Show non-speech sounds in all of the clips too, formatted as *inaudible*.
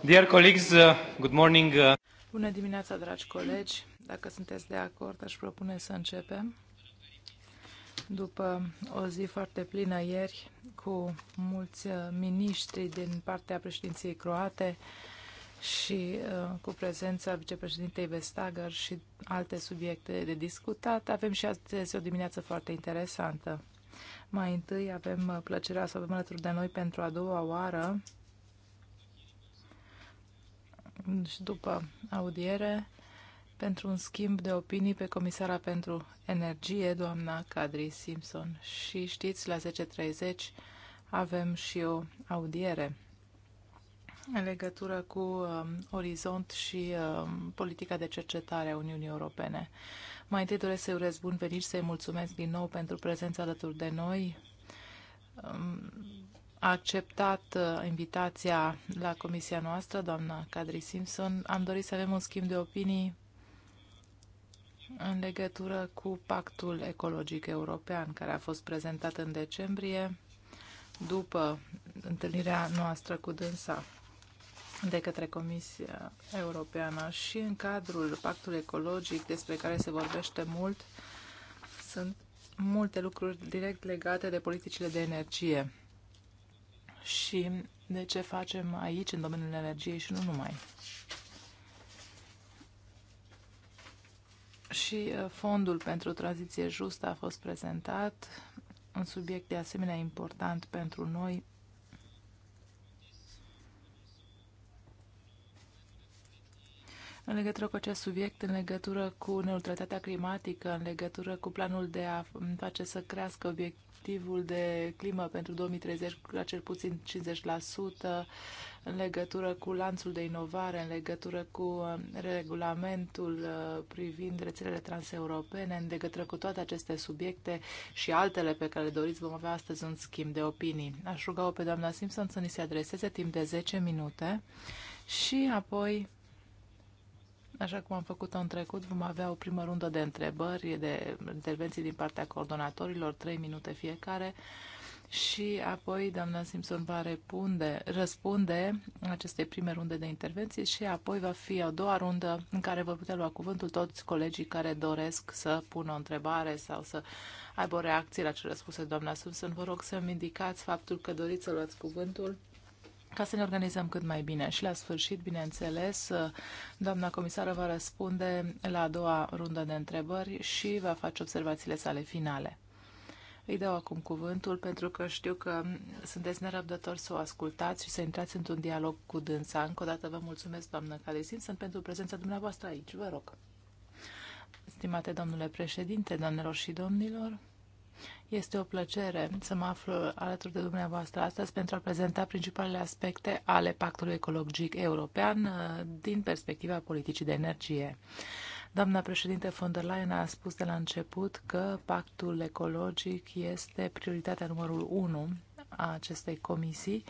Dear colleagues, uh, good morning. Uh. Bună dimineața, dragi colegi. Dacă sunteți de acord, aș propune să începem. După o zi foarte plină ieri, cu mulți uh, miniștri din partea președinției croate și uh, cu prezența vicepreședintei Vestager și alte subiecte de discutat, avem și astăzi o dimineață foarte interesantă. Mai întâi avem uh, plăcerea să avem alături de noi pentru a doua oară și după audiere pentru un schimb de opinii pe Comisara pentru Energie, doamna Kadri Simpson. Și știți, la 10.30 avem și o audiere în legătură cu um, Orizont și um, politica de cercetare a Uniunii Europene. Mai întâi doresc să-i urez bun venit și să-i mulțumesc din nou pentru prezența alături de noi. A acceptat uh, invitația la comisia noastră, doamna Cadri Simpson. Am dorit să avem un schimb de opinii în legătură cu Pactul Ecologic European, care a fost prezentat în decembrie, după întâlnirea noastră cu dânsa de către Comisia Europeană și în cadrul pactului ecologic despre care se vorbește mult, sunt multe lucruri direct legate de politicile de energie și de ce facem aici, în domeniul energiei și nu numai. Și uh, fondul pentru tranziție justă a fost prezentat, un subiect de asemenea important pentru noi, în legătură cu acest subiect, în legătură cu neutralitatea climatică, în legătură cu planul de a face să crească obiectivul de climă pentru 2030 la cel puțin 50%, în legătură cu lanțul de inovare, în legătură cu uh, regulamentul uh, privind rețelele transeuropene, în legătură cu toate aceste subiecte și altele pe care le doriți, vom avea astăzi un schimb de opinii. Aș ruga-o pe doamna Simpson să ni se adreseze timp de 10 minute și apoi Așa cum am făcut-o în trecut, vom avea o primă rundă de întrebări, de intervenții din partea coordonatorilor, trei minute fiecare, și apoi doamna Simpson va răspunde, răspunde aceste prime runde de intervenții și apoi va fi a doua rundă în care vă putea lua cuvântul toți colegii care doresc să pună o întrebare sau să aibă o reacție la cele spuse doamna Simpson. Vă rog să-mi indicați faptul că doriți să luați cuvântul ca să ne organizăm cât mai bine. Și la sfârșit, bineînțeles, doamna comisară va răspunde la a doua rundă de întrebări și va face observațiile sale finale. Îi dau acum cuvântul pentru că știu că sunteți nerăbdători să o ascultați și să intrați într-un dialog cu dânsa. Încă o dată vă mulțumesc, doamnă Calesin, sunt pentru prezența dumneavoastră aici. Vă rog. Stimate domnule președinte, doamnelor și domnilor, este o plăcere să mă aflu alături de dumneavoastră astăzi pentru a prezenta principalele aspecte ale Pactului Ecologic European uh, din perspectiva politicii de energie. Doamna președinte von der Leyen a spus de la început că pactul ecologic este prioritatea numărul 1 a acestei comisii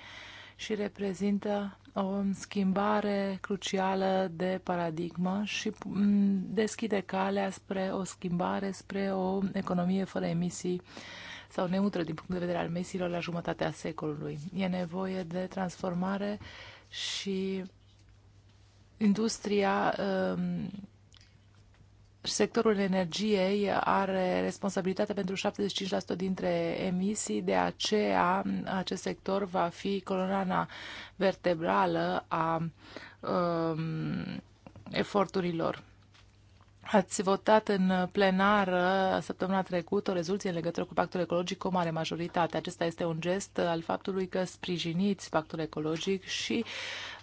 și reprezintă o schimbare crucială de paradigmă și deschide calea spre o schimbare, spre o economie fără emisii sau neutră din punct de vedere al emisiilor la jumătatea secolului. E nevoie de transformare și industria um, sectorul energiei are responsabilitatea pentru 75% dintre emisii, de aceea acest sector va fi coloana vertebrală a um, eforturilor. Ați votat în plenară săptămâna trecută o rezoluție în legătură cu pactul ecologic cu o mare majoritate. Acesta este un gest al faptului că sprijiniți pactul ecologic și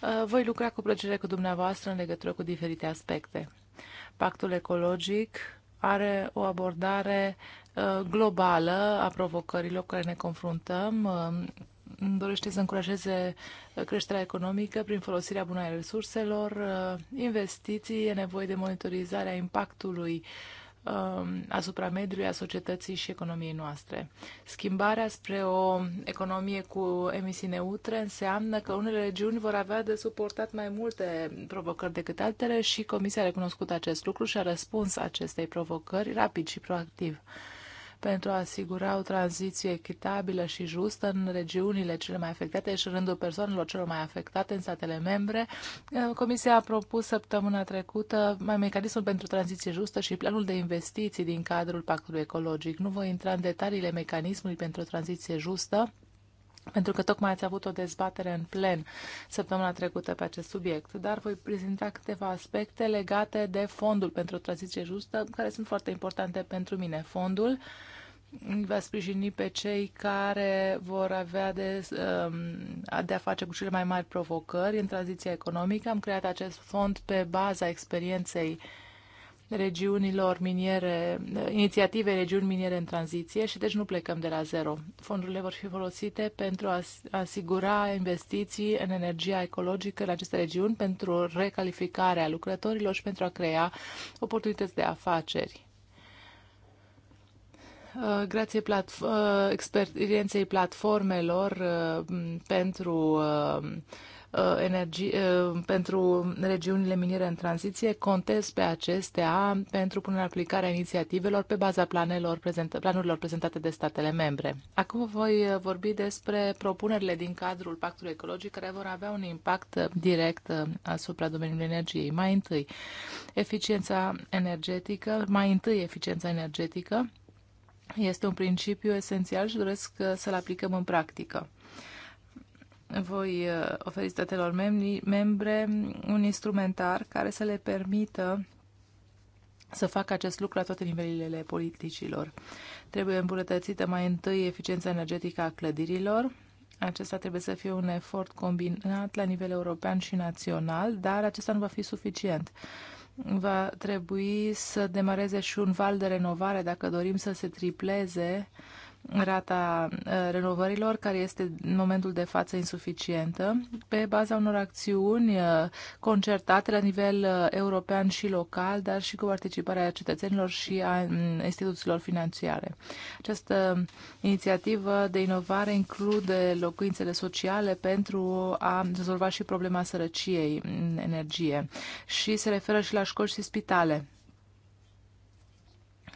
uh, voi lucra cu plăcere cu dumneavoastră în legătură cu diferite aspecte. Pactul ecologic are o abordare uh, globală a provocărilor cu care ne confruntăm, uh, dorește să încurajeze uh, creșterea economică prin folosirea bună a resurselor, investiții, e nevoie de monitorizarea impactului Um, asupra mediului, a societății și economiei noastre. Schimbarea spre o economie cu emisii neutre înseamnă că unele regiuni vor avea de suportat mai multe provocări decât altele și Comisia a recunoscut acest lucru și a răspuns acestei provocări rapid și proactiv pentru a asigura o tranziție echitabilă și justă în regiunile cele mai afectate și în rândul persoanelor celor mai afectate în statele membre. Eh, Comisia a propus săptămâna trecută mai mecanismul pentru tranziție justă și planul de investiții din cadrul pactului ecologic. Nu voi intra în detaliile mecanismului pentru tranziție justă, pentru că tocmai ați avut o dezbatere în plen săptămâna trecută pe acest subiect, dar voi prezenta câteva aspecte legate de fondul pentru o tranziție justă, care sunt foarte importante pentru mine. Fondul uh, va sprijini pe cei care vor avea de, um, de a face cu cele mai mari provocări în tranziția economică. Am creat acest fond pe baza experienței regiunilor miniere, inițiative regiuni miniere în tranziție și deci nu plecăm de la zero. Fondurile vor fi folosite pentru a asigura investiții în energia ecologică în aceste regiuni, pentru recalificarea lucrătorilor și pentru a crea oportunități de afaceri. Uh, grație platf- uh, experienței platformelor uh, pentru energie, pentru regiunile miniere în tranziție, contez pe acestea pentru punerea în aplicare a inițiativelor pe baza planelor prezent, planurilor prezentate de statele membre. Acum voi vorbi despre propunerile din cadrul pactului ecologic care vor avea un impact direct asupra domeniului energiei. Mai întâi, eficiența energetică, mai întâi eficiența energetică, este un principiu esențial și doresc uh, să-l aplicăm în practică. Voi uh, oferi statelor membre un instrumentar care să le permită să facă acest lucru la toate nivelurile politicilor. Trebuie îmbunătățită mai întâi eficiența energetică a clădirilor. Acesta trebuie să fie un efort combinat la nivel european și național, dar acesta nu va fi suficient va trebui să demareze și un val de renovare dacă dorim să se tripleze rata uh, renovărilor, care este în momentul de față insuficientă, pe baza unor acțiuni uh, concertate la nivel uh, european și local, dar și cu participarea cetățenilor și a mm, instituțiilor financiare. Această inițiativă de inovare include locuințele sociale pentru a rezolva și problema sărăciei în energie și se referă și la școli și spitale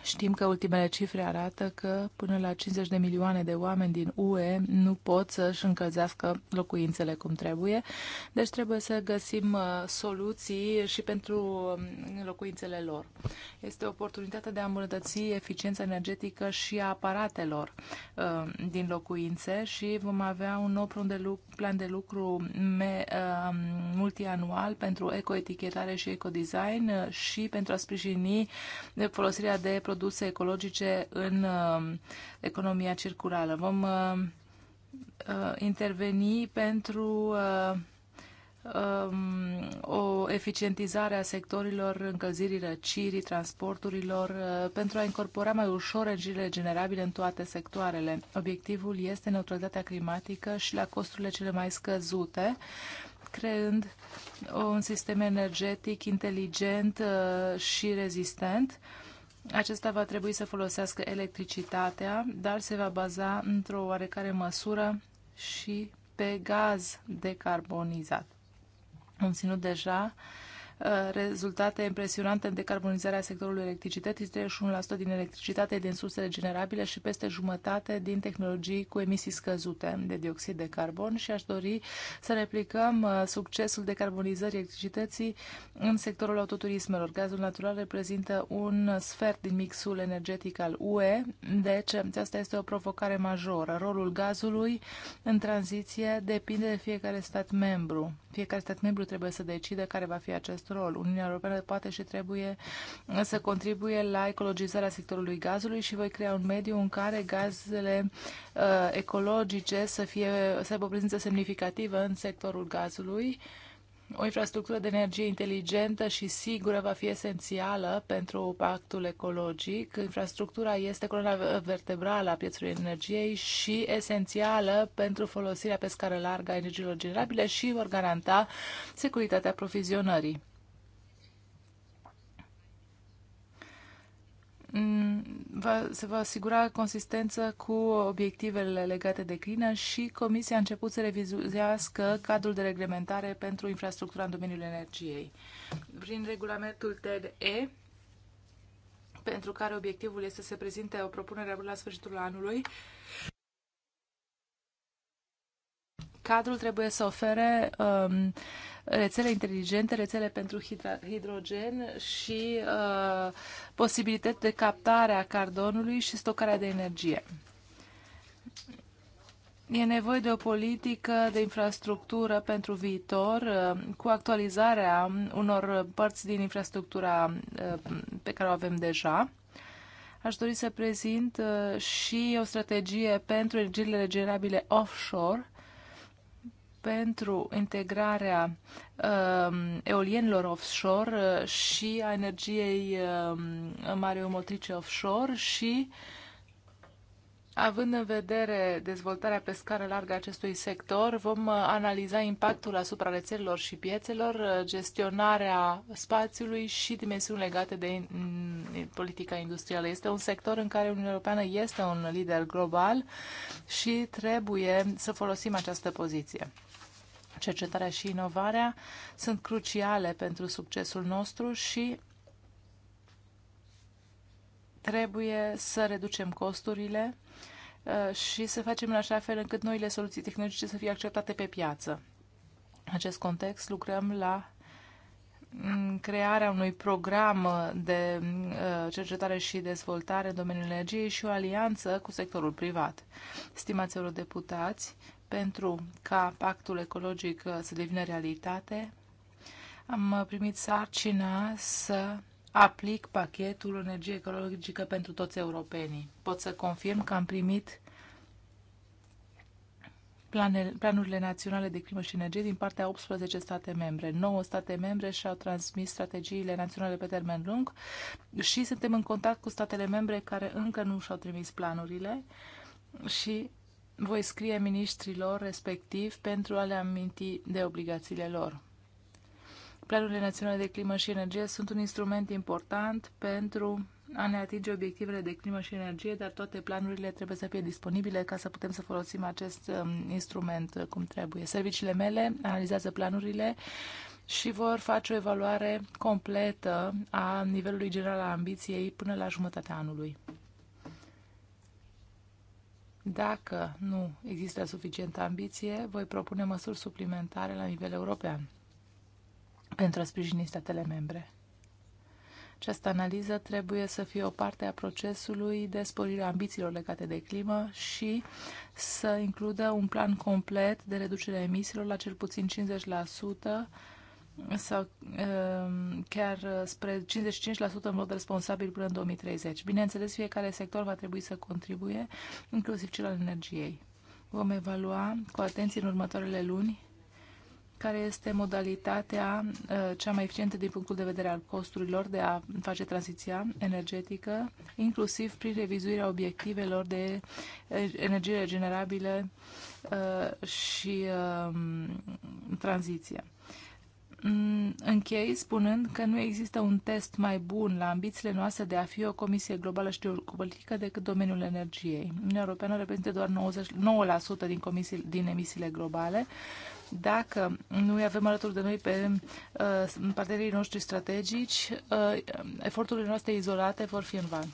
Știm că ultimele cifre arată că până la 50 de milioane de oameni din UE nu pot să-și încălzească locuințele cum trebuie, deci trebuie să găsim uh, soluții și pentru um, locuințele lor. Este o oportunitate de a îmbunătăți eficiența energetică și a aparatelor uh, din locuințe și vom avea un nou plan de lucru, plan de lucru uh, multianual pentru ecoetichetare și ecodesign și pentru a sprijini folosirea de produse ecologice în um, economia circulară. Vom uh, uh, interveni pentru uh, um, o eficientizare a sectorilor încălzirii, răcirii, transporturilor, pentru a incorpora mai ușor energiile generabile în toate sectoarele. Obiectivul este neutralitatea climatică și la costurile cele mai scăzute, creând un sistem energetic inteligent și rezistent acesta va trebui să folosească electricitatea, dar se va baza într-o oarecare măsură și pe gaz decarbonizat. Am ținut deja uh, Uh, rezultate impresionante în decarbonizarea sectorului electricității, 31% din electricitate din surse regenerabile și peste jumătate din tehnologii cu emisii scăzute de dioxid de carbon și aș dori să replicăm uh, succesul decarbonizării electricității în sectorul autoturismelor. Gazul natural reprezintă un sfert din mixul energetic al UE, deci aceasta este o provocare majoră. Rolul gazului în tranziție depinde de fiecare stat membru. Fiecare stat membru trebuie să decide care va fi acest acest rol. Uniunea Europeană poate și trebuie să contribuie la ecologizarea sectorului gazului și voi crea un mediu în care gazele uh, ecologice să, fie, să aibă o prezență semnificativă în sectorul gazului. O infrastructură de energie inteligentă și sigură va fi esențială pentru pactul ecologic. Infrastructura este coloana vertebrală a piețului energiei și esențială pentru folosirea pe scară largă a energiilor generabile și vor garanta securitatea aprovizionării. Mm, va, se va asigura consistență cu obiectivele legate de clină și Comisia a început să revizuiască cadrul de reglementare pentru infrastructura în domeniul energiei. Prin regulamentul TED-E, pentru care obiectivul este să se prezinte o propunere la sfârșitul anului, cadrul trebuie să ofere um, rețele inteligente, rețele pentru hidrogen și uh, posibilități de captare a cardonului și stocarea de energie. E nevoie de o politică de infrastructură pentru viitor, uh, cu actualizarea unor părți din infrastructura uh, pe care o avem deja. Aș dori să prezint uh, și o strategie pentru energiile regenerabile offshore, pentru integrarea uh, eolienilor offshore uh, și a energiei uh, um, mareomotrice offshore și Având în vedere dezvoltarea pe scară largă a acestui sector, vom uh, analiza impactul asupra rețelelor și piețelor, uh, gestionarea spațiului și dimensiuni legate de politica industrială. Este un sector în care Uniunea Europeană este un lider global și trebuie să folosim această poziție cercetarea și inovarea sunt cruciale pentru succesul nostru și trebuie să reducem costurile uh, și să facem în așa fel încât noile soluții tehnologice să fie acceptate pe piață. În acest context lucrăm la mm, crearea unui program uh, de uh, cercetare și dezvoltare în domeniul energiei și o alianță cu sectorul privat. Stimați eurodeputați, pentru ca pactul ecologic uh, să devină realitate, am uh, primit sarcina să aplic pachetul energie ecologică pentru toți europenii. Pot să confirm că am primit planurile naționale de climă și energie din partea 18 state membre. 9 state membre și-au transmis strategiile naționale pe termen lung și suntem în contact cu statele membre care încă nu și-au trimis planurile și voi scrie ministrilor respectiv pentru a le aminti de obligațiile lor. Planurile naționale de climă și energie sunt un instrument important pentru a ne atinge obiectivele de climă și energie, dar toate planurile trebuie să fie disponibile ca să putem să folosim acest um, instrument uh, cum trebuie. Serviciile mele analizează planurile și vor face o evaluare completă a nivelului general a ambiției până la jumătatea anului. Dacă nu există suficientă ambiție, voi propune măsuri suplimentare la nivel european pentru a sprijini statele membre. Această analiză trebuie să fie o parte a procesului de sporire a ambițiilor legate de climă și să includă un plan complet de reducere a emisiilor la cel puțin 50% sau ehm, chiar spre 55% în mod responsabil până în 2030. Bineînțeles, fiecare sector va trebui să contribuie, inclusiv cel al energiei. Vom evalua cu atenție în următoarele luni care este modalitatea eh, cea mai eficientă din punctul de vedere al costurilor de a face tranziția energetică, inclusiv prin revizuirea obiectivelor de eh, energie regenerabile eh, și ehm, tranziție. Mm, închei spunând că nu există un test mai bun la ambițiile noastre de a fi o comisie globală și geopolitică decât domeniul energiei. Uniunea Europeană reprezintă doar 90, 9% din, comisii, din emisiile globale. Dacă nu avem alături de noi pe uh, partenerii noștri strategici, uh, eforturile noastre izolate vor fi în van.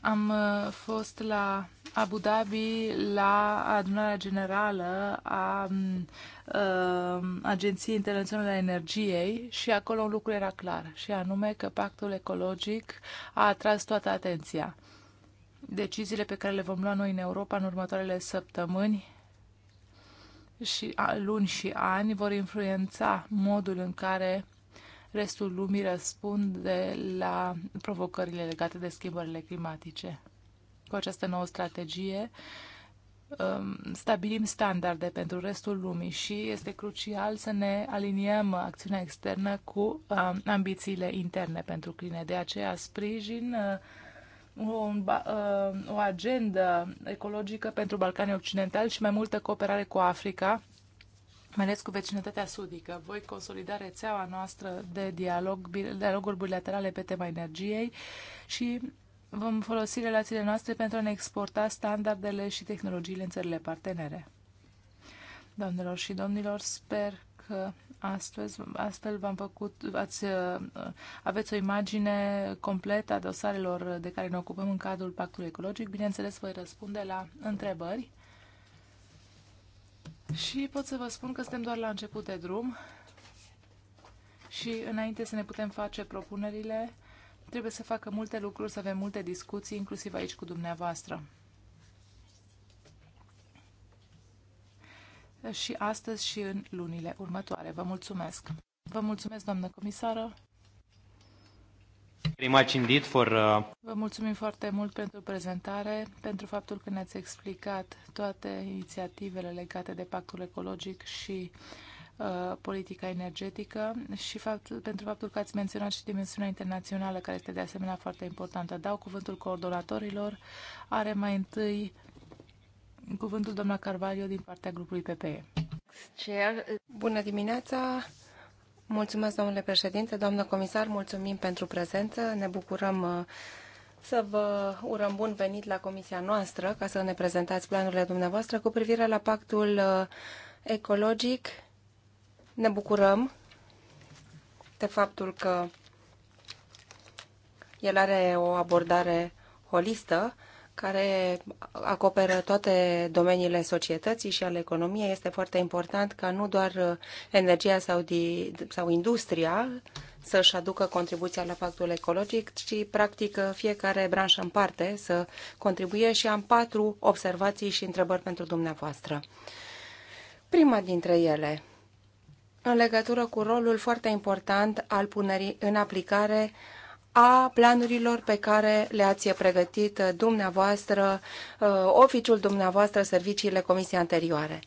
Am uh, fost la Abu Dhabi la adunarea generală a mm, Uh, Agenției Internaționale a Energiei și acolo un lucru era clar, și anume că pactul ecologic a atras toată atenția. Deciziile pe care le vom lua noi în Europa în următoarele săptămâni și luni și ani vor influența modul în care restul lumii răspunde la provocările legate de schimbările climatice. Cu această nouă strategie, uh, Um, stabilim standarde pentru restul lumii și este crucial să ne aliniem acțiunea externă cu um, ambițiile interne pentru Cline. De aceea sprijin o, uh, uh, o agendă ecologică pentru Balcanii Occidentali și mai multă cooperare cu Africa, mai ales cu vecinătatea sudică. Voi consolida rețeaua noastră de dialog, dialoguri bilaterale pe tema energiei și vom folosi relațiile noastre pentru a ne exporta standardele și tehnologiile în țările partenere. Doamnelor și domnilor, sper că astăzi, astfel v-am făcut, ați, uh, aveți o imagine completă a dosarelor de care ne ocupăm în cadrul pactului ecologic. Bineînțeles, voi răspunde la întrebări. Și pot să vă spun că suntem doar la început de drum și înainte să ne putem face propunerile, Trebuie să facă multe lucruri, să avem multe discuții, inclusiv aici cu dumneavoastră. Și astăzi și în lunile următoare. Vă mulțumesc! Vă mulțumesc, doamnă comisară! Uh, Vă mulțumim foarte mult pentru prezentare, pentru faptul că ne-ați explicat toate inițiativele legate de pactul ecologic și uh, Uh, politica energetică și fapt, pentru faptul că ați menționat și dimensiunea internațională, care este de asemenea foarte importantă. Dau cuvântul coordonatorilor. Are mai întâi cuvântul doamna Carvalho din partea grupului PPE. Bună dimineața! Mulțumesc, domnule președinte, doamnă comisar, mulțumim pentru prezență. Ne bucurăm uh, să vă urăm bun venit la comisia noastră ca să ne prezentați planurile dumneavoastră cu privire la pactul uh, ecologic ne bucurăm de faptul că el are o abordare holistă care acoperă toate domeniile societății și ale economiei. Este foarte important ca nu doar energia sau, di, sau industria să-și aducă contribuția la pactul ecologic, ci practic fiecare branșă în parte să contribuie și am patru observații și întrebări pentru dumneavoastră. Prima dintre ele, în legătură cu rolul foarte important al punerii în aplicare a planurilor pe care le-ați pregătit dumneavoastră, uh, oficiul dumneavoastră, serviciile comisiei anterioare.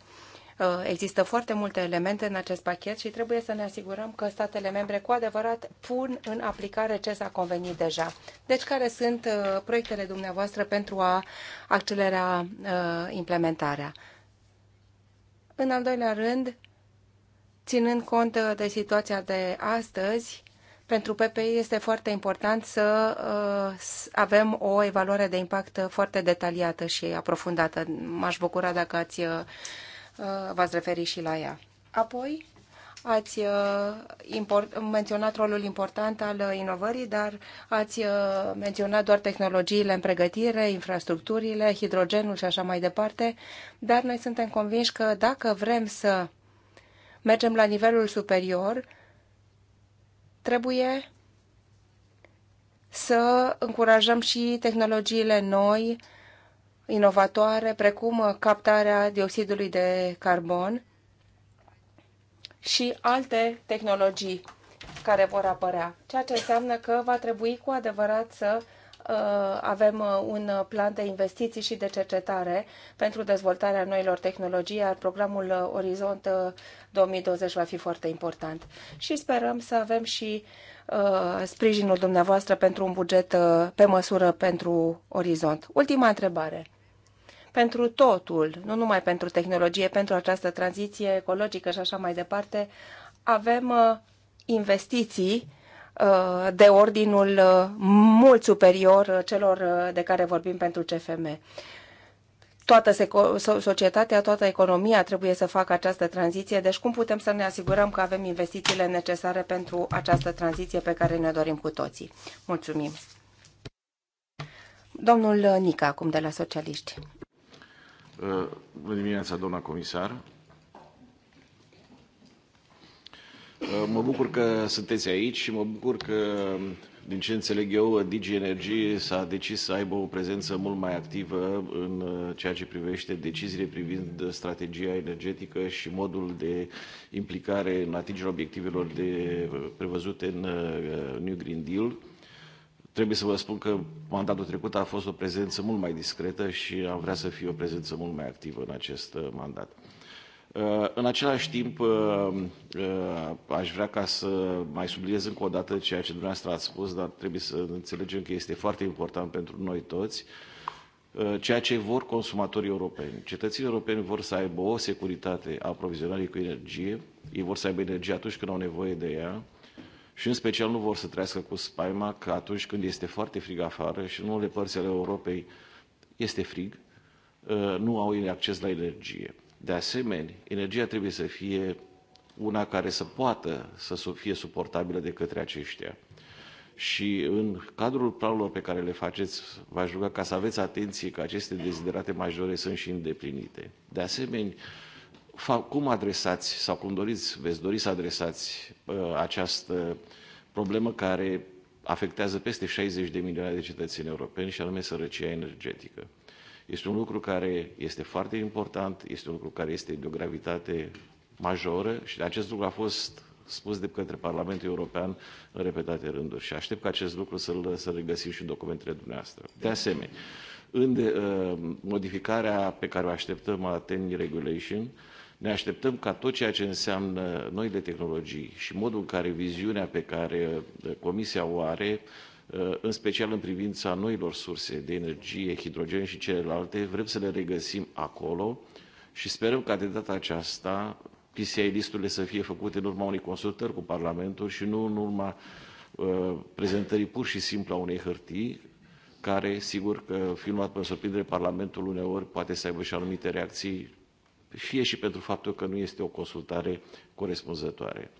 Uh, există foarte multe elemente în acest pachet și trebuie să ne asigurăm că statele membre cu adevărat pun în aplicare ce s-a convenit deja. Deci care sunt uh, proiectele dumneavoastră pentru a accelera implementarea? În al doilea rând, Ținând cont uh, de situația de astăzi, pentru PPI este foarte important să uh, avem o evaluare de impact foarte detaliată și aprofundată. M-aș bucura dacă ați, uh, v-ați referi și la ea. Apoi, ați import, menționat rolul important al inovării, dar ați menționat doar tehnologiile în pregătire, infrastructurile, hidrogenul și așa mai departe, dar noi suntem convinși că dacă vrem să mergem la nivelul superior, trebuie să încurajăm și tehnologiile noi, inovatoare, precum captarea dioxidului de carbon și alte tehnologii care vor apărea, ceea ce înseamnă că va trebui cu adevărat să Uh, avem uh, un uh, plan de investiții și de cercetare pentru dezvoltarea noilor tehnologii, iar programul Orizont 2020 va fi foarte important. Și sperăm să avem și sprijinul dumneavoastră pentru un buget pe măsură pentru Orizont. Ultima întrebare pentru totul, nu numai pentru tehnologie, pentru această tranziție ecologică și așa mai departe, avem investiții Uh, de ordinul uh, mult superior uh, celor de care vorbim pentru CFM. Toată societatea, toată economia trebuie să facă această tranziție, deci cum putem să ne asigurăm că avem investițiile necesare pentru această tranziție pe care ne dorim cu toții? Mulțumim! Domnul Nica, acum de la Socialiști. Bună dimineața, doamna comisar. Uh, mă bucur că sunteți aici și mă bucur că, um, din ce înțeleg eu, Digi Energie s-a decis să aibă o prezență mult mai activă în uh, ceea ce privește deciziile privind strategia energetică și modul de implicare în atingerea obiectivelor de, uh, prevăzute în New Green Deal. Trebuie să vă spun că mandatul trecut a fost o prezență mult mai discretă și am vrea să fie o prezență mult mai activă în acest mandat. Uh, în același timp, uh, uh, aș vrea ca să mai subliniez încă o dată ceea ce dumneavoastră ați spus, dar trebuie să înțelegem că este foarte important pentru noi toți, ceea ce vor consumatorii europeni. Cetățenii europeni vor să aibă o securitate a aprovizionării cu energie, ei vor să aibă energie atunci când au nevoie de ea și în special nu vor să trăiască cu spaima că atunci când este foarte frig afară și în unele părți ale Europei este frig, nu au acces la energie. De asemenea, energia trebuie să fie una care să poată să fie suportabilă de către aceștia. Și în cadrul planurilor pe care le faceți, v-aș ruga ca să aveți atenție că aceste deziderate majore sunt și îndeplinite. De asemenea, cum adresați sau cum doriți, veți dori să adresați uh, această problemă care afectează peste 60 de milioane de cetățeni europeni și anume sărăcia energetică. Este un lucru care este foarte important, este un lucru care este de o gravitate majoră și acest lucru a fost spus de către Parlamentul European în repetate rânduri și aștept ca acest lucru să-l, să regăsim și în documentele dumneavoastră. De asemenea, în de, uh, modificarea pe care o așteptăm a TEN Regulation, ne așteptăm ca tot ceea ce înseamnă noile tehnologii și modul în care viziunea pe care ă, Comisia o are Eh, în special în privința noilor surse de energie, hidrogen și celelalte, vrem să le regăsim acolo și sperăm ca de data aceasta PCI listurile să fie făcute în urma unei consultări cu Parlamentul și nu în urma uh, prezentării pur și simplu a unei hârtii, care, sigur că filmat pe surprindere, Parlamentul uneori poate să aibă și anumite reacții, fie și pentru faptul că nu este o consultare corespunzătoare.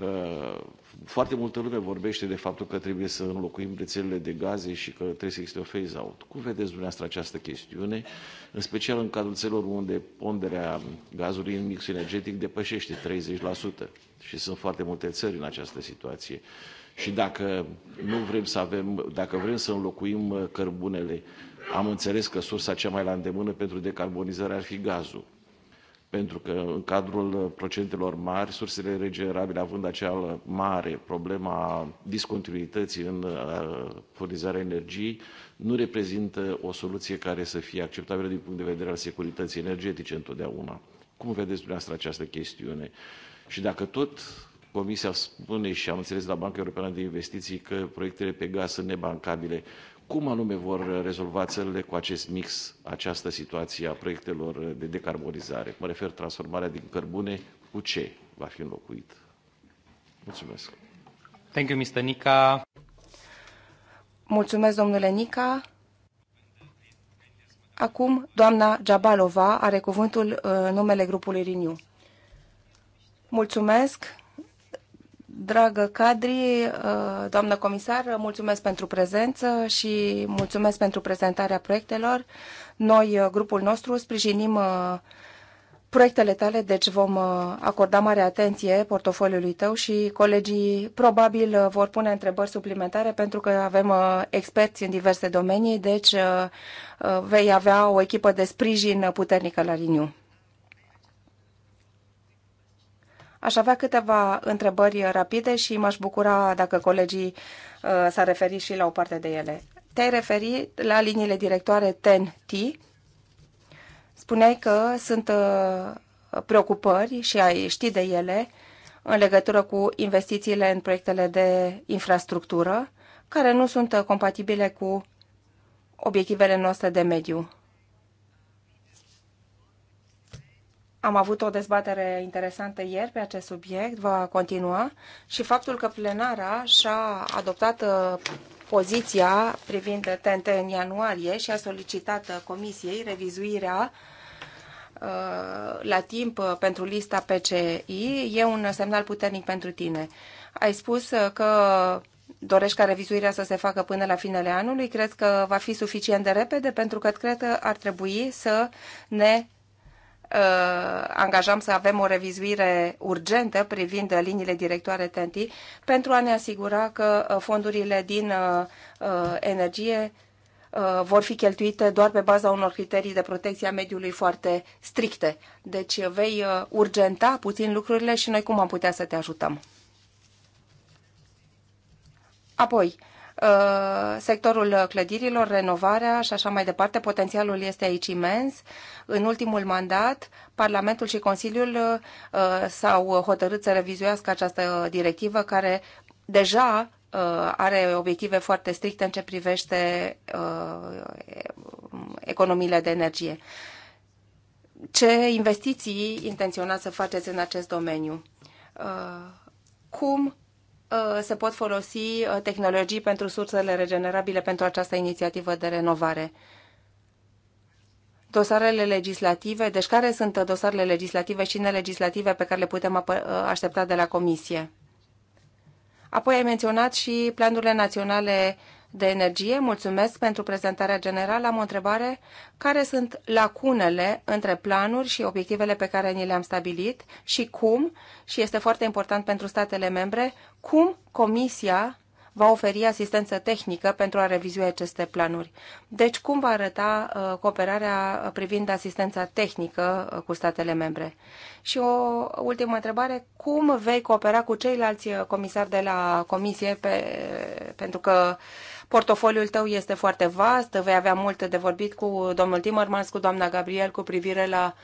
Uh, foarte multă lume vorbește de faptul că trebuie să înlocuim rețelele de gaze și că trebuie să existe o phase-out. Cum vedeți dumneavoastră această chestiune, în special în cadrul țelor unde ponderea gazului în mixul energetic depășește 30% și sunt foarte multe țări în această situație. Și dacă nu vrem să avem, dacă vrem să înlocuim cărbunele, am înțeles că sursa cea mai la îndemână pentru decarbonizare ar fi gazul pentru că în cadrul uh, procentelor mari, sursele regenerabile având acea mare problema discontinuității în uh, furnizarea energiei, nu reprezintă o soluție care să fie acceptabilă din punct de vedere al securității energetice întotdeauna. Cum vedeți dumneavoastră această chestiune? Și dacă tot Comisia spune și am înțeles la Banca Europeană de Investiții că proiectele pe gaz sunt nebancabile, cum anume vor rezolva țările cu acest mix această situație a proiectelor de decarbonizare? Mă refer transformarea din cărbune, cu ce va fi înlocuit? Mulțumesc. Thank you, Mr. Nica. Mulțumesc, domnule Nica. Acum, doamna Jabalova are cuvântul uh, numele grupului Renew. Mulțumesc. Dragă Cadri, uh, doamnă comisar, mulțumesc pentru prezență și mulțumesc pentru prezentarea proiectelor. Noi, uh, grupul nostru, sprijinim uh, proiectele tale, deci vom acorda mare atenție portofoliului tău și colegii probabil vor pune întrebări suplimentare pentru că avem experți în diverse domenii, deci vei avea o echipă de sprijin puternică la Liniu. Aș avea câteva întrebări rapide și m-aș bucura dacă colegii uh, s-ar referi și la o parte de ele. Te-ai referit la liniile directoare TEN-T. Spuneai că sunt uh, preocupări și ai ști de ele în legătură cu investițiile în proiectele de infrastructură care nu sunt uh, compatibile cu obiectivele noastre de mediu. Am avut o dezbatere interesantă ieri pe acest subiect, va continua și faptul că plenara și-a adoptat uh, poziția privind TNT în ianuarie și a solicitat uh, comisiei revizuirea uh, la timp pentru lista PCI e un semnal puternic pentru tine. Ai spus că dorești ca revizuirea să se facă până la finele anului. Cred că va fi suficient de repede pentru că cred că ar trebui să ne Uh, angajam să avem o revizuire urgentă privind liniile directoare TNT pentru a ne asigura că uh, fondurile din uh, energie vor fi cheltuite doar pe baza unor criterii de protecție a mediului foarte stricte. Deci vei urgenta puțin lucrurile și noi cum am putea să te ajutăm. Apoi, Uh, sectorul clădirilor, renovarea și așa mai departe. Potențialul este aici imens. În ultimul mandat, Parlamentul și Consiliul uh, s-au hotărât să revizuiască această directivă care deja uh, are obiective foarte stricte în ce privește economiile de energie. Ce investiții intenționați să faceți în acest domeniu? Cum Uh, se pot folosi uh, tehnologii pentru sursele regenerabile pentru această inițiativă de renovare. Dosarele legislative, deci care sunt dosarele legislative și nelegislative pe care le putem uh, aștepta de la Comisie? Apoi ai menționat și planurile naționale de energie. Mulțumesc pentru prezentarea generală. Am o întrebare. Care sunt lacunele între planuri și obiectivele pe care ni le-am stabilit și cum, și este foarte important pentru statele membre, cum Comisia va oferi asistență tehnică pentru a revizui aceste planuri. Deci, cum va arăta uh, cooperarea privind asistența tehnică uh, cu statele membre? Și o ultimă întrebare, cum vei coopera cu ceilalți uh, comisari de la Comisie, pe, pentru că uh, Portofoliul tău este foarte vast, vei avea mult de vorbit cu domnul Timmermans, cu doamna Gabriel cu privire la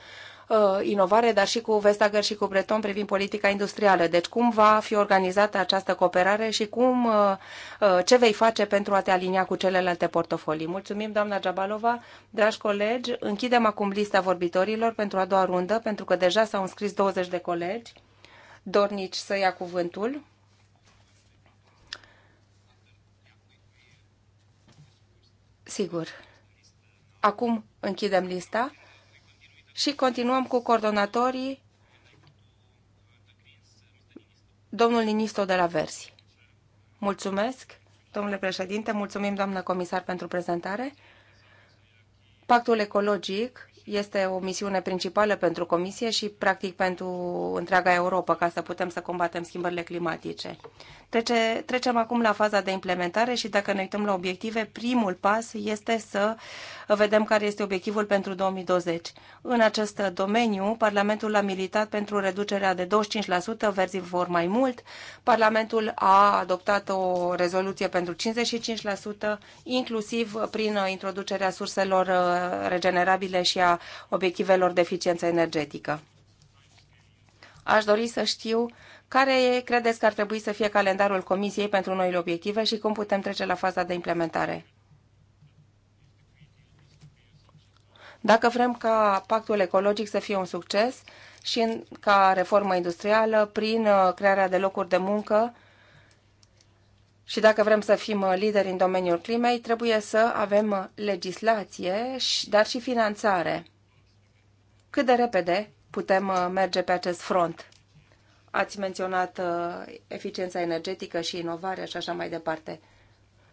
uh, inovare, dar și cu Vestager și cu Breton privind politica industrială. Deci cum va fi organizată această cooperare și cum, uh, uh, ce vei face pentru a te alinia cu celelalte portofolii? Mulțumim, doamna Jabalova. Dragi colegi, închidem acum lista vorbitorilor pentru a doua rundă, pentru că deja s-au înscris 20 de colegi dornici să ia cuvântul. Sigur. Acum închidem lista și continuăm cu coordonatorii domnul Ninisto de la Versi. Mulțumesc, domnule președinte, mulțumim, doamnă comisar, pentru prezentare. Pactul ecologic este o misiune principală pentru Comisie și, practic, pentru întreaga Europa, ca să putem să combatem schimbările climatice. Trece, trecem acum la faza de implementare și, dacă ne uităm la obiective, primul pas este să vedem care este obiectivul pentru 2020. În acest domeniu, Parlamentul a militat pentru reducerea de 25%, verzi vor mai mult. Parlamentul a adoptat o rezoluție pentru 55%, inclusiv prin introducerea surselor uh, regenerabile și a obiectivelor de eficiență energetică. Aș dori să știu care credeți că ar trebui să fie calendarul Comisiei pentru noile obiective și cum putem trece la faza de implementare. Dacă vrem ca pactul ecologic să fie un succes și ca reformă industrială prin uh, crearea de locuri de muncă, și dacă vrem să fim uh, lideri în domeniul climei, trebuie să avem uh, legislație, dar și finanțare. Cât de repede putem uh, merge pe acest front? Ați menționat eficiența energetică și inovarea și așa mai departe.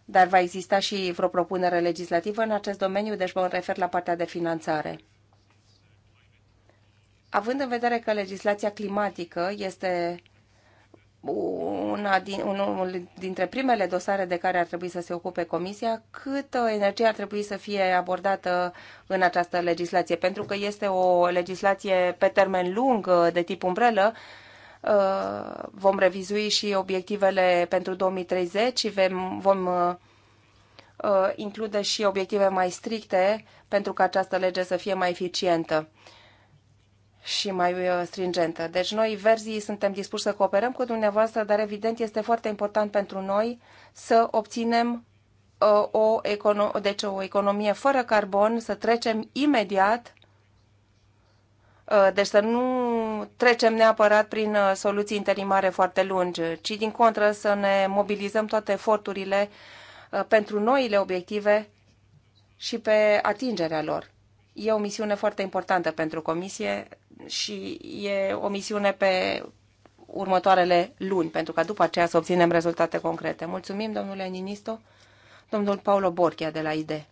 Dar va exista și vreo propunere legislativă în acest domeniu, deci mă refer la partea de finanțare. Având în vedere că legislația climatică este una din, unul dintre primele dosare de care ar trebui să se ocupe Comisia, câtă uh, energie ar trebui să fie abordată în această legislație, pentru că este o legislație pe termen lung uh, de tip umbrelă. Uh, vom revizui și obiectivele pentru 2030 și vom, vom include și obiective mai stricte pentru ca această lege să fie mai eficientă și mai uh, stringentă. Deci noi, verzii, suntem dispuși să cooperăm cu dumneavoastră, dar evident este foarte important pentru noi să obținem uh, o, econo- deci o economie fără carbon, să trecem imediat, uh, deci să nu trecem neapărat prin soluții interimare foarte lungi, ci din contră să ne mobilizăm toate eforturile pentru noile obiective și pe atingerea lor. E o misiune foarte importantă pentru Comisie și e o misiune pe următoarele luni, pentru ca după aceea să obținem rezultate concrete. Mulțumim, domnule Ninisto. Domnul Paulo Borchia de la ID.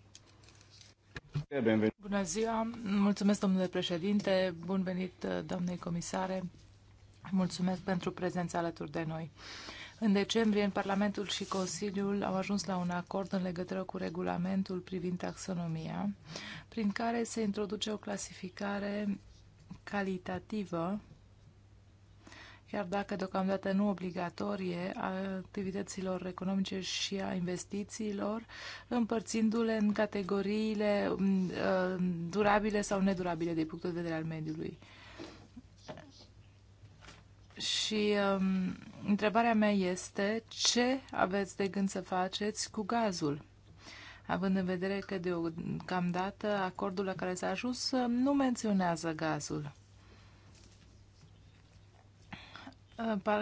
Bună ziua, mulțumesc domnule președinte, bun venit doamnei comisare, mulțumesc pentru prezența alături de noi. În decembrie, în Parlamentul și Consiliul au ajuns la un acord în legătură cu regulamentul privind taxonomia, prin care se introduce o clasificare calitativă chiar dacă deocamdată nu obligatorie, a activităților economice și a investițiilor, împărțindu-le în categoriile mm, uh, durabile sau nedurabile din punct de vedere al mediului. Și um, întrebarea mea este ce aveți de gând să faceți cu gazul? Având în vedere că deocamdată acordul la care s-a ajuns uh, nu menționează gazul.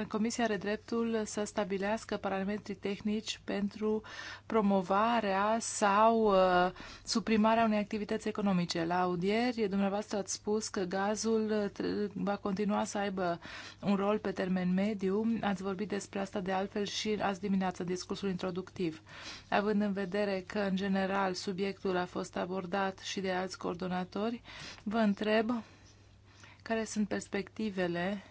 Comisia are dreptul să stabilească parametrii tehnici pentru promovarea sau uh, suprimarea unei activități economice. La audieri, dumneavoastră ați spus că gazul uh, va continua să aibă un rol pe termen mediu. Ați vorbit despre asta de altfel și azi dimineață, discursul introductiv. Având în vedere că, în general, subiectul a fost abordat și de alți coordonatori, vă întreb care sunt perspectivele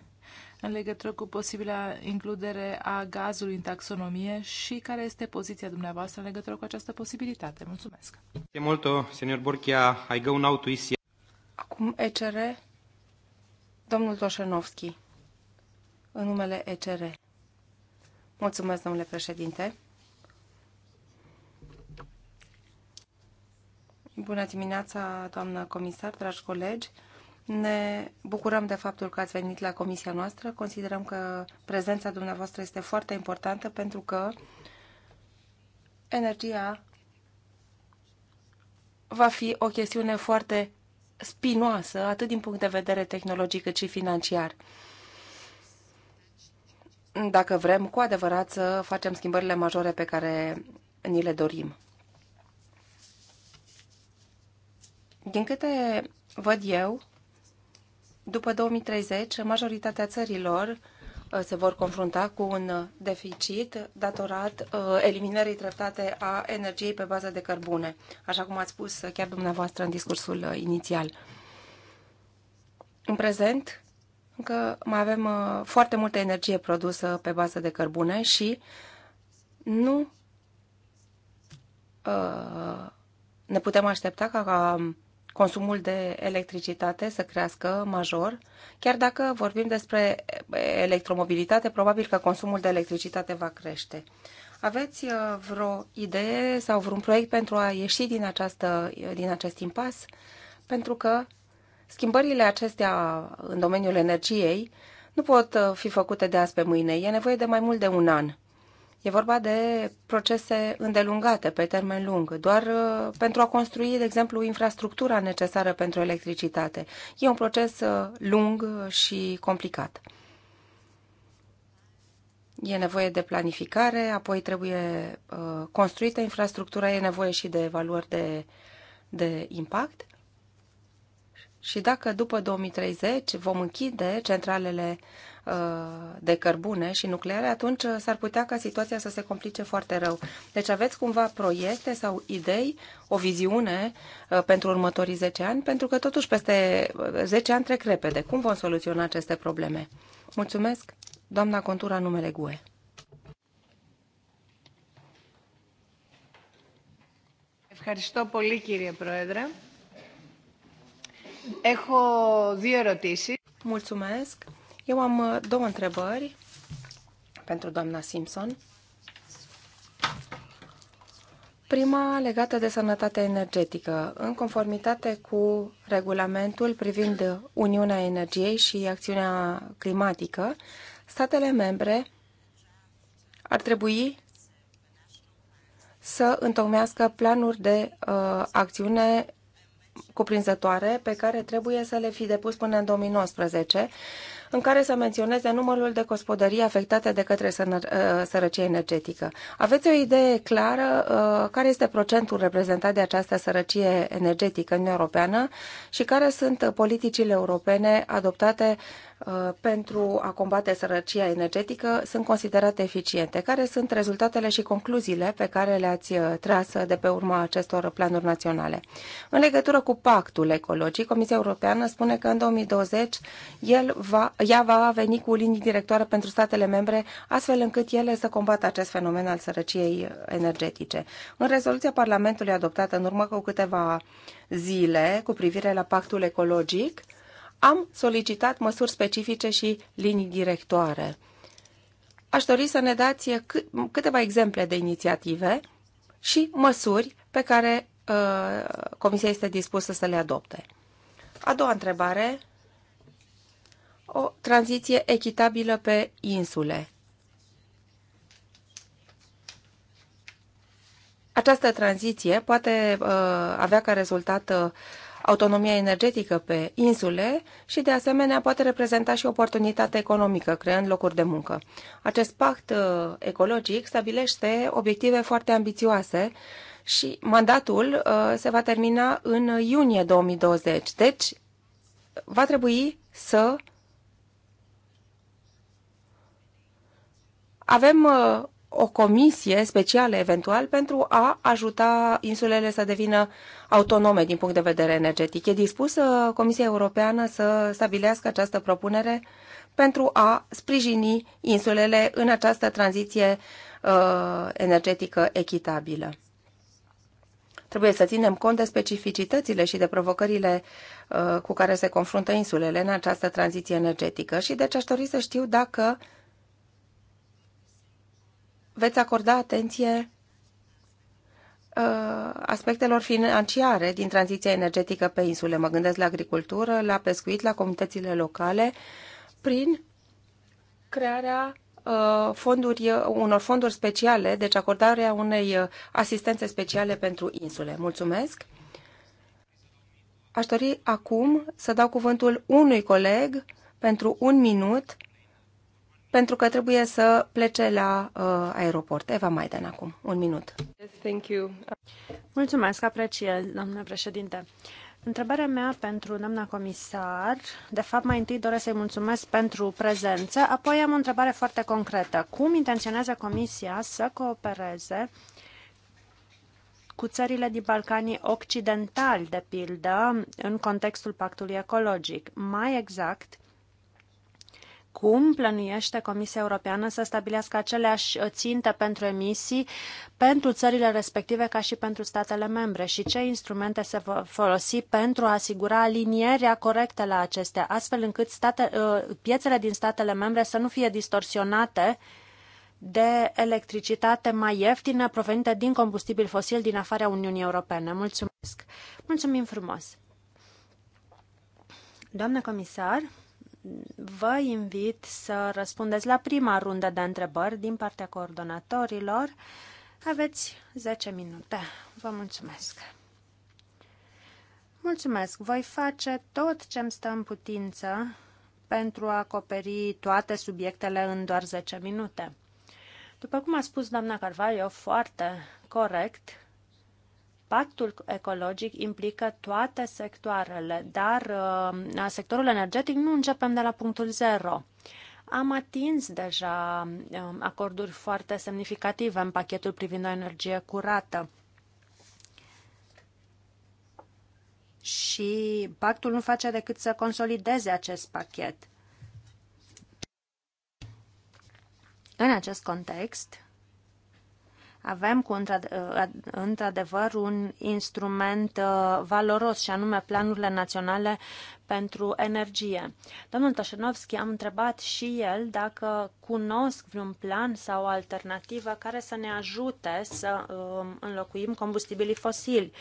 în legătură cu posibila includere a gazului în taxonomie și care este poziția dumneavoastră în legătură cu această posibilitate. Mulțumesc! Multo, senior Borchia, ai go now to ICR. Acum ECR, domnul Toșenovski, în numele ECR. Mulțumesc, domnule președinte. Bună dimineața, doamnă comisar, dragi colegi. Ne bucurăm de faptul că ați venit la comisia noastră. Considerăm că prezența dumneavoastră este foarte importantă pentru că energia va fi o chestiune foarte spinoasă, atât din punct de vedere tehnologic cât și financiar. Dacă vrem cu adevărat să facem schimbările majore pe care ni le dorim. Din câte văd eu, după 2030, majoritatea țărilor uh, se vor confrunta cu un uh, deficit datorat uh, eliminării treptate a energiei pe bază de cărbune, așa cum ați spus chiar dumneavoastră în discursul inițial. În prezent, încă mai avem foarte multă energie produsă pe bază de cărbune și nu ne putem aștepta ca consumul de electricitate să crească major. Chiar dacă vorbim despre electromobilitate, probabil că consumul de electricitate va crește. Aveți uh, vreo idee sau vreun proiect pentru a ieși din, această, uh, din acest impas? Pentru că schimbările acestea în domeniul energiei nu pot uh, fi făcute de azi pe mâine. E nevoie de mai mult de un an. E vorba de procese îndelungate, pe termen lung, doar uh, pentru a construi, de exemplu, infrastructura necesară pentru electricitate. E un proces uh, lung și complicat. E nevoie de planificare, apoi trebuie uh, construită infrastructura, e nevoie și de evaluări de, de impact. Și dacă după 2030 vom închide centralele Uh, de cărbune și nucleare, atunci uh, s-ar putea ca situația să se complice foarte rău. Deci aveți cumva proiecte sau idei, o viziune uh, pentru următorii 10 ani, pentru că totuși peste 10 ani trec repede. Cum vom soluționa aceste probleme? Mulțumesc, doamna Contura, numele GUE. Ευχαριστώ πολύ κύριε Πρόεδρε. Έχω δύο ερωτήσεις. Mulțumesc. Eu am uh, două întrebări pentru doamna Simpson. Prima legată de sănătatea energetică. În conformitate cu regulamentul privind Uniunea Energiei și acțiunea climatică, statele membre ar trebui să întocmească planuri de uh, acțiune cuprinzătoare pe care trebuie să le fi depus până în 2019 în care să menționeze numărul de gospodării afectate de către uh, sărăcie energetică. Aveți o idee clară uh, care este procentul reprezentat de această sărăcie energetică în Europeană și care sunt politicile europene adoptate Uh, pentru a combate sărăcia energetică sunt considerate eficiente. Care sunt rezultatele și concluziile pe care le-ați uh, tras de pe urma acestor planuri naționale? În legătură cu pactul ecologic, Comisia Europeană spune că în 2020 el va, ea va veni cu linii directoare pentru statele membre, astfel încât ele să combată acest fenomen al sărăciei energetice. În rezoluția Parlamentului adoptată în urmă cu câteva zile cu privire la pactul ecologic, am solicitat măsuri specifice și linii directoare. Aș dori să ne dați câteva exemple de inițiative și măsuri pe care uh, Comisia este dispusă să le adopte. A doua întrebare, o tranziție echitabilă pe insule. Această tranziție poate uh, avea ca rezultat uh, autonomia energetică pe insule și, de asemenea, poate reprezenta și oportunitate economică, creând locuri de muncă. Acest pact uh, ecologic stabilește obiective foarte ambițioase și mandatul uh, se va termina în iunie 2020. Deci, va trebui să avem uh, o comisie specială, eventual, pentru a ajuta insulele să devină autonome din punct de vedere energetic. E dispusă Comisia Europeană să stabilească această propunere pentru a sprijini insulele în această tranziție uh, energetică echitabilă. Trebuie să ținem cont de specificitățile și de provocările uh, cu care se confruntă insulele în această tranziție energetică și deci aș dori să știu dacă veți acorda atenție Uh, aspectelor financiare din tranziția energetică pe insule. Mă gândesc la agricultură, la pescuit, la comunitățile locale, prin crearea uh, fonduri, unor fonduri speciale, deci acordarea unei uh, asistențe speciale pentru insule. Mulțumesc! Aș dori acum să dau cuvântul unui coleg pentru un minut pentru că trebuie să plece la uh, aeroport. Eva Maidan acum, un minut. Thank you. Mulțumesc, apreciez, domnule președinte. Întrebarea mea pentru doamna comisar, de fapt mai întâi doresc să-i mulțumesc pentru prezență, apoi am o întrebare foarte concretă. Cum intenționează Comisia să coopereze cu țările din Balcanii Occidentali, de pildă, în contextul pactului ecologic? Mai exact, cum plănuiește Comisia Europeană să stabilească aceleași uh, ținte pentru emisii pentru țările respective ca și pentru statele membre și ce instrumente se vor folosi pentru a asigura alinierea corectă la acestea, astfel încât state, uh, piețele din statele membre să nu fie distorsionate de electricitate mai ieftină provenită din combustibil fosil din afara Uniunii Europene. Mulțumesc! Mulțumim frumos! Doamnă comisar, vă invit să răspundeți la prima rundă de întrebări din partea coordonatorilor. Aveți 10 minute. Vă mulțumesc! Mulțumesc! Voi face tot ce-mi stă în putință pentru a acoperi toate subiectele în doar 10 minute. După cum a spus doamna Carvalho foarte corect, Pactul ecologic implică toate sectoarele, dar uh, sectorul energetic nu începem de la punctul zero. Am atins deja um, acorduri foarte semnificative în pachetul privind o energie curată. Și pactul nu face decât să consolideze acest pachet. În acest context, avem cu uh, într-adevăr un instrument uh, valoros și anume planurile naționale pentru energie. Domnul Toșenovski am întrebat și el dacă cunosc vreun plan sau o alternativă care să ne ajute să um, înlocuim combustibilii fosili.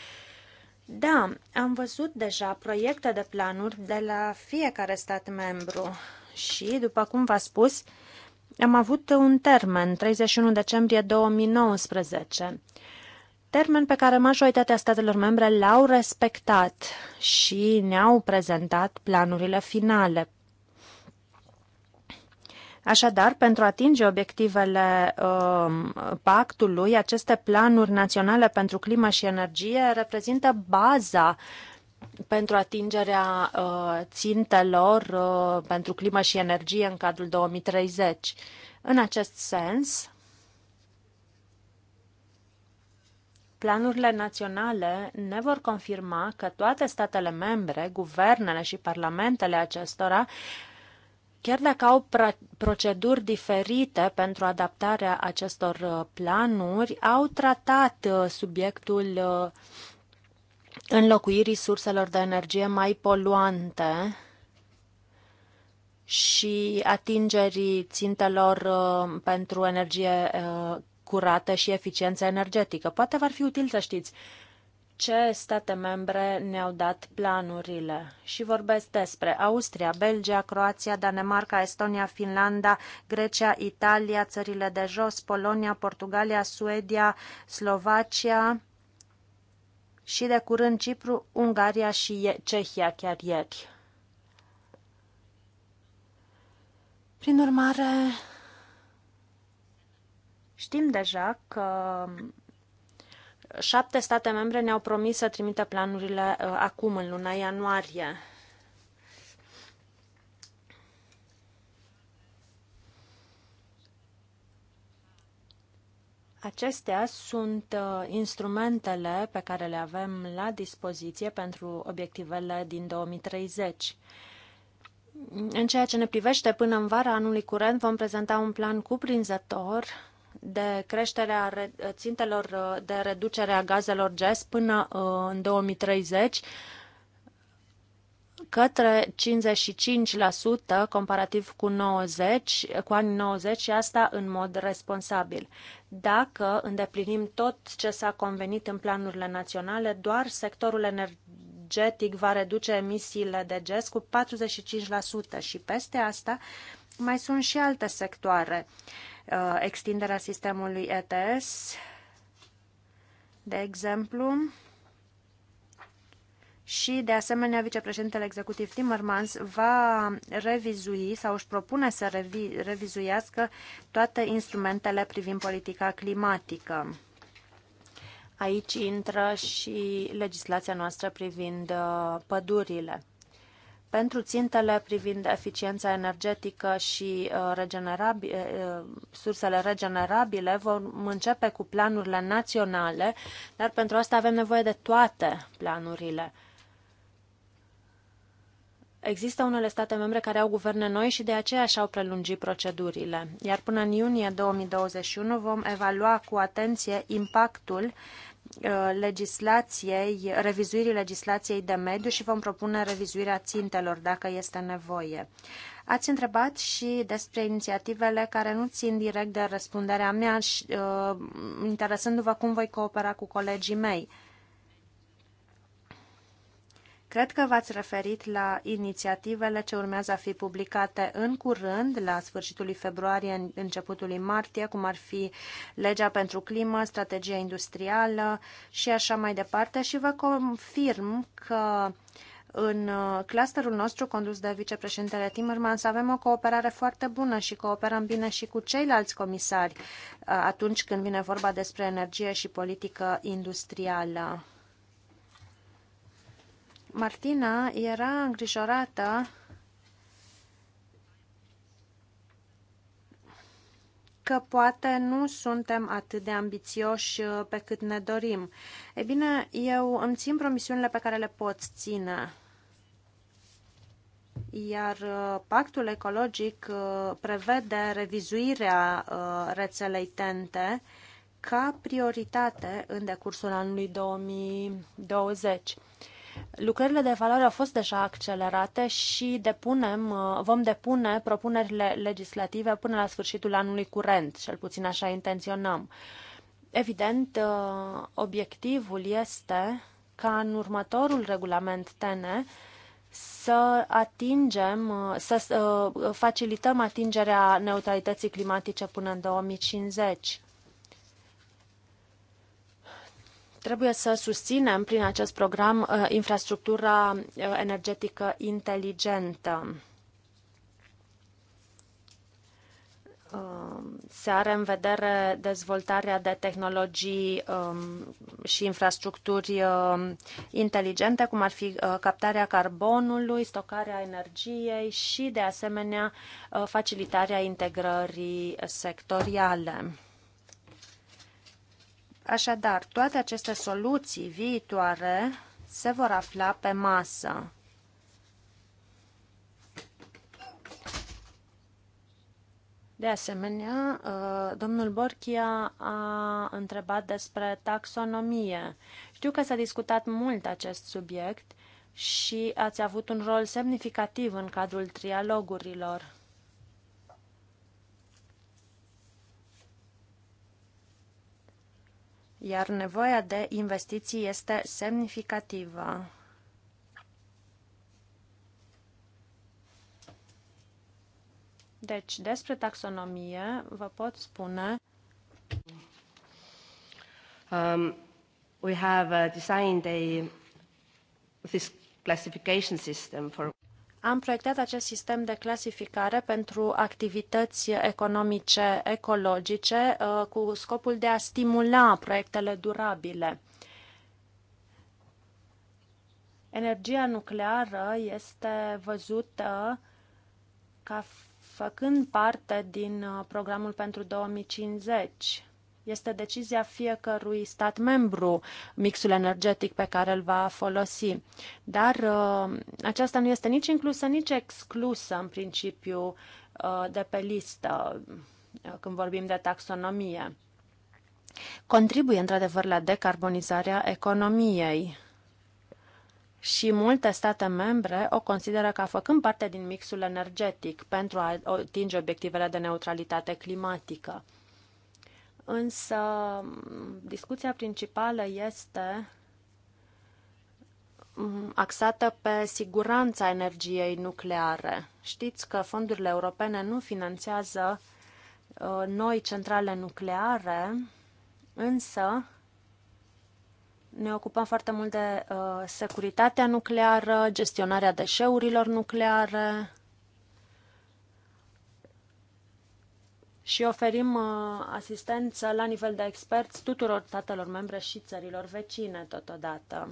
Da, am văzut deja proiecte de planuri de la fiecare stat membru și, după cum v-a spus, uh, am avut un termen, 31 decembrie 2019, termen pe care majoritatea statelor membre l-au respectat și ne-au prezentat planurile finale Așadar, pentru a atinge obiectivele uh, pactului, aceste planuri naționale pentru climă și energie reprezintă baza pentru atingerea uh, țintelor uh, pentru climă și energie în cadrul 2030. În acest sens, planurile naționale ne vor confirma că toate statele membre, guvernele și parlamentele acestora, chiar dacă au proceduri diferite pentru adaptarea acestor uh, planuri, au tratat subiectul înlocuirii surselor de energie mai poluante și atingerii țintelor uh, pentru energie uh, curată și eficiență energetică. Poate v-ar fi util să știți ce state membre ne-au dat planurile. Și vorbesc despre Austria, Belgia, Croația, Danemarca, Estonia, Finlanda, Grecia, Italia, țările de jos, Polonia, Portugalia, Suedia, Slovacia, și de curând Cipru, Ungaria și Cehia chiar ieri. Prin urmare, știm deja că șapte state membre ne-au promis să trimită planurile uh, acum, în luna ianuarie. Acestea sunt uh, instrumentele pe care le avem la dispoziție pentru obiectivele din 2030. În ceea ce ne privește, până în vara anului curent vom prezenta un plan cuprinzător de creșterea țintelor uh, de reducere a gazelor GES până uh, în 2030 către 55% comparativ cu 90, cu anii 90 și asta în mod responsabil. Dacă îndeplinim tot ce s-a convenit în planurile naționale, doar sectorul energetic va reduce emisiile de gest cu 45% și peste asta mai sunt și alte sectoare. Uh, extinderea sistemului ETS, de exemplu, și, de asemenea, vicepreședintele executiv Timmermans va revizui sau își propune să revi, revizuiască toate instrumentele privind politica climatică. Aici intră și legislația noastră privind uh, pădurile. Pentru țintele privind eficiența energetică și uh, regenerabile, uh, sursele regenerabile, vom începe cu planurile naționale, dar pentru asta avem nevoie de toate planurile. Există unele state membre care au guverne noi și de aceea și-au prelungit procedurile. Iar până în iunie 2021 vom evalua cu atenție impactul uh, legislației, revizuirii legislației de mediu și vom propune revizuirea țintelor dacă este nevoie. Ați întrebat și despre inițiativele care nu țin direct de răspunderea mea, și, uh, interesându-vă cum voi coopera cu colegii mei. Uh, Cred că v-ați referit la inițiativele ce urmează a fi publicate în curând, la sfârșitul februarie, începutul lui martie, cum ar fi legea pentru climă, strategia industrială și așa mai departe. Și vă confirm că în uh, clusterul nostru condus de vicepreședintele Timmermans avem o cooperare foarte bună și cooperăm bine și cu ceilalți comisari uh, atunci când vine vorba despre energie și politică industrială. Martina era îngrijorată că poate nu suntem atât de ambițioși uh, pe cât ne dorim. E bine, eu îmi țin promisiunile pe care le pot ține. Iar uh, pactul ecologic uh, prevede revizuirea rețelei tente ca prioritate în decursul anului 2020. Lucrările de evaluare au fost deja accelerate și depunem, uh, vom depune propunerile legislative până la sfârșitul anului curent, cel puțin așa intenționăm. Evident, uh, obiectivul este ca în următorul regulament TN să atingem, uh, să facilităm atingerea neutralității climatice până în 2050. Trebuie să susținem prin acest program uh, infrastructura uh, energetică inteligentă. Uh, se are în vedere dezvoltarea de tehnologii um, și infrastructuri inteligente, cum ar fi captarea carbonului, stocarea energiei și, de asemenea, facilitarea integrării sectoriale. Așadar, toate aceste soluții viitoare se vor afla pe masă. De asemenea, uh, domnul Borchia a întrebat despre taxonomie. Știu că s-a discutat mult acest subiect și ați avut un rol semnificativ în cadrul trialogurilor. iar nevoia de investiții este semnificativă. Deci, despre taxonomie vă pot spune. Um, we have uh, designed a this classification system for am proiectat acest sistem de clasificare pentru activități economice ecologice uh, cu scopul de a stimula proiectele durabile. Energia nucleară este văzută ca făcând parte din uh, programul pentru 2050. Este decizia fiecărui stat membru mixul energetic pe care îl va folosi. Dar uh, aceasta nu este nici inclusă, nici exclusă în principiu uh, de pe listă uh, când vorbim de taxonomie. Contribuie într-adevăr la decarbonizarea economiei și multe state membre o consideră ca făcând parte din mixul energetic pentru a atinge obiectivele de neutralitate climatică. Însă discuția principală este axată pe siguranța energiei nucleare. Știți că fondurile europene nu finanțează uh, noi centrale nucleare, însă ne ocupăm foarte mult de uh, securitatea nucleară, gestionarea deșeurilor nucleare, și oferim uh, asistență la nivel de experți tuturor statelor membre și țărilor vecine totodată.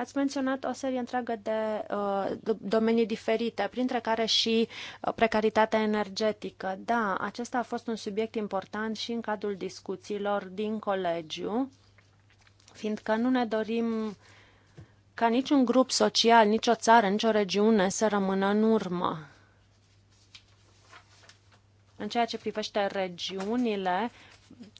Ați menționat o serie întreagă de uh, domenii diferite, printre care și uh, precaritatea energetică. Da, acesta a fost un subiect important și în cadrul discuțiilor din colegiu, fiindcă nu ne dorim ca niciun grup social, nicio țară, nicio regiune să rămână în urmă. În ceea ce privește regiunile,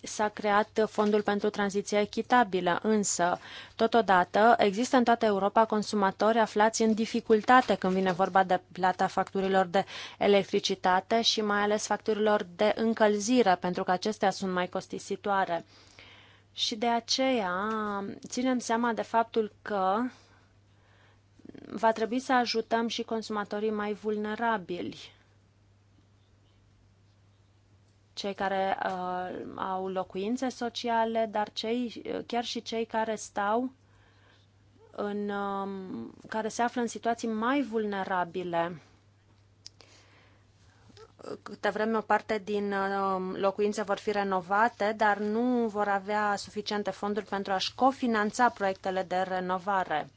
s-a creat Fondul pentru Tranziție Echitabilă, însă, totodată, există în toată Europa consumatori aflați în dificultate când vine vorba de plata facturilor de electricitate și mai ales facturilor de încălzire, pentru că acestea sunt mai costisitoare. Și de aceea ținem seama de faptul că va trebui să ajutăm și consumatorii mai vulnerabili cei care uh, au locuințe sociale, dar cei, chiar și cei care stau în, uh, care se află în situații mai vulnerabile. Câte vreme o parte din um, locuințe vor fi renovate, dar nu vor avea suficiente fonduri pentru a-și cofinanța proiectele de renovare.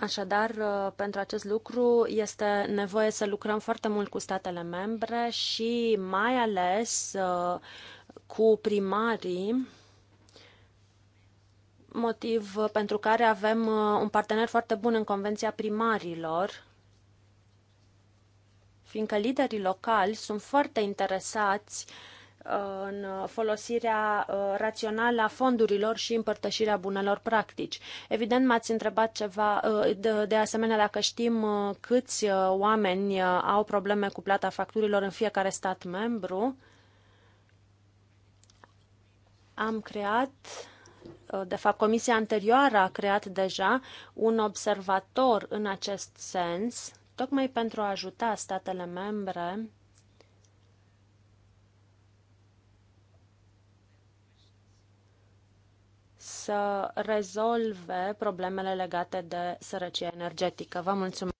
Așadar, uh, pentru acest lucru este nevoie să lucrăm foarte mult cu statele membre și mai ales uh, cu primarii, motiv pentru care avem uh, un partener foarte bun în Convenția Primarilor, fiindcă liderii locali sunt foarte interesați uh, în folosirea uh, rațională a fondurilor și împărtășirea bunelor practici. Evident, m-ați întrebat ceva uh, de, de asemenea dacă știm uh, câți oameni au probleme cu plata facturilor în fiecare stat membru. Am creat de fapt, comisia anterioară a creat deja un observator în acest sens, tocmai pentru a ajuta statele membre să rezolve problemele legate de sărăcie energetică. Vă mulțumesc!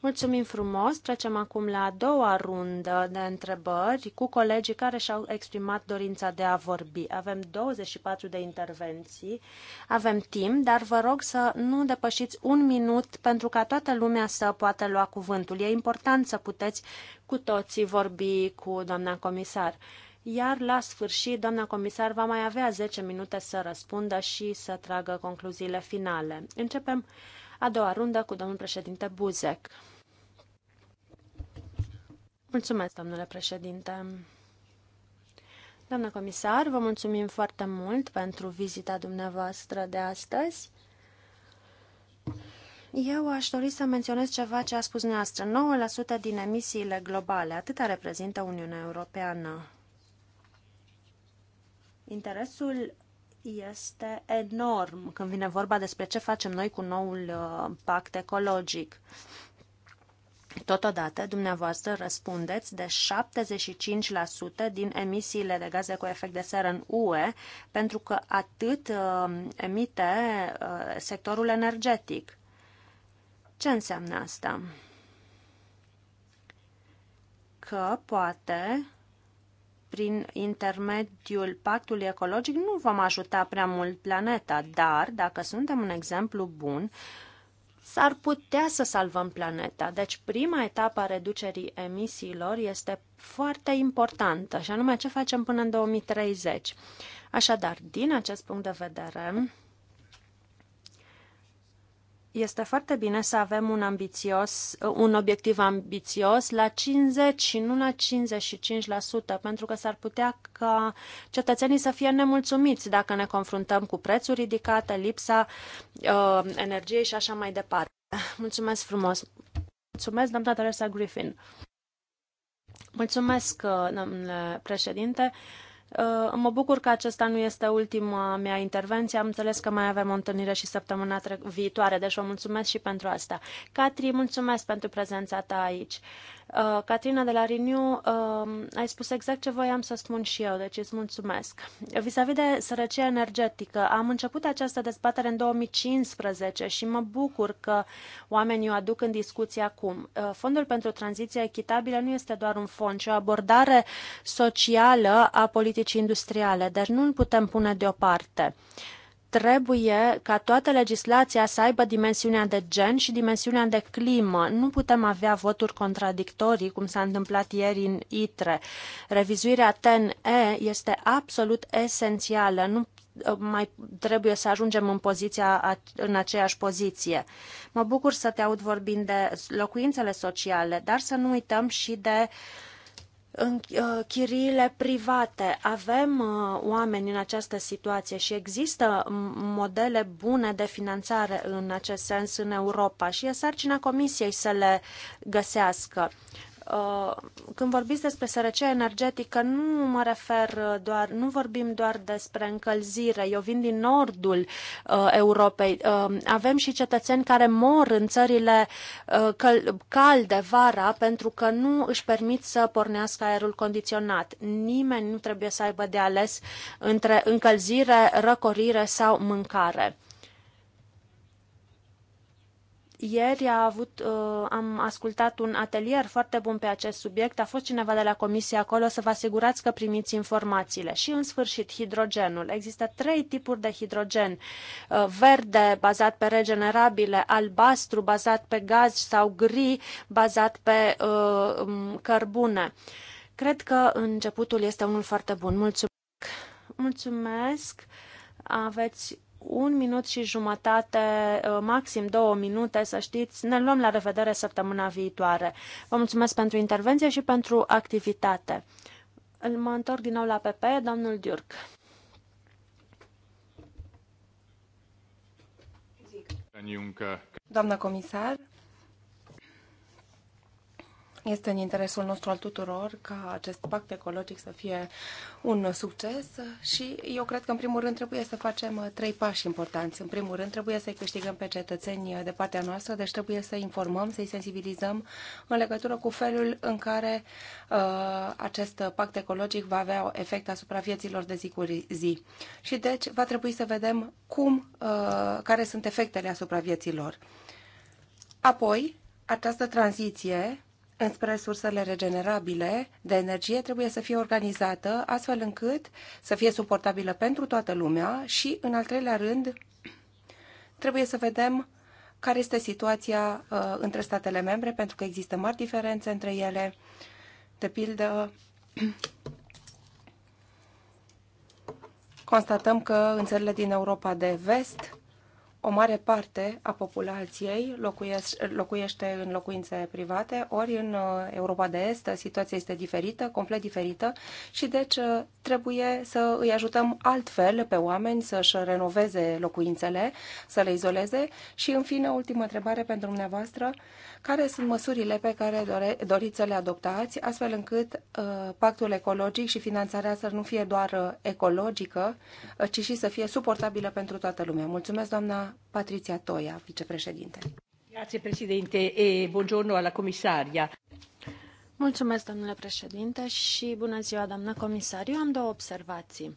Mulțumim frumos! Trecem acum la a doua rundă de întrebări cu colegii care și-au exprimat dorința de a vorbi. Avem 24 de intervenții, avem timp, dar vă rog să nu depășiți un minut pentru ca toată lumea să poată lua cuvântul. E important să puteți cu toții vorbi cu doamna comisar iar la sfârșit doamna comisar va mai avea 10 minute să răspundă și să tragă concluziile finale. Începem a doua rundă cu domnul președinte Buzek. Mulțumesc, domnule președinte. Doamnă comisar, vă mulțumim foarte mult pentru vizita dumneavoastră de astăzi. Eu aș dori să menționez ceva ce a spus dumneavoastră. 9% din emisiile globale, atâta reprezintă Uniunea Europeană. Interesul este enorm când vine vorba despre ce facem noi cu noul uh, pact ecologic. Totodată, dumneavoastră răspundeți de 75% din emisiile de gaze cu efect de seră în UE, pentru că atât uh, emite uh, sectorul energetic. Ce înseamnă asta? Că poate prin intermediul pactului ecologic nu vom ajuta prea mult planeta, dar dacă suntem un exemplu bun, s-ar putea să salvăm planeta. Deci prima etapă a reducerii emisiilor este foarte importantă, și anume ce facem până în 2030. Așadar, din acest punct de vedere, este foarte bine să avem un, ambițios, un obiectiv ambițios la 50 și nu la 55%, pentru că s-ar putea ca cetățenii să fie nemulțumiți dacă ne confruntăm cu prețuri ridicate, lipsa uh, energiei și așa mai departe. Mulțumesc frumos! Mulțumesc, doamna Teresa Griffin! Mulțumesc, uh, domnule președinte! Uh, Uh, mă bucur că acesta nu este ultima mea intervenție. Am înțeles că mai avem o întâlnire și săptămâna viitoare, deci vă mulțumesc și pentru asta. Catri, mulțumesc pentru prezența ta aici. Uh, Catrina de la Renew, uh, ai spus exact ce voiam să spun și eu, deci îți mulțumesc. Vis-a-vis de sărăcia energetică, am început această dezbatere în 2015 și mă bucur că oamenii o aduc în discuție acum. Uh, Fondul pentru tranziție echitabilă nu este doar un fond, ci o abordare socială a politicii industriale, deci nu îl putem pune deoparte. Uh, trebuie ca toată legislația să aibă dimensiunea de gen și dimensiunea de climă. Nu putem avea voturi contradictorii, cum s-a întâmplat ieri în ITRE. Revizuirea TNE este absolut esențială. Nu mai trebuie să ajungem în, poziția, în aceeași poziție. Mă bucur să te aud vorbind de locuințele sociale, dar să nu uităm și de uh, în uh, chiriile private. Avem uh, oameni în această situație și există modele bune de finanțare în acest sens în Europa și e sarcina Comisiei să le găsească. Uh, când vorbiți despre sărăcia energetică, nu mă refer uh, doar, nu vorbim doar despre încălzire. Eu vin din nordul uh, Europei. Uh, avem și cetățeni care mor în țările uh, calde vara pentru că nu își permit să pornească aerul condiționat. Nimeni nu trebuie să aibă de ales între încălzire, răcorire sau mâncare. Ieri a avut, uh, am ascultat un atelier foarte bun pe acest subiect. A fost cineva de la comisie acolo să vă asigurați că primiți informațiile. Și în sfârșit, hidrogenul. Există trei tipuri de hidrogen. Uh, verde, bazat pe regenerabile, albastru, bazat pe gaz sau gri, bazat pe uh, cărbune. Cred că începutul este unul foarte bun. Mulțumesc! Mulțumesc! Aveți un minut și jumătate, uh, maxim două minute, să știți. Ne luăm la revedere săptămâna viitoare. Vă mulțumesc pentru intervenție și pentru activitate. Mă întorc din nou la PP, domnul Diurc. Doamna comisar, este în interesul nostru al tuturor ca acest pact ecologic să fie un succes și eu cred că, în primul rând, trebuie să facem trei pași importanți. În primul rând, trebuie să-i câștigăm pe cetățeni de partea noastră, deci trebuie să informăm, să-i sensibilizăm în legătură cu felul în care uh, acest pact ecologic va avea efect asupra vieților de zi cu zi. Și deci va trebui să vedem cum, uh, care sunt efectele asupra vieților. Apoi, această tranziție înspre sursele regenerabile de energie trebuie să fie organizată astfel încât să fie suportabilă pentru toată lumea și, în al treilea rând, trebuie să vedem care este situația uh, între statele membre, pentru că există mari diferențe între ele. De pildă, *clears throat* constatăm că în țările din Europa de vest o mare parte a populației locuiește în locuințe private, ori în uh, Europa de Est situația este diferită, complet diferită și deci uh, trebuie să îi ajutăm altfel pe oameni să-și renoveze locuințele, să le izoleze și în fine, ultimă întrebare pentru dumneavoastră, care sunt măsurile pe care dore, doriți să le adoptați astfel încât uh, pactul ecologic și finanțarea să nu fie doar uh, ecologică, ci și să fie suportabilă pentru toată lumea. Mulțumesc, doamna Patrizia Patriția Toia, vicepreședinte. Grazie, președinte, e buongiorno alla comisaria. Mulțumesc, domnule președinte, și bună ziua, doamnă comisar. Eu am două observații.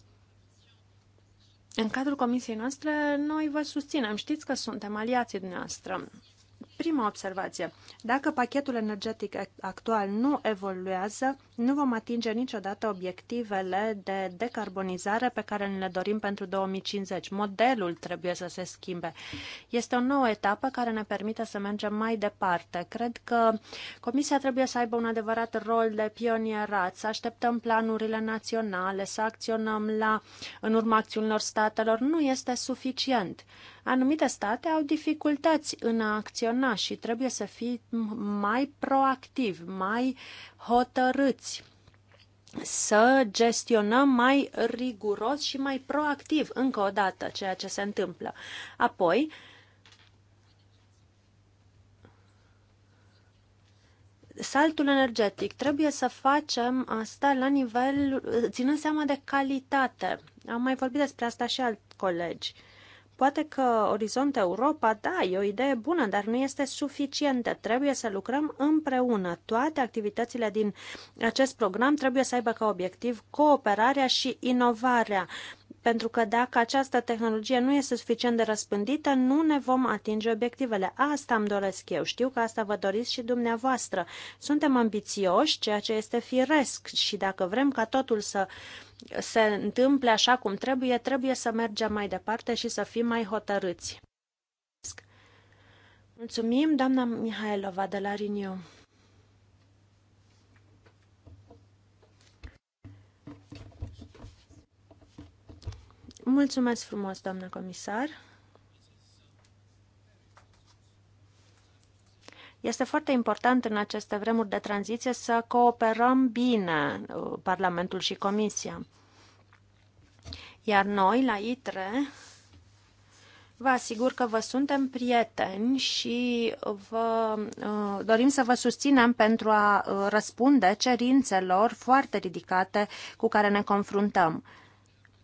În cadrul comisiei noastre, noi vă susținem. Știți că suntem aliații dumneavoastră. Prima observație. Dacă pachetul energetic actual nu evoluează, nu vom atinge niciodată obiectivele de decarbonizare pe care ne le dorim pentru 2050. Modelul trebuie să se schimbe. Este o nouă etapă care ne permite să mergem mai departe. Cred că Comisia trebuie să aibă un adevărat rol de pionierat, să așteptăm planurile naționale, să acționăm la, în urma acțiunilor statelor. Nu este suficient. Anumite state au dificultăți în a acționa și trebuie să fim mai proactiv, mai hotărâți să gestionăm mai riguros și mai proactiv încă o dată ceea ce se întâmplă. Apoi, saltul energetic trebuie să facem asta la nivel, ținând seama de calitate. Am mai vorbit despre asta și alți colegi. Uh, Poate că Orizont Europa, da, e o idee bună, dar nu este suficientă. Trebuie să lucrăm împreună. Toate activitățile din acest program trebuie să aibă ca obiectiv cooperarea și inovarea. Pentru că dacă această tehnologie nu este suficient de răspândită, nu ne vom atinge obiectivele. Asta îmi doresc eu. Știu că asta vă doriți și dumneavoastră. Suntem ambițioși, ceea ce este firesc și dacă vrem ca totul să uh, se întâmple așa cum trebuie, trebuie să mergem mai departe și să fim mai hotărâți. Mulțumim, doamna Mihailova de la Riniu. Mulțumesc frumos, doamnă comisar. Este foarte important în aceste vremuri de tranziție să cooperăm bine uh, Parlamentul și Comisia. Iar noi, la ITRE, vă asigur că vă suntem prieteni și vă uh, dorim să vă susținem pentru a uh, răspunde cerințelor foarte ridicate cu care ne confruntăm.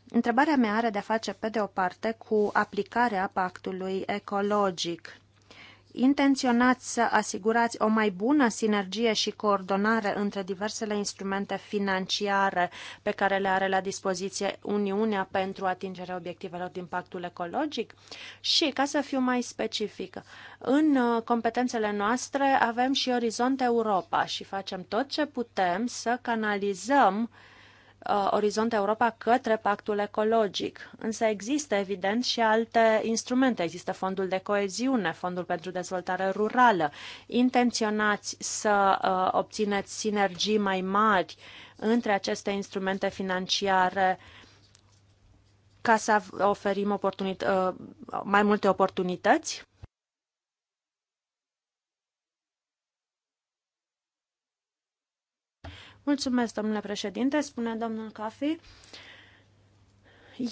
Întrebarea mea are de a face, pe de o parte, cu aplicarea pactului ecologic intenționați să asigurați o mai bună sinergie și coordonare între diversele instrumente financiare pe care le are la dispoziție Uniunea pentru atingerea obiectivelor din pactul ecologic? Și, ca să fiu mai specifică, în uh, competențele noastre avem și Orizont Europa și facem tot ce putem să canalizăm uh, Orizont Europa către pactul ecologic. Însă există, evident, și alte instrumente. Există fondul de coeziune, fondul pentru dezvoltare rurală. Intenționați să uh, obțineți sinergii mai mari între aceste instrumente financiare ca să oferim oportunit- uh, mai multe oportunități? Mulțumesc, domnule președinte, spune domnul Cafi.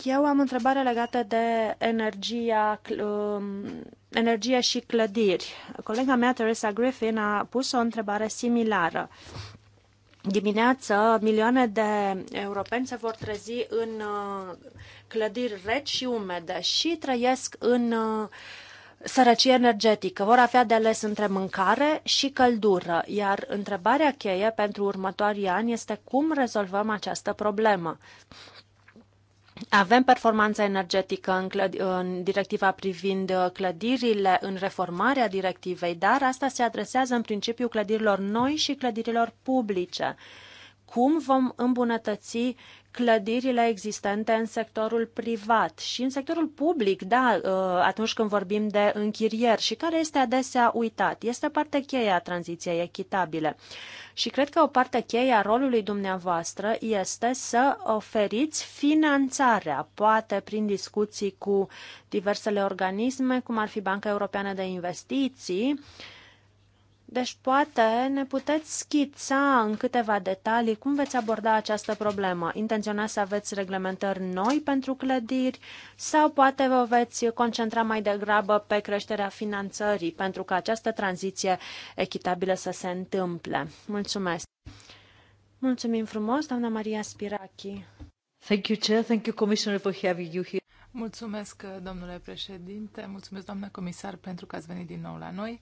Eu am o întrebare legată de energia, um, energie și clădiri. Colega mea, Teresa Griffin, a pus o întrebare similară. Dimineață, milioane de europeni se vor trezi în uh, clădiri reci și umede și trăiesc în uh, sărăcie energetică, vor avea de ales între mâncare și căldură, iar întrebarea cheie pentru următorii ani este cum rezolvăm această problemă. Avem performanța energetică în, în directiva privind uh, clădirile, în reformarea directivei, dar asta se adresează în principiu clădirilor noi și clădirilor publice. Cum vom îmbunătăți clădirile existente în sectorul privat și în sectorul public, da, uh, atunci când vorbim de închirieri și care este adesea uitat. Este parte cheie a tranziției echitabile. Și cred că o parte cheie a rolului dumneavoastră este să oferiți finanțarea, poate prin discuții cu diversele organisme, cum ar fi Banca Europeană de Investiții, uh, deci poate ne puteți schița în câteva detalii cum veți aborda această problemă. Intenționați să aveți reglementări noi pentru clădiri sau poate vă veți concentra mai degrabă pe creșterea finanțării pentru ca această tranziție echitabilă să se întâmple. Mulțumesc! Mulțumim frumos, doamna Maria Spirachi. Thank you, Chair. Thank you, Commissioner, for having you here. Mulțumesc, domnule președinte, mulțumesc, doamnă comisar, pentru că ați venit din nou la noi.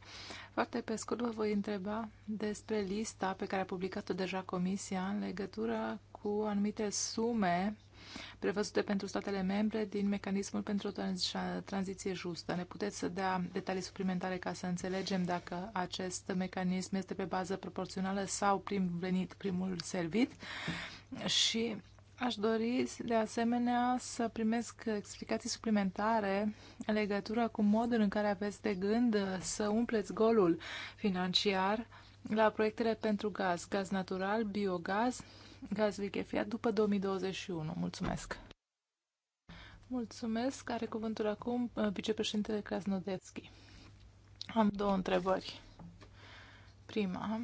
Foarte pe scurt vă voi întreba despre lista pe care a publicat-o deja Comisia în legătură cu anumite sume prevăzute pentru statele membre din mecanismul pentru o tranziție justă. Ne puteți să dea detalii suplimentare ca să înțelegem dacă acest mecanism este pe bază proporțională sau prim venit, primul servit și Aș dori de asemenea să primesc explicații suplimentare în legătură cu modul în care aveți de gând să umpleți golul financiar la proiectele pentru gaz, gaz natural, biogaz, gaz lichefiat după 2021. Mulțumesc! Mulțumesc! Are cuvântul acum uh, vicepreședintele Krasnodevski. Am două întrebări. Prima,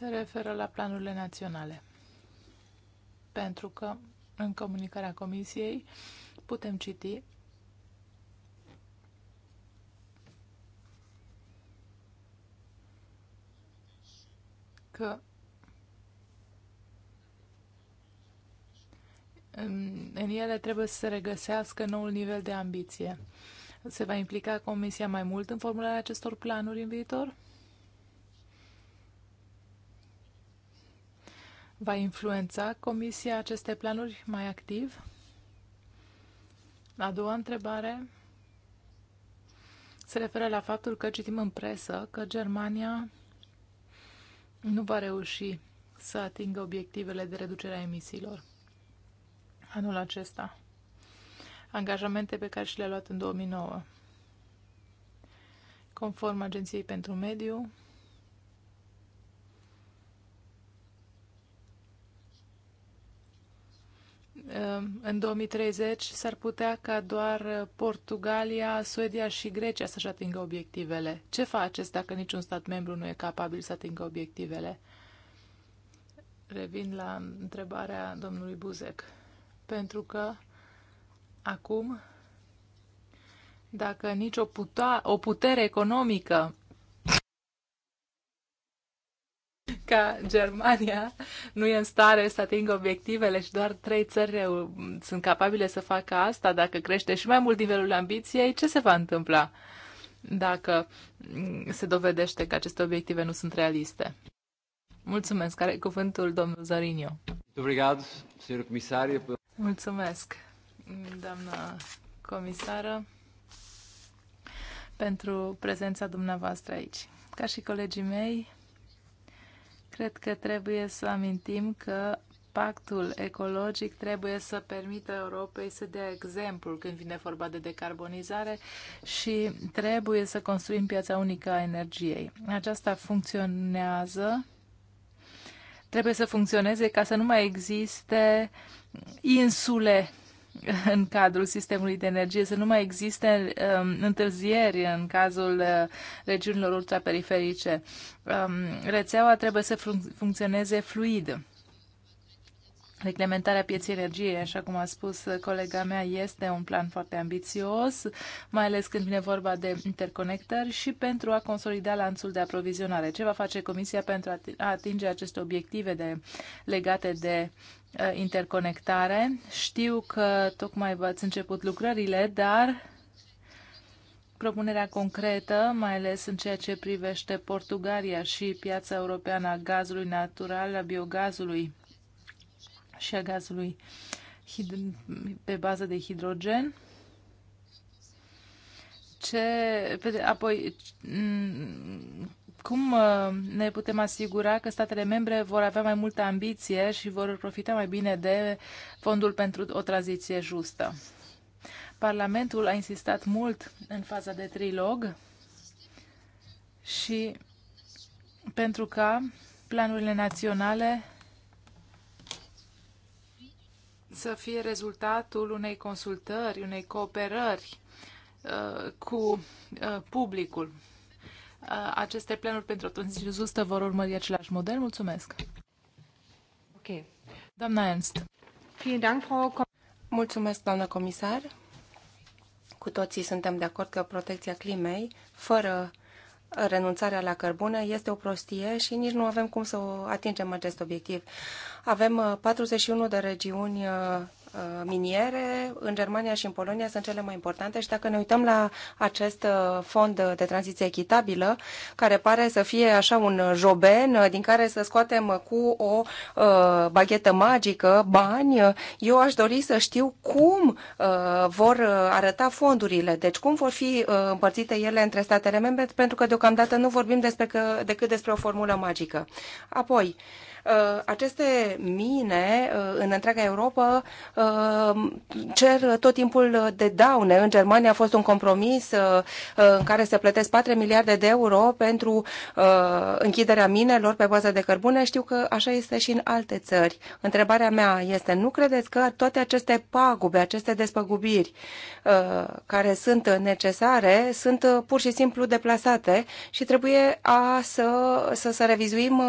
se referă la planurile naționale. Pentru că în comunicarea Comisiei putem citi că în ele trebuie să se regăsească noul nivel de ambiție. Se va implica Comisia mai mult în formularea acestor planuri în viitor? Va influența Comisia aceste planuri mai activ? A doua întrebare se referă la faptul că citim în presă că Germania nu va reuși să atingă obiectivele de reducere a emisiilor anul acesta, angajamente pe care și le-a luat în 2009. Conform Agenției pentru Mediu, Ehm, în 2030 s-ar putea ca doar eh, Portugalia, Suedia și Grecia să-și atingă obiectivele. Ce faceți dacă niciun stat membru nu e capabil să atingă obiectivele? Revin la întrebarea domnului Buzek. Pentru că acum, dacă nici o, puta, o putere economică ca Germania nu e în stare să atingă obiectivele și doar trei țări sunt capabile să facă asta, dacă crește și mai mult nivelul ambiției, ce se va întâmpla dacă se dovedește că aceste obiective nu sunt realiste? Mulțumesc. Care cuvântul domnul Zarinio? Mulțumesc, doamnă comisară, pentru prezența dumneavoastră aici. Ca și colegii mei, Cred că trebuie să amintim că pactul ecologic trebuie să permită Europei să dea exemplu când vine vorba de decarbonizare și trebuie să construim piața unică a energiei. Aceasta funcționează, trebuie să funcționeze ca să nu mai existe insule *laughs* în cadrul sistemului de energie, să nu mai existe um, întârzieri în cazul uh, regiunilor ultraperiferice. Um, rețeaua trebuie să funcționeze fluid. Reglementarea pieței energiei, așa cum a spus colega mea, este un plan foarte ambițios, mai ales când vine vorba de interconectări și pentru a consolida lanțul de aprovizionare. Ce va face Comisia pentru a atinge aceste obiective de, legate de Uh, interconectare. Știu că tocmai ați început lucrările, dar propunerea concretă, mai ales în ceea ce privește Portugalia și piața europeană a gazului natural, a biogazului și a gazului pe bază de hidrogen. Ce, apoi, cum uh, ne putem asigura că statele membre vor avea mai multă ambiție și vor profita mai bine de fondul pentru o tranziție justă? Parlamentul a insistat mult în faza de trilog și pentru ca planurile naționale să fie rezultatul unei consultări, unei cooperări uh, cu uh, publicul. Uh, aceste planuri pentru tranziție justă vor urmări același model? Mulțumesc! Ok. Doamna Ernst. Mulțumesc, doamnă comisar. Cu toții suntem de acord că protecția climei, fără renunțarea la cărbune este o prostie și nici nu avem cum să atingem acest obiectiv. Avem 41 uh, de regiuni uh, Uh, miniere în Germania și în Polonia sunt cele mai importante și dacă ne uităm la acest uh, fond de tranziție echitabilă, care pare să fie așa un joben uh, din care să scoatem cu o baghetă magică bani, eu aș dori să știu cum vor arăta fondurile, deci cum vor fi împărțite ele între statele membre, pentru că deocamdată nu vorbim despre că, decât despre o formulă magică. Apoi, Uh, aceste mine uh, în întreaga Europa uh, cer tot timpul de daune. În Germania a fost un compromis în care se plătesc 4 miliarde de euro pentru închiderea minelor pe bază de cărbune. Știu că așa este și în alte țări. Întrebarea mea este, nu credeți că toate aceste pagube, aceste despăgubiri care sunt necesare, sunt pur și simplu deplasate și trebuie a să, să, să revizuim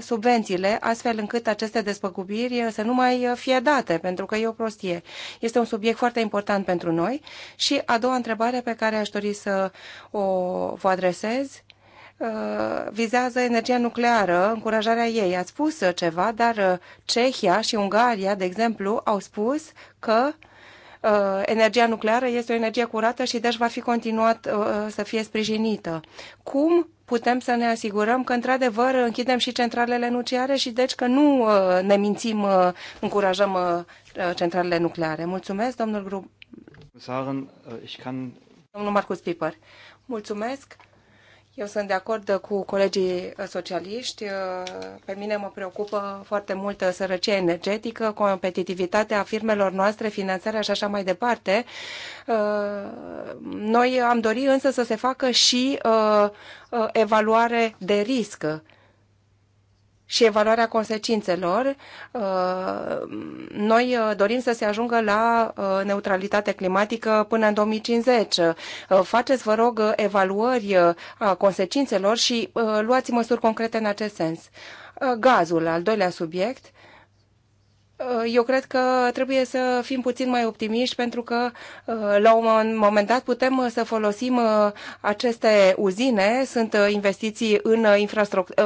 subvențiile astfel încât aceste despăgubiri să nu mai fie date, pentru că e o prostie. Este un subiect foarte important pentru noi. Și a doua întrebare pe care aș dori să o vă adresez uh, vizează energia nucleară, încurajarea ei. Ați spus ceva, dar uh, Cehia și Ungaria, de exemplu, au spus că uh, energia nucleară este o energie curată și deci va fi continuat să fie sprijinită. Cum putem să ne asigurăm că, într-adevăr, închidem și centralele nucleare și, deci, că nu uh, ne mințim, uh, încurajăm uh, centralele nucleare. Mulțumesc, domnul Grub. Domnul Marcus Piper. Mulțumesc. Eu sunt de acord cu colegii socialiști. Pe mine mă preocupă foarte mult sărăcia energetică, competitivitatea firmelor noastre, finanțarea și așa mai departe. Noi am dorit însă să se facă și uh, uh, evaluare de riscă și evaluarea consecințelor, uh, noi uh, dorim să se ajungă la uh, neutralitate climatică până în 2050. Faceți, vă rog, evaluări a consecințelor și luați măsuri concrete în acest sens. Gazul, al doilea subiect, eu cred că trebuie să fim puțin mai optimiști pentru că uh, la un moment dat putem uh, să folosim uh, aceste uzine. Sunt investiții în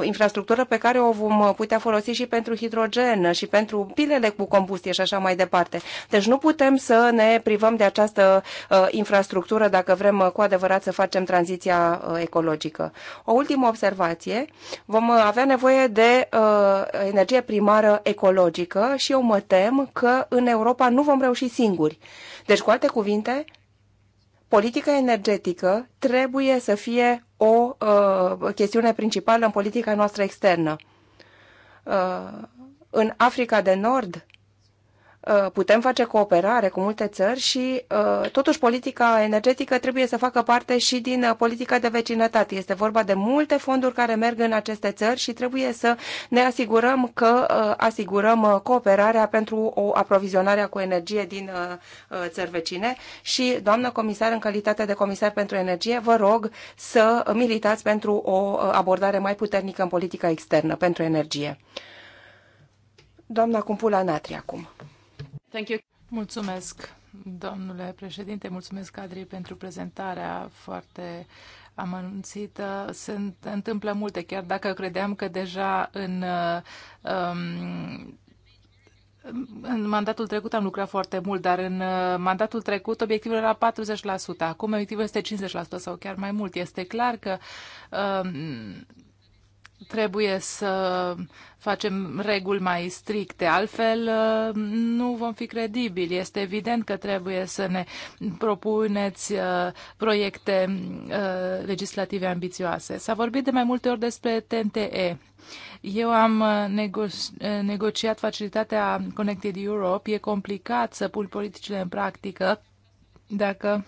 infrastructură pe care o vom putea folosi și pentru hidrogen și pentru pilele cu combustie și așa mai departe. Deci nu putem să ne privăm de această infrastructură dacă vrem cu adevărat să facem tranziția ecologică. O ultimă observație. Vom avea nevoie de energie primară ecologică și o mă tem că în Europa nu vom reuși singuri. Deci, cu alte cuvinte, politica energetică trebuie să fie o uh, chestiune principală în politica noastră externă. Uh, în Africa de Nord, Uh, putem face cooperare cu multe țări și uh, totuși politica energetică trebuie să facă parte și din uh, politica de vecinătate. Este vorba de multe fonduri care merg în aceste țări și trebuie să ne asigurăm că asigurăm cooperarea pentru o aprovizionare cu energie din țări vecine și, doamnă comisar, în calitate de comisar pentru energie, vă rog să militați pentru o abordare mai puternică în politica externă pentru energie. Doamna Cumpula Natri acum. Thank you. Mulțumesc, domnule președinte, mulțumesc, Adri, pentru prezentarea foarte amănunțită. Se întâmplă multe, chiar dacă credeam că deja în um, în mandatul trecut am lucrat foarte mult, dar în uh, mandatul trecut obiectivul era 40%, acum obiectivul este 50% sau chiar mai mult. Este clar că um, trebuie să facem reguli mai stricte, altfel uh, nu vom fi credibili. Este evident că trebuie să ne propuneți uh, proiecte uh, legislative ambițioase. S-a vorbit de mai multe ori despre TNTE. Eu am nego- negociat facilitatea Connected Europe. E complicat să pui politicile în practică dacă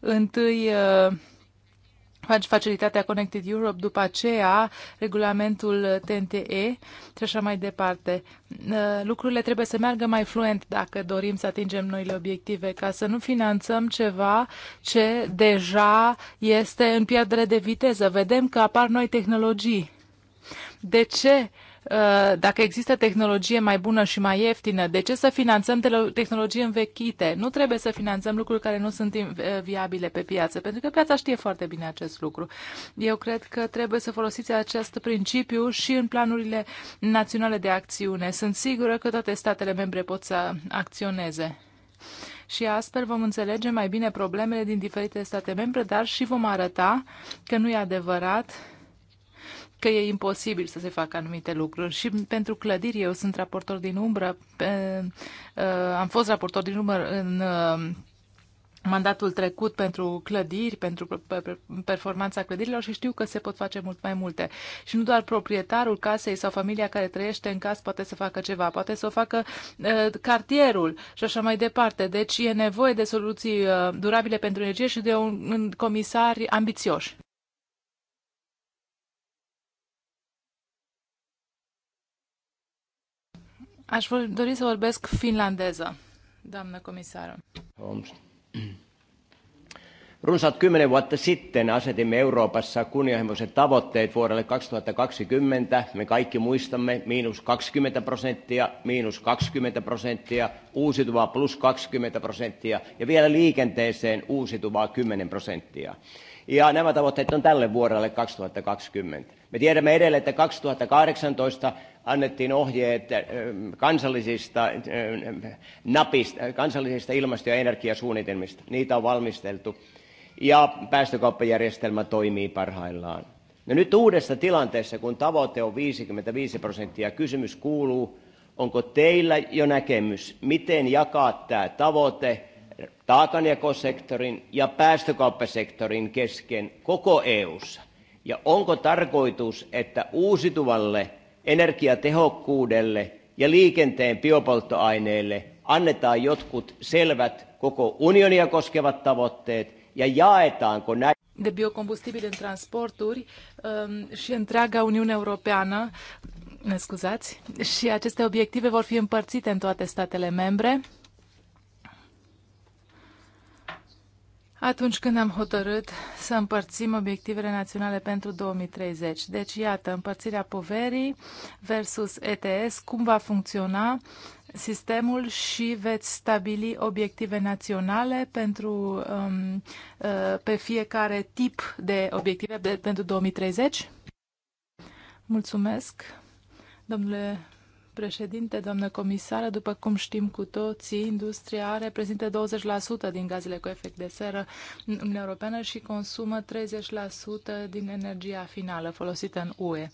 întâi uh, facilitatea Connected Europe, după aceea regulamentul TNTE și așa mai departe. Uh, lucrurile trebuie să meargă mai fluent dacă dorim să atingem noile obiective, ca să nu finanțăm ceva ce deja este în pierdere de viteză. Vedem că apar noi tehnologii. De ce Uh, dacă există tehnologie mai bună și mai ieftină, de ce să finanțăm tehnologii învechite? Nu trebuie să finanțăm lucruri care nu sunt uh, viabile pe piață, pentru că piața știe foarte bine acest lucru. Eu cred că trebuie să folosiți acest principiu și în planurile naționale de acțiune. Sunt sigură că toate statele membre pot să acționeze și astfel vom înțelege mai bine problemele din diferite state membre, dar și vom arăta că nu e adevărat că e imposibil să se facă anumite lucruri. Și pentru clădiri, eu sunt raportor din umbră, pe, uh, am fost raportor din umbră în uh, mandatul trecut pentru clădiri, pentru performanța clădirilor și știu că se pot face mult mai multe. Și nu doar proprietarul casei sau familia care trăiește în casă poate să facă ceva, poate să o facă uh, cartierul și așa mai departe. Deci e nevoie de soluții uh, durabile pentru energie și de un, un comisari ambițioși. Aș dori să vorbesc finlandeză, doamnă comisară. Holmes. Runsaat kymmenen vuotta sitten asetimme Euroopassa kunnianhimoiset tavoitteet vuodelle 2020. Me kaikki muistamme miinus 20 prosenttia, miinus 20 prosenttia, uusiutuvaa plus 20 prosenttia ja vielä liikenteeseen uusiutuvaa 10 prosenttia. Ja nämä tavoitteet on tälle vuodelle 2020. Me tiedämme edelleen, että 2018 annettiin ohjeet äh, kansallisista, äh, napista, äh, kansallisista ilmasto- ja energiasuunnitelmista. Niitä on valmisteltu ja päästökauppajärjestelmä toimii parhaillaan. No nyt uudessa tilanteessa, kun tavoite on 55 prosenttia, kysymys kuuluu, onko teillä jo näkemys, miten jakaa tämä tavoite taakanjakosektorin ja päästökauppasektorin kesken koko EU:ssa? Ja onko tarkoitus, että uusituvalle energiatehokkuudelle ja liikenteen biopolttoaineille annetaan jotkut selvät koko unionia koskevat tavoitteet ja jaetaanko näitä de biocombustibili în transporturi um, și întreaga Uniune Europeană, scuzați, și aceste obiective vor fi împărțite în toate statele membre atunci când am hotărât să împărțim obiectivele naționale pentru 2030. Deci, iată, împărțirea poverii versus ETS, cum va funcționa sistemul și veți stabili obiective naționale pentru, um, uh, pe fiecare tip de obiective de, pentru 2030? Mulțumesc, domnule președinte, doamnă comisară, după cum știm cu toții, industria reprezintă 20% din gazele cu efect de seră în Uniunea Europeană și consumă 30% din energia finală folosită în UE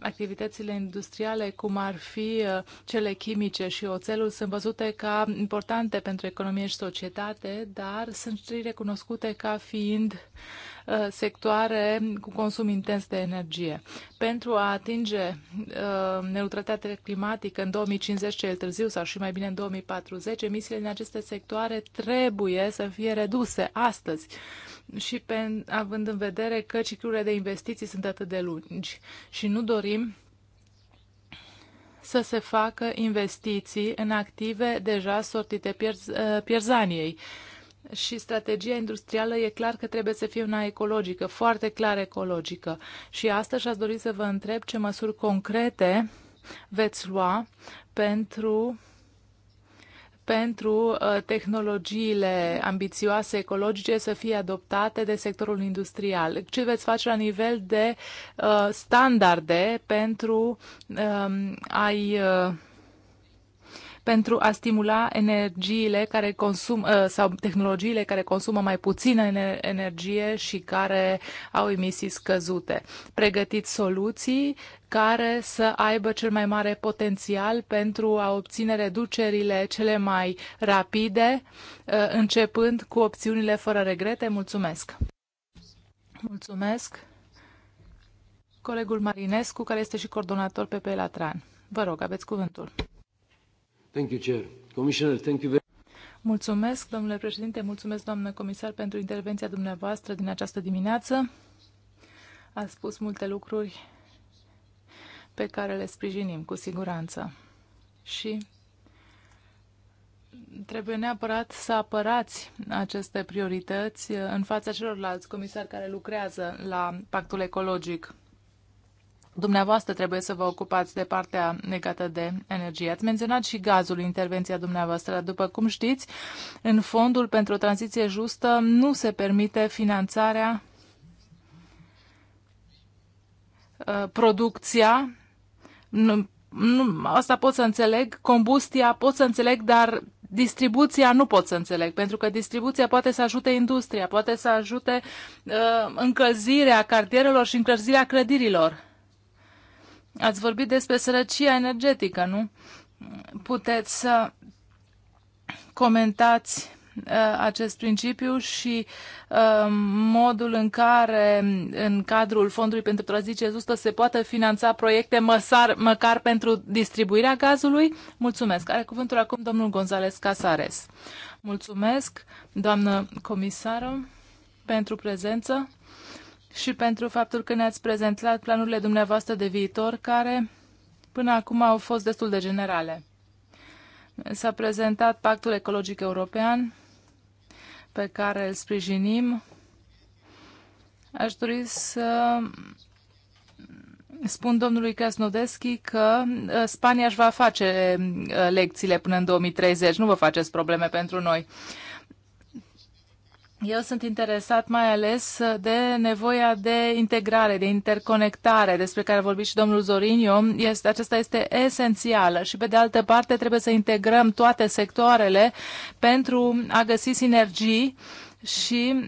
activitățile industriale, cum ar fi uh, cele chimice și oțelul, sunt văzute ca importante pentru economie și societate, dar sunt și recunoscute ca fiind uh, sectoare cu consum intens de energie. Pentru a atinge uh, neutralitatea climatică în 2050, cel târziu, sau și mai bine în 2040, emisiile din aceste sectoare trebuie să fie reduse astăzi și pe, având în vedere că ciclurile de investiții sunt atât de lungi și nu dorim să se facă investiții în active deja sortite pierz, uh, pierzaniei. Și strategia industrială e clar că trebuie să fie una ecologică, foarte clar ecologică. Și astăzi aș dori să vă întreb ce măsuri concrete veți lua pentru pentru uh, tehnologiile ambițioase ecologice să fie adoptate de sectorul industrial? Ce veți face la nivel de uh, standarde pentru um, a-i uh, pentru a stimula energiile care consum, uh, sau tehnologiile care consumă mai puțină energie și care au emisii scăzute. Pregătiți soluții care să aibă cel mai mare potențial pentru a obține reducerile cele mai rapide, uh, începând cu opțiunile fără regrete. Mulțumesc! Mulțumesc! Colegul Marinescu, care este și coordonator PP Pelatran. Vă rog, aveți cuvântul. Thank you, Chair. Commissioner, thank you very Mulțumesc, domnule președinte, mulțumesc, doamnă comisar, pentru intervenția dumneavoastră din această dimineață. A spus multe lucruri pe care le sprijinim, cu siguranță. Și trebuie neapărat să apărați aceste priorități în fața celorlalți comisari care lucrează la pactul ecologic. Dumneavoastră trebuie să vă ocupați de partea legată de energie. Ați menționat și gazul intervenția dumneavoastră. După cum știți, în fondul pentru o tranziție justă nu se permite finanțarea, uh, producția, asta pot să înțeleg, combustia pot să înțeleg, dar distribuția nu pot să înțeleg, pentru că distribuția poate să ajute industria, poate să ajute uh, încălzirea cartierelor și încălzirea clădirilor Ați vorbit despre sărăcia energetică, nu? Puteți să comentați uh, acest principiu și uh, modul în care în cadrul Fondului pentru Tranziție Justă se poate finanța proiecte măsar, măcar pentru distribuirea gazului? Mulțumesc. Are cuvântul acum domnul González Casares. Mulțumesc, doamnă comisară, pentru prezență și pentru faptul că ne-ați prezentat planurile dumneavoastră de viitor, care până acum au fost destul de generale. S-a prezentat Pactul Ecologic European, pe care îl sprijinim. Aș dori să spun domnului Casnodeschi că uh, Spania își va face uh, lecțiile până în 2030. Nu vă faceți probleme pentru noi. Eu sunt interesat mai ales de nevoia de integrare, de interconectare, despre care a vorbit și domnul Zorinio. Este, acesta este esențială și, pe de altă parte, trebuie să integrăm toate sectoarele pentru a găsi sinergii și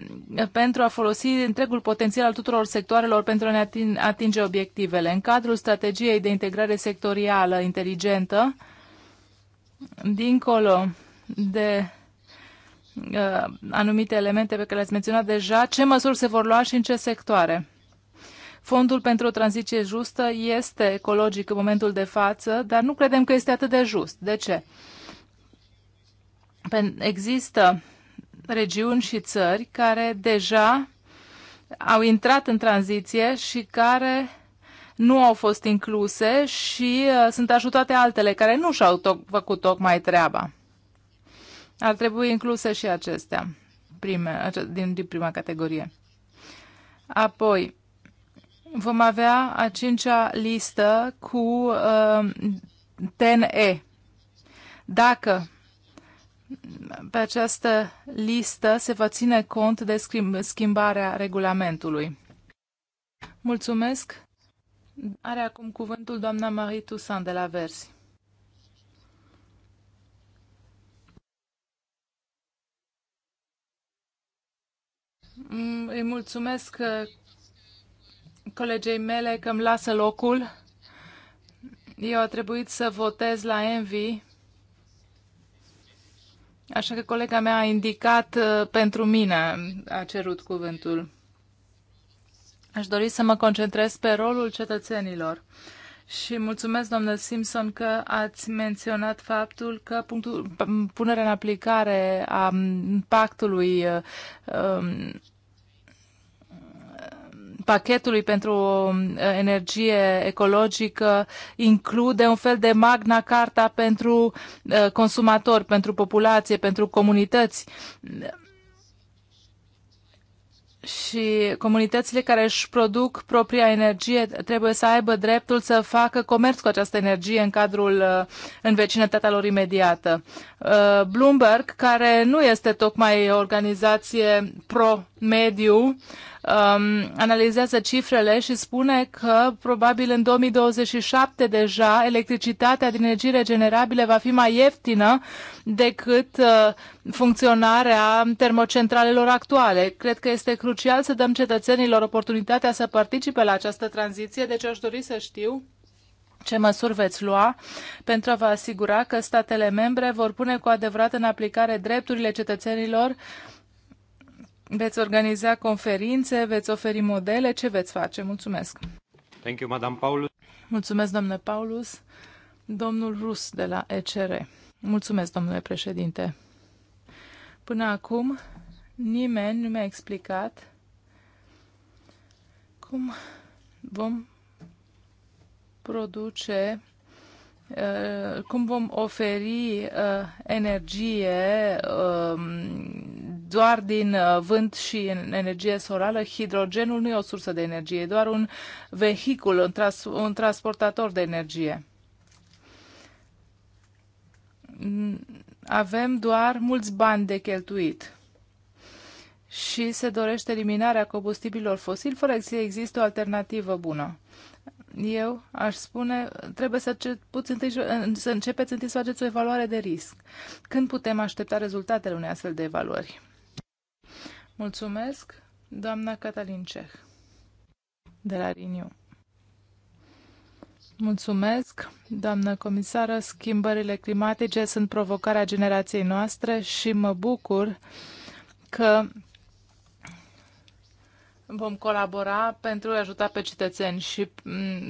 pentru a folosi întregul potențial al tuturor sectoarelor pentru a ne atinge obiectivele. În cadrul strategiei de integrare sectorială inteligentă, dincolo de Uh, anumite elemente pe care le-ați menționat deja, ce măsuri se vor lua și în ce sectoare? Fondul pentru o tranziție justă este ecologic în momentul de față, dar nu credem că este atât de just. De ce? Există regiuni și țări care deja au intrat în tranziție și care nu au fost incluse și uh, sunt ajutate altele care nu și-au făcut tocmai treaba. Ar trebui incluse și acestea prime, din, din prima categorie. Apoi, vom avea a cincea listă cu uh, TNE. Dacă pe această listă se va ține cont de schimbarea regulamentului. Mulțumesc. Are acum cuvântul doamna Marie Toussaint de la Versi. Îi mulțumesc uh, colegei mele că îmi lasă locul. Eu a trebuit să votez la Envy, așa că colega mea a indicat uh, pentru mine, a cerut cuvântul. Aș dori să mă concentrez pe rolul cetățenilor. Și mulțumesc, domnule Simpson, că ați menționat faptul că punctul, punerea în aplicare a pactului uh, um, pachetului pentru um, energie ecologică include un fel de magna carta pentru uh, consumatori, pentru populație, pentru comunități și comunitățile care își produc propria energie trebuie să aibă dreptul să facă comerț cu această energie în cadrul, uh, în vecinătatea lor imediată. Uh, Bloomberg, care nu este tocmai o organizație pro mediu um, analizează cifrele și spune că probabil în 2027 deja electricitatea din energii regenerabile va fi mai ieftină decât uh, funcționarea termocentralelor actuale. Cred că este crucial să dăm cetățenilor oportunitatea să participe la această tranziție, deci aș dori să știu ce măsuri veți lua pentru a vă asigura că statele membre vor pune cu adevărat în aplicare drepturile cetățenilor uh, Veți organiza conferințe, veți oferi modele, ce veți face? Mulțumesc! Thank you, Madame Paulus. Mulțumesc, domnule Paulus. Domnul Rus de la ECR. Mulțumesc, domnule președinte. Până acum, nimeni nu mi-a explicat cum vom produce, uh, cum vom oferi uh, energie um, doar din uh, vânt și energie solară. Hidrogenul nu e o sursă de energie, e doar un vehicul, un, tras, un transportator de energie. Avem doar mulți bani de cheltuit și se dorește eliminarea combustibilor fosili fără să există o alternativă bună. Eu aș spune, trebuie să, începuți întâi, să începeți întâi să faceți o evaluare de risc. Când putem aștepta rezultatele unei astfel de evaluări? Mulțumesc, doamna Catalin Ceh, de la Riniu. Mulțumesc, doamnă comisară. Schimbările climatice sunt provocarea generației noastre și mă bucur că vom colabora pentru a ajuta pe cetățeni și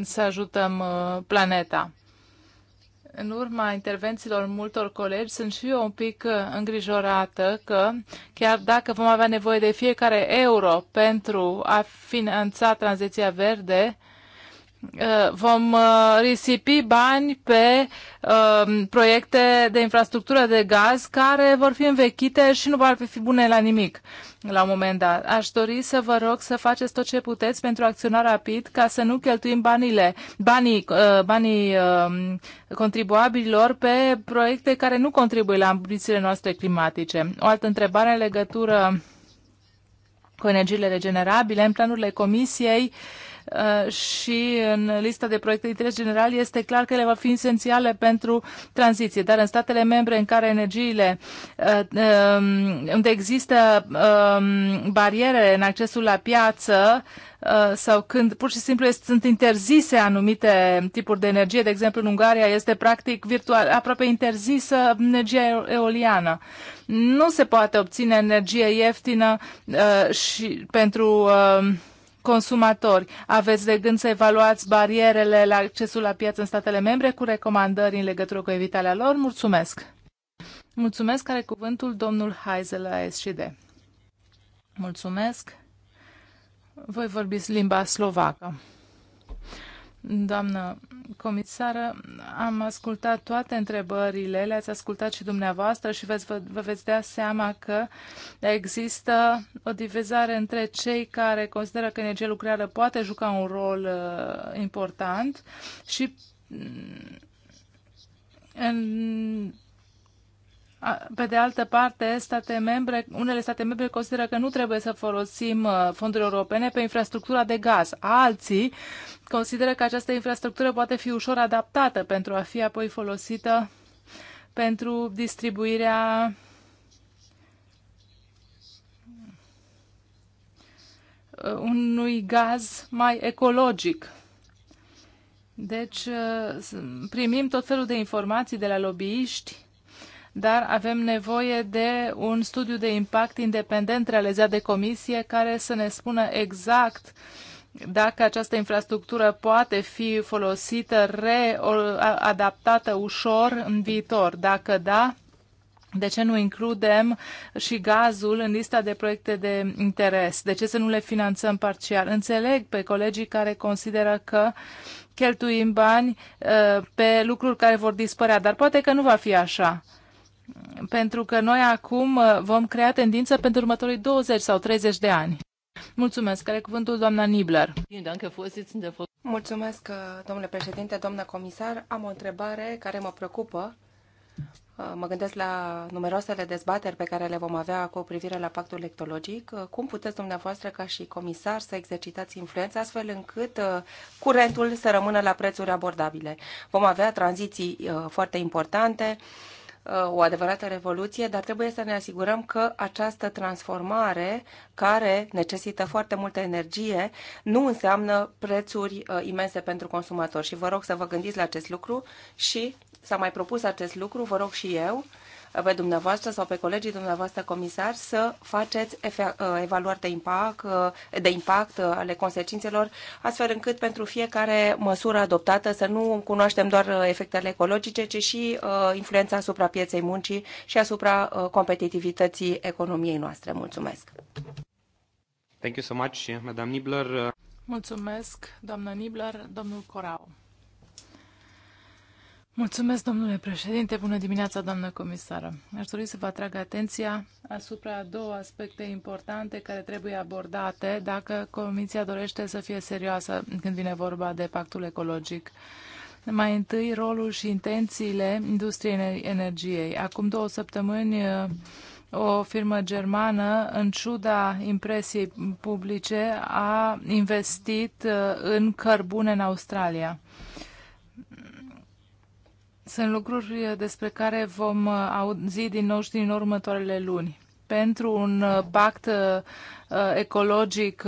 să ajutăm uh, planeta în urma intervențiilor multor colegi, sunt și eu un pic uh, îngrijorată că chiar dacă vom avea nevoie de fiecare euro pentru a finanța tranziția verde, Eh, vom eh, risipi bani pe eh, proiecte de infrastructură de gaz care vor fi învechite și nu vor fi bune la nimic la un moment dat. Aș dori să vă rog să faceți tot ce puteți pentru a acționa rapid ca să nu cheltuim banile, banii, banii contribuabililor pe proiecte care nu contribuie la ambițiile noastre climatice. O altă întrebare în legătură cu energiile regenerabile, în planurile Comisiei, uh, Uh, și în lista de proiecte de interes general este clar că ele vor fi esențiale pentru tranziție. Dar în statele membre în care energiile, uh, um, unde există um, bariere în accesul la piață, uh, sau când pur și simplu sunt interzise anumite tipuri de energie. De exemplu, în Ungaria este practic virtual, aproape interzisă energia eoliană. Nu se poate obține energie ieftină uh, și pentru uh, consumatori. Aveți de gând să evaluați barierele la accesul la piață în statele membre cu recomandări în legătură cu evitarea lor? Mulțumesc! Mulțumesc, are cuvântul domnul Heisel la SCD. Mulțumesc! Voi vorbiți limba slovacă. Doamnă comisară, am ascultat toate întrebările, le-ați ascultat și dumneavoastră și veți, vă, vă veți da seama că există o divizare între cei care consideră că energia lucrară poate juca un rol uh, important și mm, în pe de altă parte, state membre, unele state membre consideră că nu trebuie să folosim uh, fonduri europene pe infrastructura de gaz. Alții consideră că această infrastructură poate fi ușor adaptată pentru a fi apoi folosită pentru distribuirea unui gaz mai ecologic. Deci uh, primim tot felul de informații de la lobbyiști dar avem nevoie de un studiu de impact independent realizat de comisie care să ne spună exact dacă această infrastructură poate fi folosită, readaptată ușor în viitor. Dacă da, de ce nu includem și gazul în lista de proiecte de interes? De ce să nu le finanțăm parțial? Înțeleg pe colegii care consideră că cheltuim bani uh, pe lucruri care vor dispărea, dar poate că nu va fi așa pentru că noi acum uh, vom crea tendință pentru următorii 20 sau 30 de ani. Mulțumesc. Care cuvântul doamna Nibler? Mulțumesc, uh, domnule președinte, doamna comisar. Am o întrebare care mă preocupă. Uh, mă gândesc la numeroasele dezbateri pe care le vom avea cu privire la pactul electologic. Cum puteți dumneavoastră ca și comisar să exercitați influența astfel încât curentul să rămână la prețuri abordabile? Vom avea tranziții foarte importante Uh, o adevărată revoluție, dar trebuie să ne asigurăm că această transformare, care necesită foarte multă energie, nu înseamnă prețuri uh, imense pentru consumatori. Și vă rog să vă gândiți la acest lucru și s-a mai propus acest lucru, vă rog și eu pe dumneavoastră sau pe colegii dumneavoastră comisari să faceți uh, evaluări de impact, uh, de impact uh, ale consecințelor, astfel încât pentru fiecare măsură adoptată să nu cunoaștem doar efectele ecologice, ci și influența asupra pieței muncii și asupra competitivității economiei noastre. Mulțumesc! Thank you so much, Madame Nibler. Mulțumesc, doamnă Nibler, domnul Corau. Mulțumesc, domnule președinte. Bună dimineața, doamnă comisară. Aș dori să vă atrag atenția asupra două aspecte importante care trebuie abordate dacă Comisia dorește să fie serioasă când vine vorba de pactul ecologic. Mai întâi, rolul și intențiile industriei energiei. Acum două săptămâni, o firmă germană, în ciuda impresiei publice, a investit uh, în cărbune în Australia. Sunt lucruri uh, despre care vom uh, auzi din nou și din următoarele luni. Pentru un uh, pact ecologic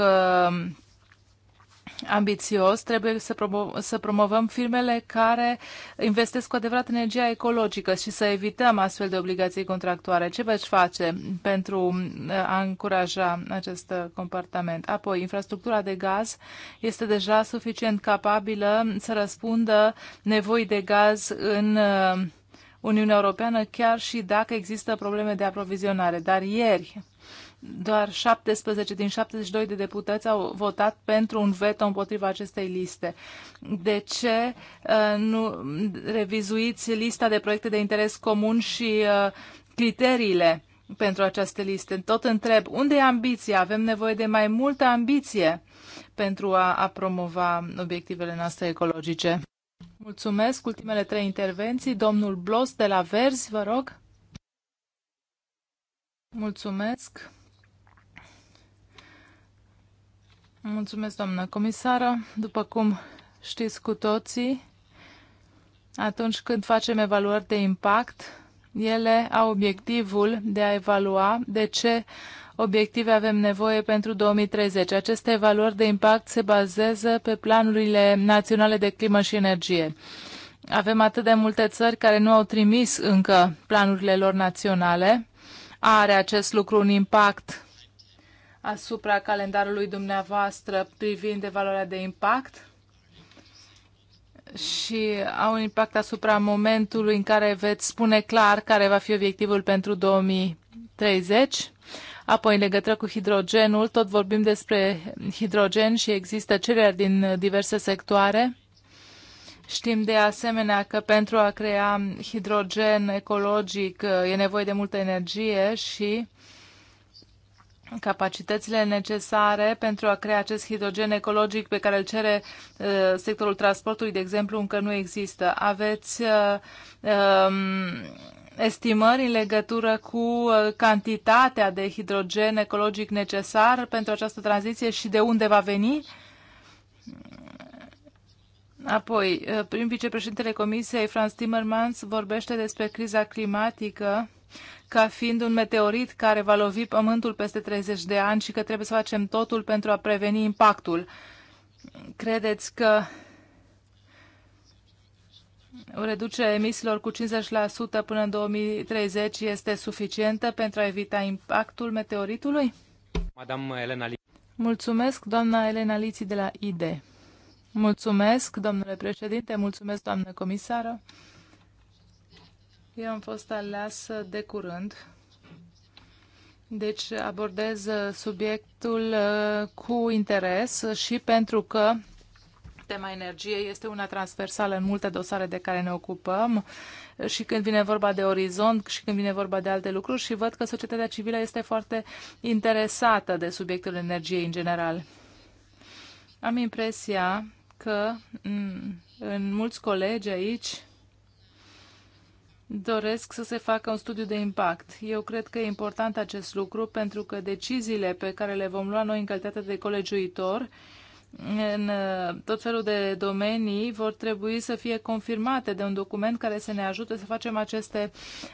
ambițios, trebuie să, promo- să promovăm firmele care investesc cu adevărat energia ecologică și să evităm astfel de obligații contractuale. Ce veți face pentru uh, a încuraja acest uh, comportament? Apoi, infrastructura de gaz este deja suficient capabilă să răspundă nevoii de gaz în uh, Uniunea Europeană, chiar și dacă există probleme de aprovizionare. Dar ieri, doar 17 din 72 de deputați au votat pentru un veto împotriva acestei liste. De ce uh, nu revizuiți lista de proiecte de interes comun și uh, criteriile pentru această listă? Tot întreb, unde e ambiția? Avem nevoie de mai multă ambiție pentru a, a promova obiectivele noastre ecologice. Mulțumesc. Ultimele trei intervenții. Domnul Blos de la Verzi, vă rog. Mulțumesc. Mulțumesc, doamnă comisară. După cum știți cu toții, atunci când facem evaluări de impact, ele au obiectivul de a evalua de ce obiective avem nevoie pentru 2030. Aceste evaluări de impact se bazează pe planurile naționale de climă și energie. Avem atât de multe țări care nu au trimis încă planurile lor naționale. Are acest lucru un impact asupra calendarului dumneavoastră privind evaluarea de impact și au un impact asupra momentului în care veți spune clar care va fi obiectivul pentru 2030. Apoi, în legătură cu hidrogenul, tot vorbim despre hidrogen și există cereri din diverse sectoare. Știm de asemenea că pentru a crea hidrogen ecologic e nevoie de multă energie și uh, capacitățile necesare pentru a crea acest hidrogen ecologic pe care îl cere uh, sectorul transportului, de exemplu, încă nu există. Aveți uh, um, estimări în legătură cu uh, cantitatea de hidrogen ecologic necesar pentru această tranziție și de unde va veni? Apoi, uh, prim vicepreședintele Comisiei, Franz Timmermans, vorbește despre criza climatică ca fiind un meteorit care va lovi Pământul peste 30 de ani și că trebuie să facem totul pentru a preveni impactul. Credeți că o reducere emisiilor cu 50% până în 2030 este suficientă pentru a evita impactul meteoritului? Madame Elena Li. Mulțumesc, doamna Elena Liții de la ID. Mulțumesc, domnule președinte, mulțumesc, doamnă comisară. Eu am fost aleasă de curând, deci abordez uh, subiectul uh, cu interes și pentru că tema energiei este una transversală în multe dosare de care ne ocupăm și când vine vorba de orizont și când vine vorba de alte lucruri și văd că societatea civilă este foarte interesată de subiectul energiei în general. Am impresia că mm, în mulți colegi aici doresc să se facă un studiu de impact. Eu cred că e important acest lucru pentru că deciziile pe care le vom lua noi în calitate de colegiuitor în uh, tot felul de domenii vor trebui să fie confirmate de un document care să ne ajute să facem aceste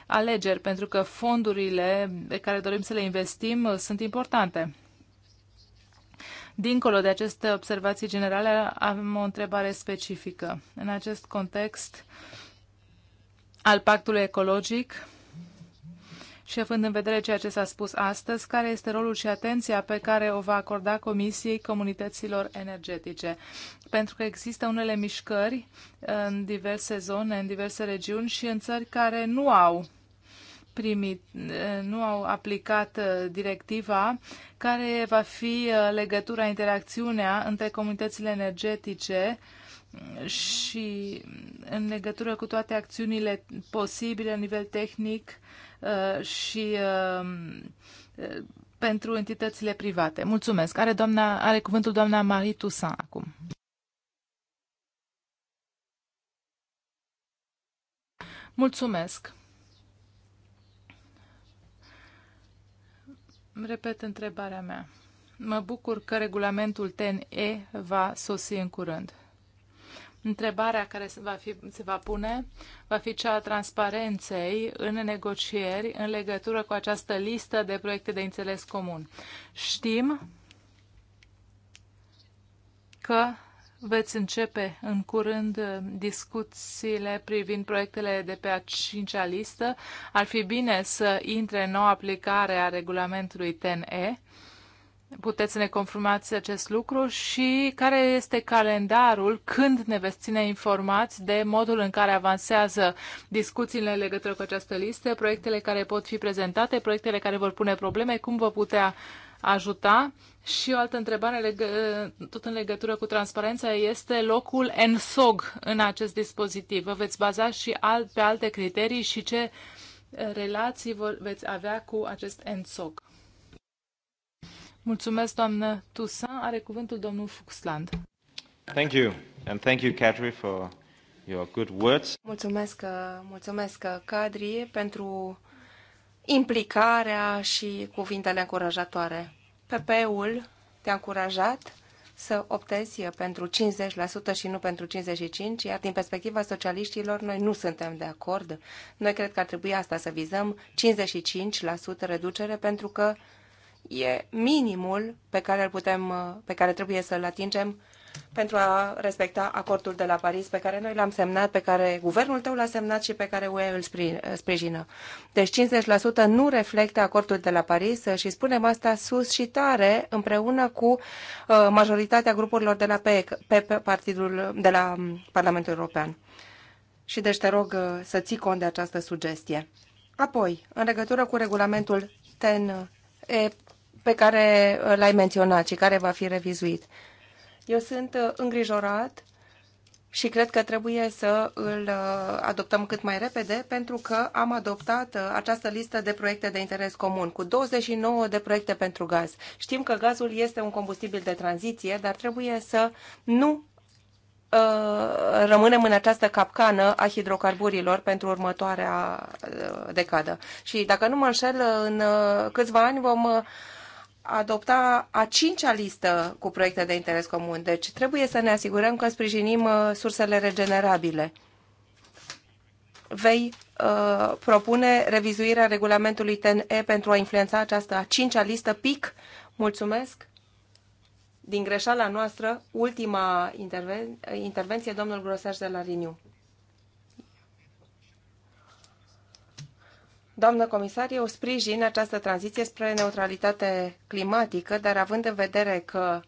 alegeri, pentru că fondurile pe care dorim să le investim uh, sunt importante. Dincolo de aceste observații generale, am o întrebare specifică. În acest context, uh, al pactului ecologic și având în vedere ceea ce s-a spus astăzi, care este rolul și atenția pe care o va acorda Comisiei comunităților energetice? Pentru că există unele mișcări în diverse zone, în diverse regiuni și în țări care nu au primit, nu au aplicat uh, directiva, care va fi uh, legătura, interacțiunea între comunitățile energetice și în legătură cu toate acțiunile posibile la nivel tehnic uh, și uh, uh, pentru entitățile private. Mulțumesc. Are, doamna, are cuvântul doamna Marie Toussaint acum. Mulțumesc. Repet întrebarea mea. Mă bucur că regulamentul TNE va sosi în curând. Întrebarea care se va, fi, se va pune va fi cea a transparenței în negocieri în legătură cu această listă de proiecte de înțeles comun. Știm că veți începe în curând discuțiile privind proiectele de pe a cincea listă. Ar fi bine să intre în nouă aplicare a regulamentului TNE puteți să ne confirmați acest lucru și care este calendarul când ne veți ține informați de modul în care avansează discuțiile în legătură cu această listă, proiectele care pot fi prezentate, proiectele care vor pune probleme, cum vă putea ajuta. Și o altă întrebare, tot în legătură cu transparența, este locul ENSOG în acest dispozitiv. Vă veți baza și pe alte criterii și ce relații veți avea cu acest ENSOG? Mulțumesc, doamnă Tusa. Are cuvântul domnul Fuxland. Thank you. And thank you, Kadri, for your good words. Mulțumesc, mulțumesc, Kadri, pentru implicarea și cuvintele încurajatoare. PP-ul te-a încurajat să optezi pentru 50% și nu pentru 55%, iar din perspectiva socialiștilor noi nu suntem de acord. Noi cred că ar trebui asta să vizăm, 55% reducere, pentru că e minimul pe care, îl putem, pe care trebuie să-l atingem pentru a respecta acordul de la Paris pe care noi l-am semnat, pe care guvernul tău l-a semnat și pe care UE îl sprijină. Deci 50% nu reflectă acordul de la Paris și spunem asta sus și tare împreună cu uh, majoritatea grupurilor de la pe, pe partidul de la um, Parlamentul European. Și deci te rog uh, să ții cont de această sugestie. Apoi, în legătură cu regulamentul TEN E pe care uh, l-ai menționat și care va fi revizuit. Eu sunt uh, îngrijorat și cred că trebuie să îl uh, adoptăm cât mai repede pentru că am adoptat această listă de proiecte de interes comun cu 29 de proiecte pentru gaz. Știm că gazul este un combustibil de tranziție, dar trebuie să nu rămânem în această capcană a hidrocarburilor pentru următoarea decadă. Și dacă nu mă înșel, în câțiva ani vom adopta a cincea listă cu proiecte de interes comun. Deci trebuie să ne asigurăm că sprijinim uh, sursele regenerabile. Vei uh, propune revizuirea regulamentului TNE pentru a influența această a cincea listă PIC. Mulțumesc! Din greșeala noastră, ultima interven intervenție, domnul Grosaș de la Riniu. Doamnă comisar, eu sprijin această tranziție spre neutralitate climatică, dar având în vedere că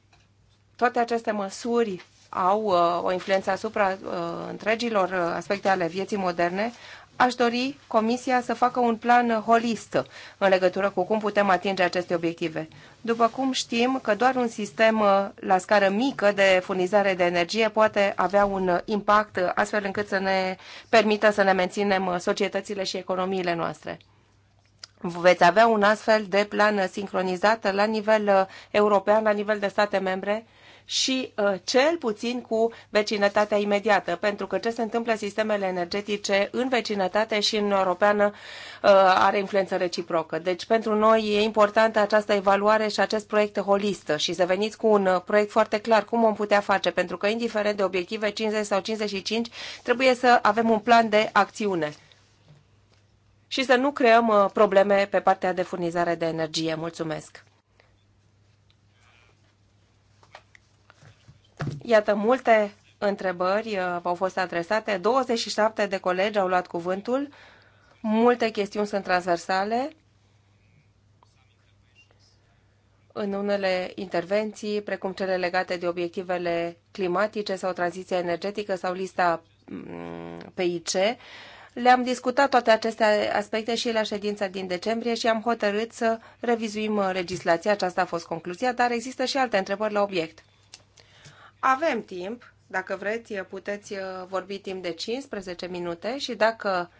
toate aceste măsuri au uh, o influență asupra uh, întregilor uh, aspecte ale vieții moderne, aș dori Comisia să facă un plan holist în legătură cu cum putem atinge aceste obiective. După cum știm că doar un sistem uh, la scară mică de furnizare de energie poate avea un impact astfel încât să ne permită să ne menținem uh, societățile și economiile noastre. Veți avea un astfel de plan sincronizat la nivel uh, european, la nivel de state membre, și uh, cel puțin cu vecinătatea imediată, pentru că ce se întâmplă sistemele energetice în vecinătate și în europeană uh, are influență reciprocă. Deci pentru noi e importantă această evaluare și acest proiect holistă și să veniți cu un uh, proiect foarte clar cum vom putea face, pentru că indiferent de obiective 50 sau 55, trebuie să avem un plan de acțiune și să nu creăm uh, probleme pe partea de furnizare de energie. Mulțumesc! Iată, multe întrebări uh, v-au fost adresate, 27 de colegi au luat cuvântul, multe chestiuni sunt transversale. În unele intervenții, precum cele legate de obiectivele climatice sau tranziția energetică sau lista mm, PIC, le-am discutat toate aceste aspecte și la ședința din decembrie și am hotărât să revizuim uh, legislația. Aceasta a fost concluzia, dar există și alte întrebări la obiect. Avem timp. Dacă vreți, puteți uh, vorbi timp de 15 minute și dacă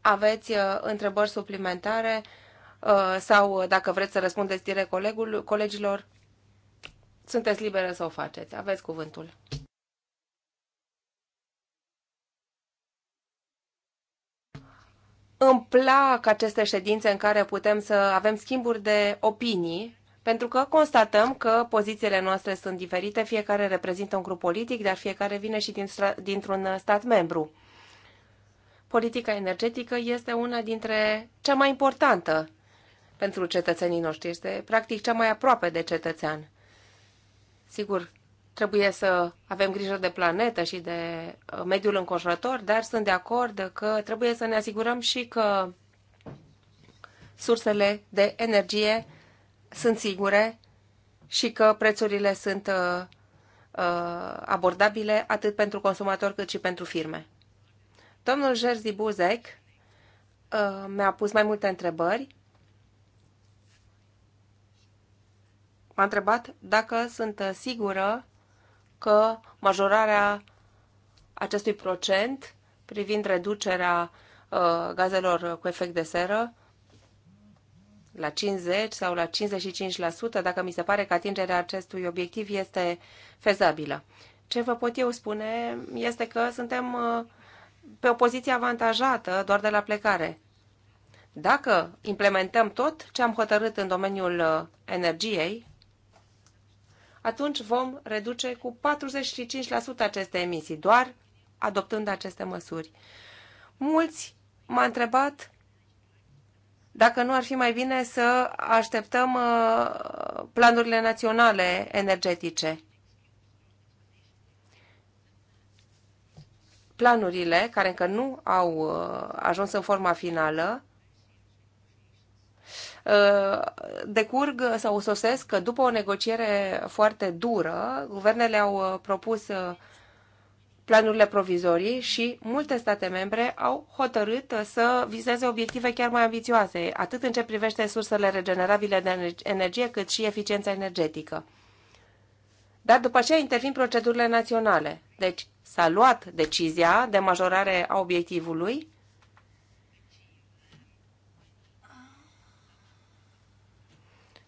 aveți uh, întrebări suplimentare uh, sau dacă vreți să răspundeți direct colegul, colegilor, sunteți libere să o faceți. Aveți cuvântul. Îmi plac aceste ședințe în care putem să avem schimburi de opinii pentru că constatăm că pozițiile noastre sunt diferite, fiecare reprezintă un grup politic, dar fiecare vine și dintr-un stat membru. Politica energetică este una dintre cea mai importantă pentru cetățenii noștri, este practic cea mai aproape de cetățean. Sigur, trebuie să avem grijă de planetă și de uh, mediul înconjurător, dar sunt de acord că trebuie să ne asigurăm și că sursele de energie sunt sigure și că prețurile sunt uh, uh, abordabile atât pentru consumator cât și pentru firme. Domnul Jerzy Buzek uh, mi-a pus mai multe întrebări. M-a întrebat dacă sunt sigură că majorarea acestui procent privind reducerea uh, gazelor cu efect de seră la 50 sau la 55% dacă mi se pare că atingerea acestui obiectiv este fezabilă. Ce vă pot eu spune este că suntem uh, pe o poziție avantajată doar de la plecare. Dacă implementăm tot ce am hotărât în domeniul uh, energiei, atunci vom reduce cu 45% aceste emisii, doar adoptând aceste măsuri. Mulți m au întrebat dacă nu ar fi mai bine să așteptăm uh, planurile naționale energetice. Planurile care încă nu au uh, ajuns în forma finală uh, decurg sau sosesc că după o negociere foarte dură, guvernele au propus planurile provizorii și multe state membre au hotărât să vizeze obiective chiar mai ambițioase, atât în ce privește sursele regenerabile de energie, cât și eficiența energetică. Dar după aceea intervin procedurile naționale. Deci s-a luat decizia de majorare a obiectivului,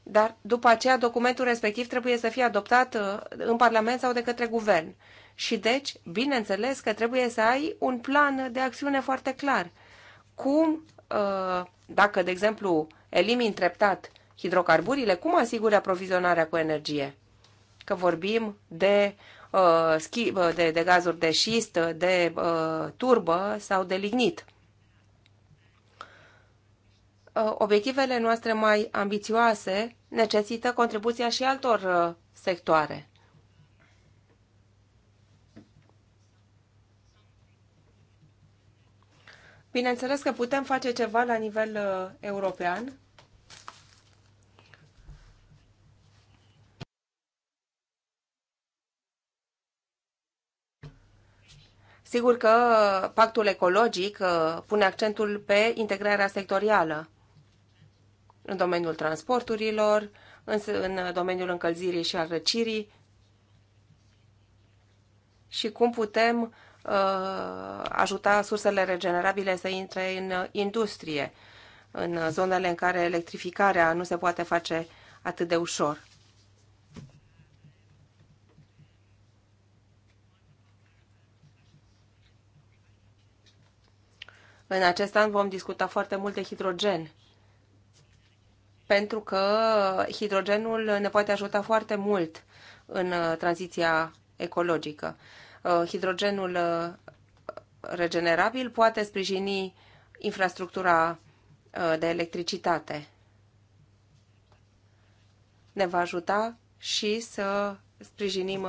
dar după aceea documentul respectiv trebuie să fie adoptat uh, în Parlament sau de către guvern. Și deci, bineînțeles că trebuie să ai un plan de acțiune foarte clar. Cum, uh, dacă, de exemplu, elimini treptat hidrocarburile, cum asiguri aprovizionarea cu energie? Că vorbim de, uh, uh, de, de gazuri de șist, de turbă sau de lignit obiectivele noastre mai ambițioase necesită contribuția și altor sectoare. Bineînțeles că putem face ceva la nivel uh, european. Sigur că uh, pactul ecologic uh, pune accentul pe integrarea sectorială în domeniul transporturilor, în, în uh, domeniul încălzirii și al răcirii și cum putem Uh, ajuta sursele regenerabile să intre în industrie, în zonele în care electrificarea nu se poate face atât de ușor. În acest an vom discuta foarte mult de hidrogen, pentru că hidrogenul ne poate ajuta foarte mult în uh, tranziția ecologică. Uh, hidrogenul uh, regenerabil poate sprijini infrastructura uh, de electricitate. Ne va ajuta și să sprijinim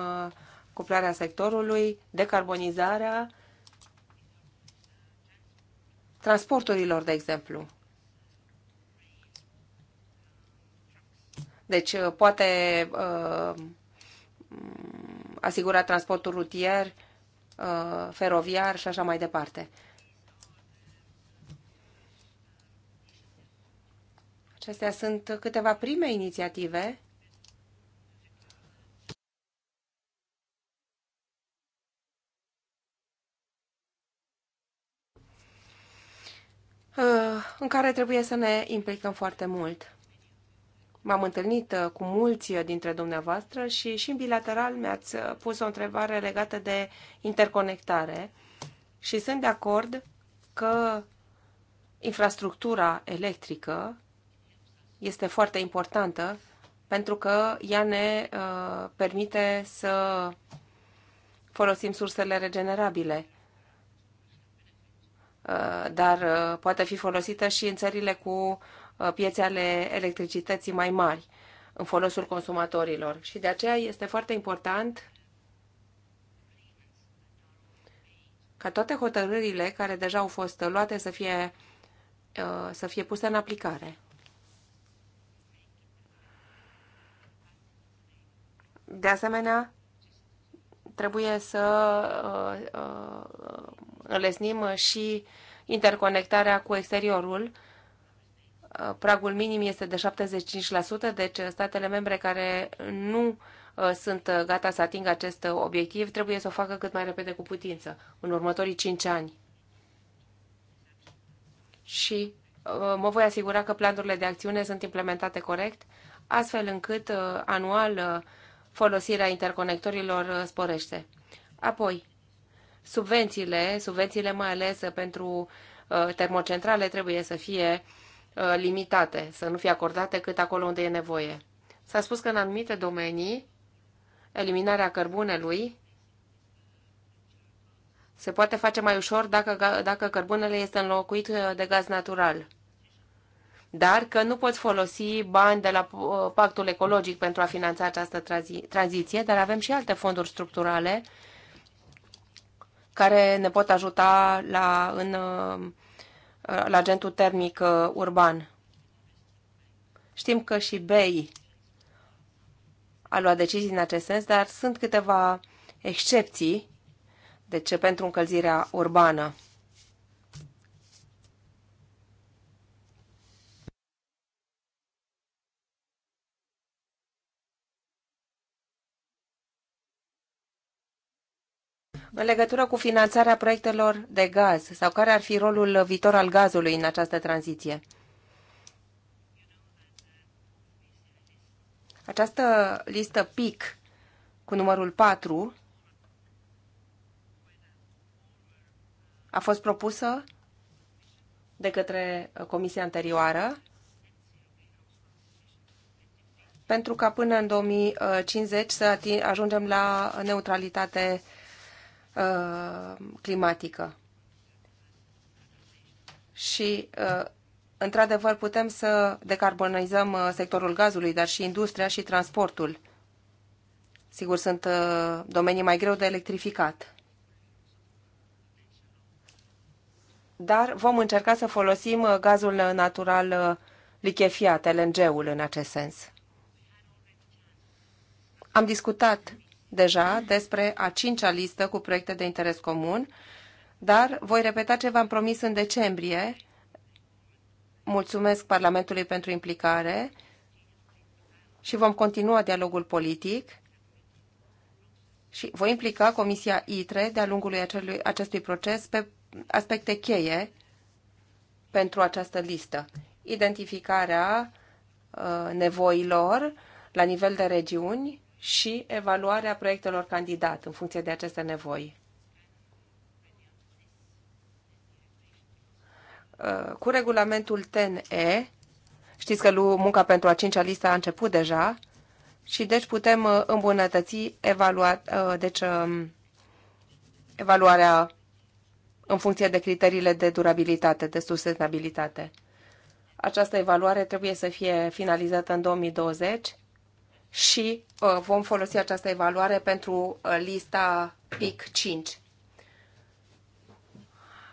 cuplarea sectorului, decarbonizarea transporturilor, de exemplu. Deci, poate uh, asigura transportul rutier, uh, feroviar și așa mai departe. Acestea sunt câteva prime inițiative uh, în care trebuie să ne implicăm foarte mult. M-am întâlnit uh, cu mulți uh, dintre dumneavoastră și și în bilateral mi-ați uh, pus o întrebare legată de interconectare și sunt de acord că infrastructura electrică este foarte importantă pentru că ea ne uh, permite să folosim sursele regenerabile dar poate fi folosită și în țările cu Uh, piețe ale electricității mai mari în folosul consumatorilor. Și de aceea este foarte important ca toate hotărârile care deja au fost luate să fie, uh, să fie puse în aplicare. De asemenea, trebuie să uh, uh, uh înlesnim și interconectarea cu exteriorul Uh, pragul minim este de 75%, deci uh, statele membre care nu uh, sunt gata să atingă acest obiectiv trebuie să o facă cât mai repede cu putință, în următorii 5 ani. Și mă voi asigura că planurile de acțiune sunt implementate corect, astfel încât anual folosirea interconectorilor sporește. Apoi, subvențiile, subvențiile mai ales pentru termocentrale trebuie să fie uh, Uh, limitate, să nu fie acordate cât acolo unde e nevoie. S-a spus că în anumite domenii, eliminarea cărbunelui se poate face mai ușor dacă, dacă cărbunele este înlocuit uh, de gaz natural. Dar că nu poți folosi bani de la uh, pactul ecologic pentru a finanța această tranzi tranziție, dar avem și alte fonduri structurale care ne pot ajuta la, în Uh, la agentul termic uh, urban. Știm că și BEI a luat decizii în acest sens, dar sunt câteva excepții de ce pentru încălzirea urbană. În legătură cu finanțarea proiectelor de gaz sau care ar fi rolul viitor al gazului în această tranziție? Această listă PIC cu numărul 4 a fost propusă de către comisia anterioară pentru ca până în 2050 să ajungem la neutralitate uh, climatică. Și, uh, într-adevăr, putem să decarbonizăm uh, sectorul gazului, dar și industria și transportul. Sigur, sunt uh, domenii mai greu de electrificat. Dar vom încerca să folosim uh, gazul natural uh, lichefiat, LNG-ul, în acest sens. Am discutat deja despre a cincea listă cu proiecte de interes comun, dar voi repeta ce v-am promis în decembrie. Mulțumesc Parlamentului pentru implicare și vom continua dialogul politic și voi implica Comisia ITRE de-a lungul acelui, acestui proces pe aspecte cheie pentru această listă. Identificarea uh, nevoilor la nivel de regiuni, și evaluarea proiectelor candidat în funcție de aceste nevoi. Uh, cu regulamentul TNE, știți că munca pentru a cincea listă a început deja, și deci putem uh, îmbunătăți evalua, uh, deci, um, evaluarea în funcție de criteriile de durabilitate, de sustenabilitate. Această evaluare trebuie să fie finalizată în 2020 și uh, vom folosi această evaluare pentru uh, lista PIC 5.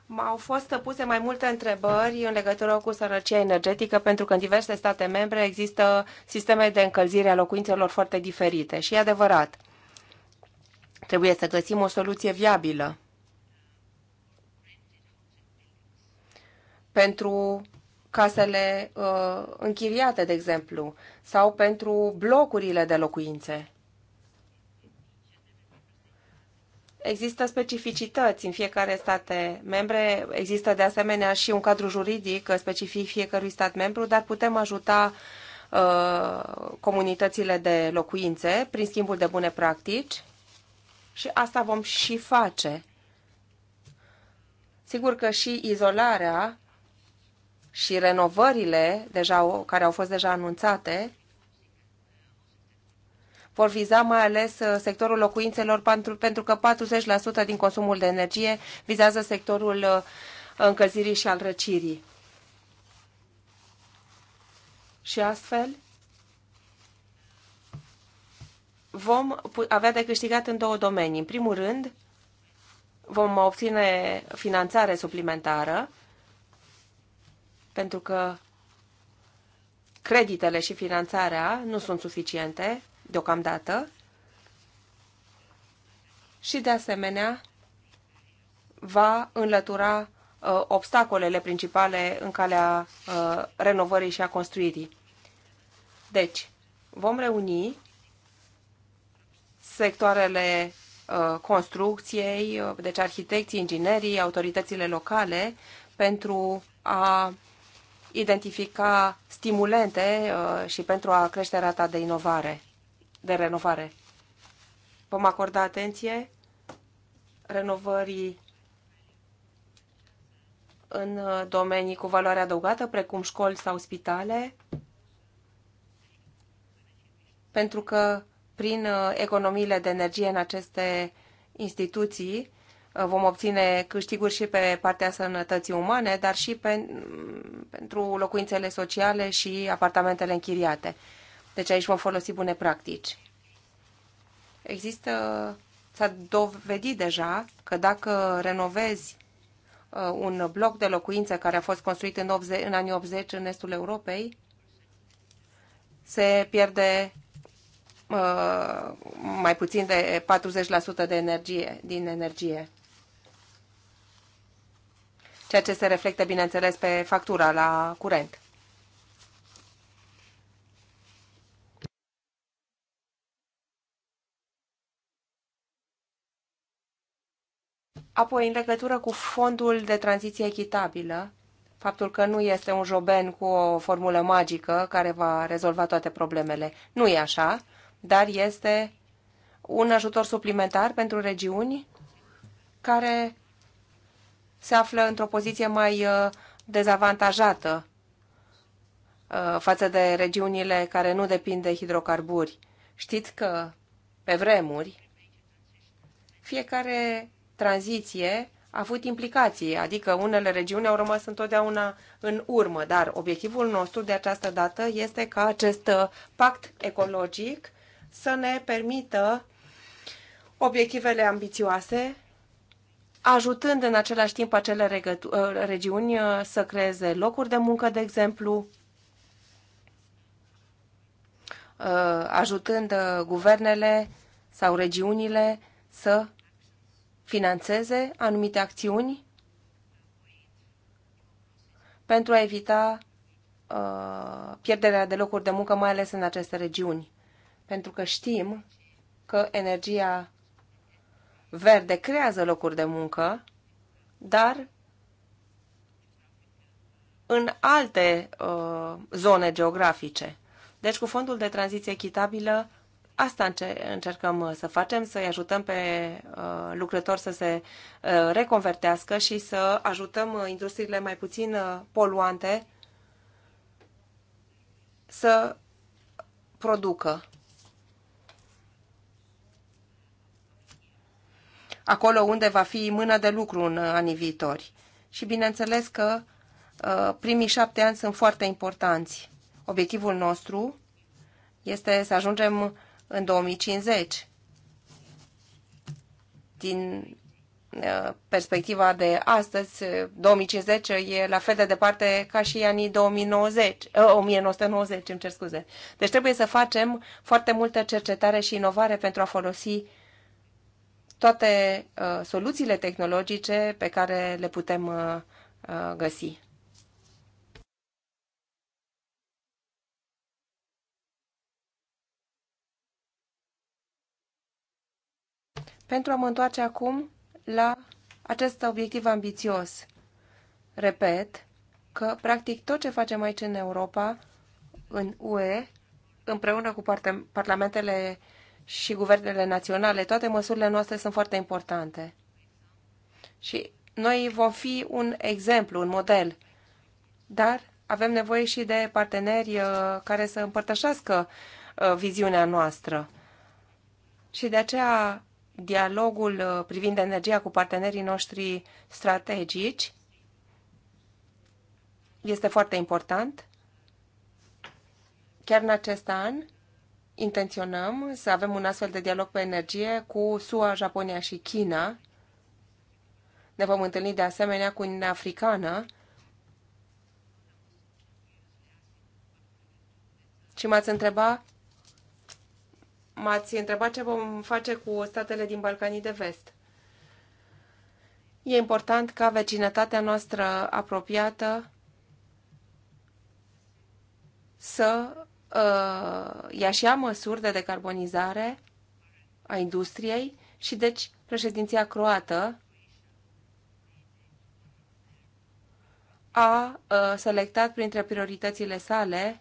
M-au fost puse mai multe întrebări în legătură cu sărăcia energetică, pentru că în diverse state membre există sisteme de încălzire a locuințelor foarte diferite. Și e adevărat, trebuie să găsim o soluție viabilă pentru casele uh, închiriate, de exemplu, sau pentru blocurile de locuințe. Există specificități în fiecare state membre, există de asemenea și un cadru juridic specific fiecărui stat membru, dar putem ajuta uh, comunitățile de locuințe prin schimbul de bune practici și asta vom și face. Sigur că și izolarea și renovările deja, care au fost deja anunțate vor viza mai ales uh, sectorul locuințelor pentru, pentru că 40% din consumul de energie vizează sectorul uh, încălzirii și al răcirii. Și astfel vom avea de câștigat în două domenii. În primul rând, vom obține finanțare suplimentară pentru că creditele și finanțarea nu sunt suficiente deocamdată și, de asemenea, va înlătura uh, obstacolele principale în calea uh, renovării și a construirii. Deci, vom reuni sectoarele uh, construcției, uh, deci arhitecții, inginerii, autoritățile locale, pentru a identifica stimulente uh, și pentru a crește rata de inovare, de renovare. Vom acorda atenție renovării în domenii cu valoare adăugată, precum școli sau spitale, pentru că prin uh, economiile de energie în aceste instituții vom obține câștiguri și pe partea sănătății umane, dar și pe, pentru locuințele sociale și apartamentele închiriate. Deci aici vom folosi bune practici. Există, s-a dovedit deja că dacă renovezi uh, un bloc de locuințe care a fost construit în, 80, în anii 80 în estul Europei, se pierde uh, mai puțin de 40% de energie, din energie ceea ce se reflectă, bineînțeles, pe factura la curent. Apoi, în legătură cu fondul de tranziție echitabilă, faptul că nu este un joben cu o formulă magică care va rezolva toate problemele. Nu e așa, dar este un ajutor suplimentar pentru regiuni care se află într-o poziție mai uh, dezavantajată uh, față de regiunile care nu depind de hidrocarburi. Știți că pe vremuri fiecare tranziție a avut implicații, adică unele regiuni au rămas întotdeauna în urmă, dar obiectivul nostru de această dată este ca acest uh, pact ecologic să ne permită obiectivele ambițioase ajutând în același timp acele ă, regiuni ă, să creeze locuri de muncă, de exemplu, ă, ajutând guvernele sau regiunile să financeze anumite acțiuni pentru a evita pierderea de locuri de muncă, mai ales în aceste regiuni. Pentru că știm că energia verde creează locuri de muncă, dar în alte uh, zone geografice. Deci cu fondul de tranziție echitabilă asta înce încercăm uh, să facem, să-i ajutăm pe uh, lucrători să se uh, reconvertească și să ajutăm industriile mai puțin poluante să producă. acolo unde va fi mână de lucru în uh, anii viitori. Și bineînțeles că uh, primii șapte ani sunt foarte importanți. Obiectivul nostru este să ajungem în 2050 din uh, perspectiva de astăzi, 2050 e la fel de departe ca și anii 2090, 1990, îmi cer scuze. Deci trebuie să facem foarte multă cercetare și inovare pentru a folosi toate uh, soluțiile tehnologice pe care le putem uh, uh, găsi. Pentru a mă întoarce acum la acest obiectiv ambițios, repet că practic tot ce facem aici în Europa, în UE, împreună cu parlamentele uh, și guvernele naționale, toate măsurile noastre sunt foarte importante. Și noi vom fi un exemplu, un model. Dar avem nevoie și de parteneri uh, care să împărtășească uh, viziunea noastră. Și de aceea dialogul uh, privind energia cu partenerii noștri strategici este foarte important. Chiar în acest an intenționăm să avem un astfel de dialog pe energie cu SUA, Japonia și China. Ne vom întâlni de asemenea cu Uniunea Africană și m-ați întrebat m-ați întrebat ce vom face cu statele din Balcanii de Vest. E important ca vecinătatea noastră apropiată să Uh, ia și ia măsuri de decarbonizare a industriei și deci președinția croată a uh, selectat printre prioritățile sale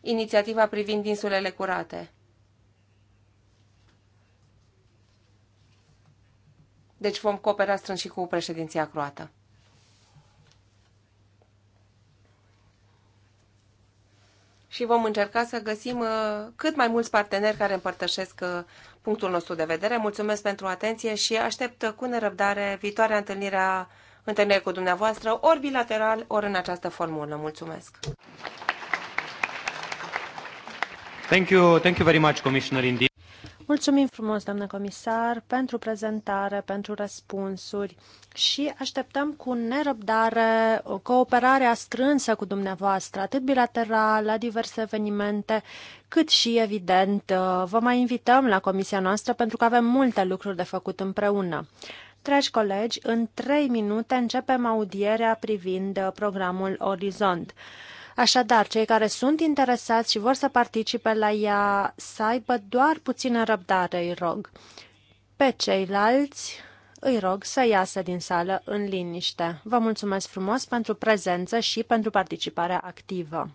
inițiativa privind insulele curate. Deci vom coopera strâns și cu președinția croată. și vom încerca să găsim uh, cât mai mulți parteneri care împărtășesc uh, punctul nostru de vedere. Mulțumesc pentru atenție și aștept uh, cu nerăbdare viitoarea întâlnire a întâlnirii cu dumneavoastră, ori bilateral, ori în această formulă. Mulțumesc! Thank you, thank you very much, Commissioner Indy. Mulțumim frumos, doamnă comisar, pentru prezentare, pentru răspunsuri și așteptăm cu nerăbdare o cooperare strânsă cu dumneavoastră, atât bilateral, la diverse evenimente, cât și, evident, vă mai invităm la comisia noastră pentru că avem multe lucruri de făcut împreună. Dragi colegi, în trei minute începem audierea privind programul Orizont. Așadar, cei care sunt interesați și vor să participe la ea să aibă doar puțină răbdare, îi rog. Pe ceilalți îi rog să iasă din sală în liniște. Vă mulțumesc frumos pentru prezență și pentru participarea activă.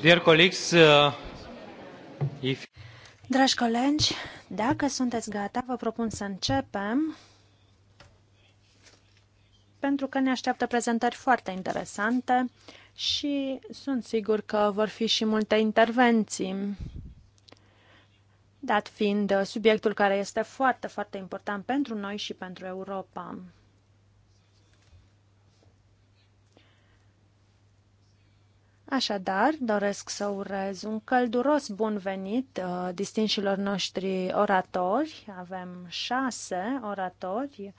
Dear colleagues, uh, if... Dragi colegi, dacă sunteți gata, vă propun să începem, pentru că ne așteaptă prezentări foarte interesante și sunt sigur că vor fi și multe intervenții, dat fiind subiectul care este foarte, foarte important pentru noi și pentru Europa. Așadar, doresc să urez un călduros bun venit uh, distinșilor noștri oratori. Avem șase oratori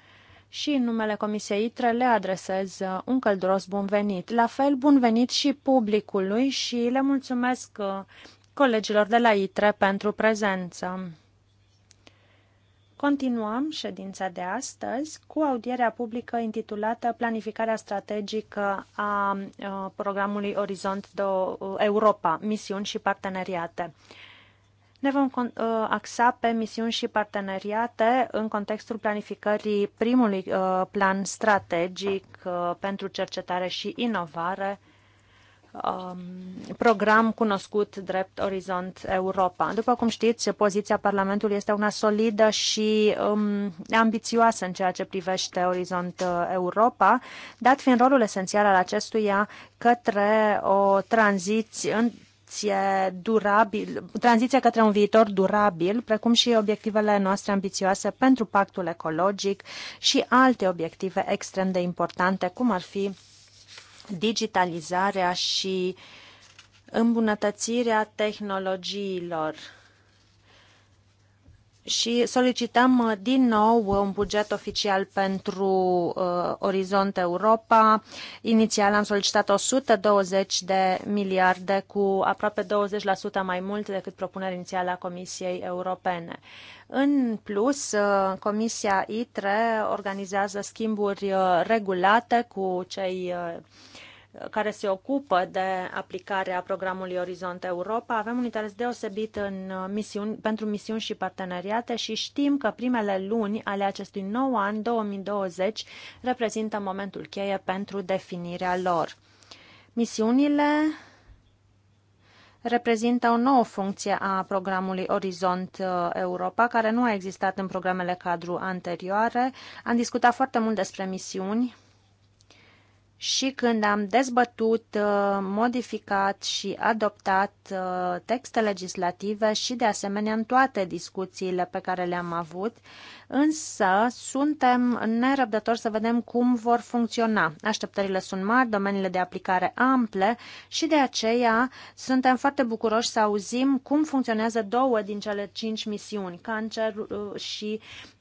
și în numele Comisiei ITRE le adresez uh, un călduros bun venit. La fel, bun venit și publicului și le mulțumesc uh, colegilor de la ITRE pentru prezență. Continuăm ședința de astăzi cu audierea publică intitulată Planificarea strategică a programului Orizont Europa, misiuni și parteneriate. Ne vom axa pe misiuni și parteneriate în contextul planificării primului plan strategic pentru cercetare și inovare Um, program cunoscut drept Orizont Europa. După cum știți, poziția Parlamentului este una solidă și um, ambițioasă în ceea ce privește Orizont uh, Europa, dat fiind rolul esențial al acestuia către o tranziție în durabil, tranziția către un viitor durabil, precum și obiectivele noastre ambițioase pentru pactul ecologic și alte obiective extrem de importante, cum ar fi digitalizarea și îmbunătățirea tehnologiilor și solicităm uh, din nou uh, un buget oficial pentru uh, Orizont Europa. Inițial am solicitat 120 de miliarde cu aproape 20% mai mult decât propunerea inițială a Comisiei Europene. În plus, uh, Comisia ITRE organizează schimburi regulate cu cei uh, care se ocupă de aplicarea programului Orizont Europa. Avem un interes deosebit în misiuni, pentru misiuni și parteneriate și știm că primele luni ale acestui nou an 2020 reprezintă momentul cheie pentru definirea lor. Misiunile reprezintă o nouă funcție a programului Orizont uh, Europa, care nu a existat în programele cadru anterioare. Am discutat foarte mult despre misiuni și când am dezbătut, uh, modificat și adoptat uh, texte legislative și de asemenea în toate discuțiile pe care le-am avut, însă suntem nerăbdători să vedem cum vor funcționa. Așteptările sunt mari, domeniile de aplicare ample și de aceea suntem foarte bucuroși să auzim cum funcționează două din cele cinci misiuni, cancer uh, și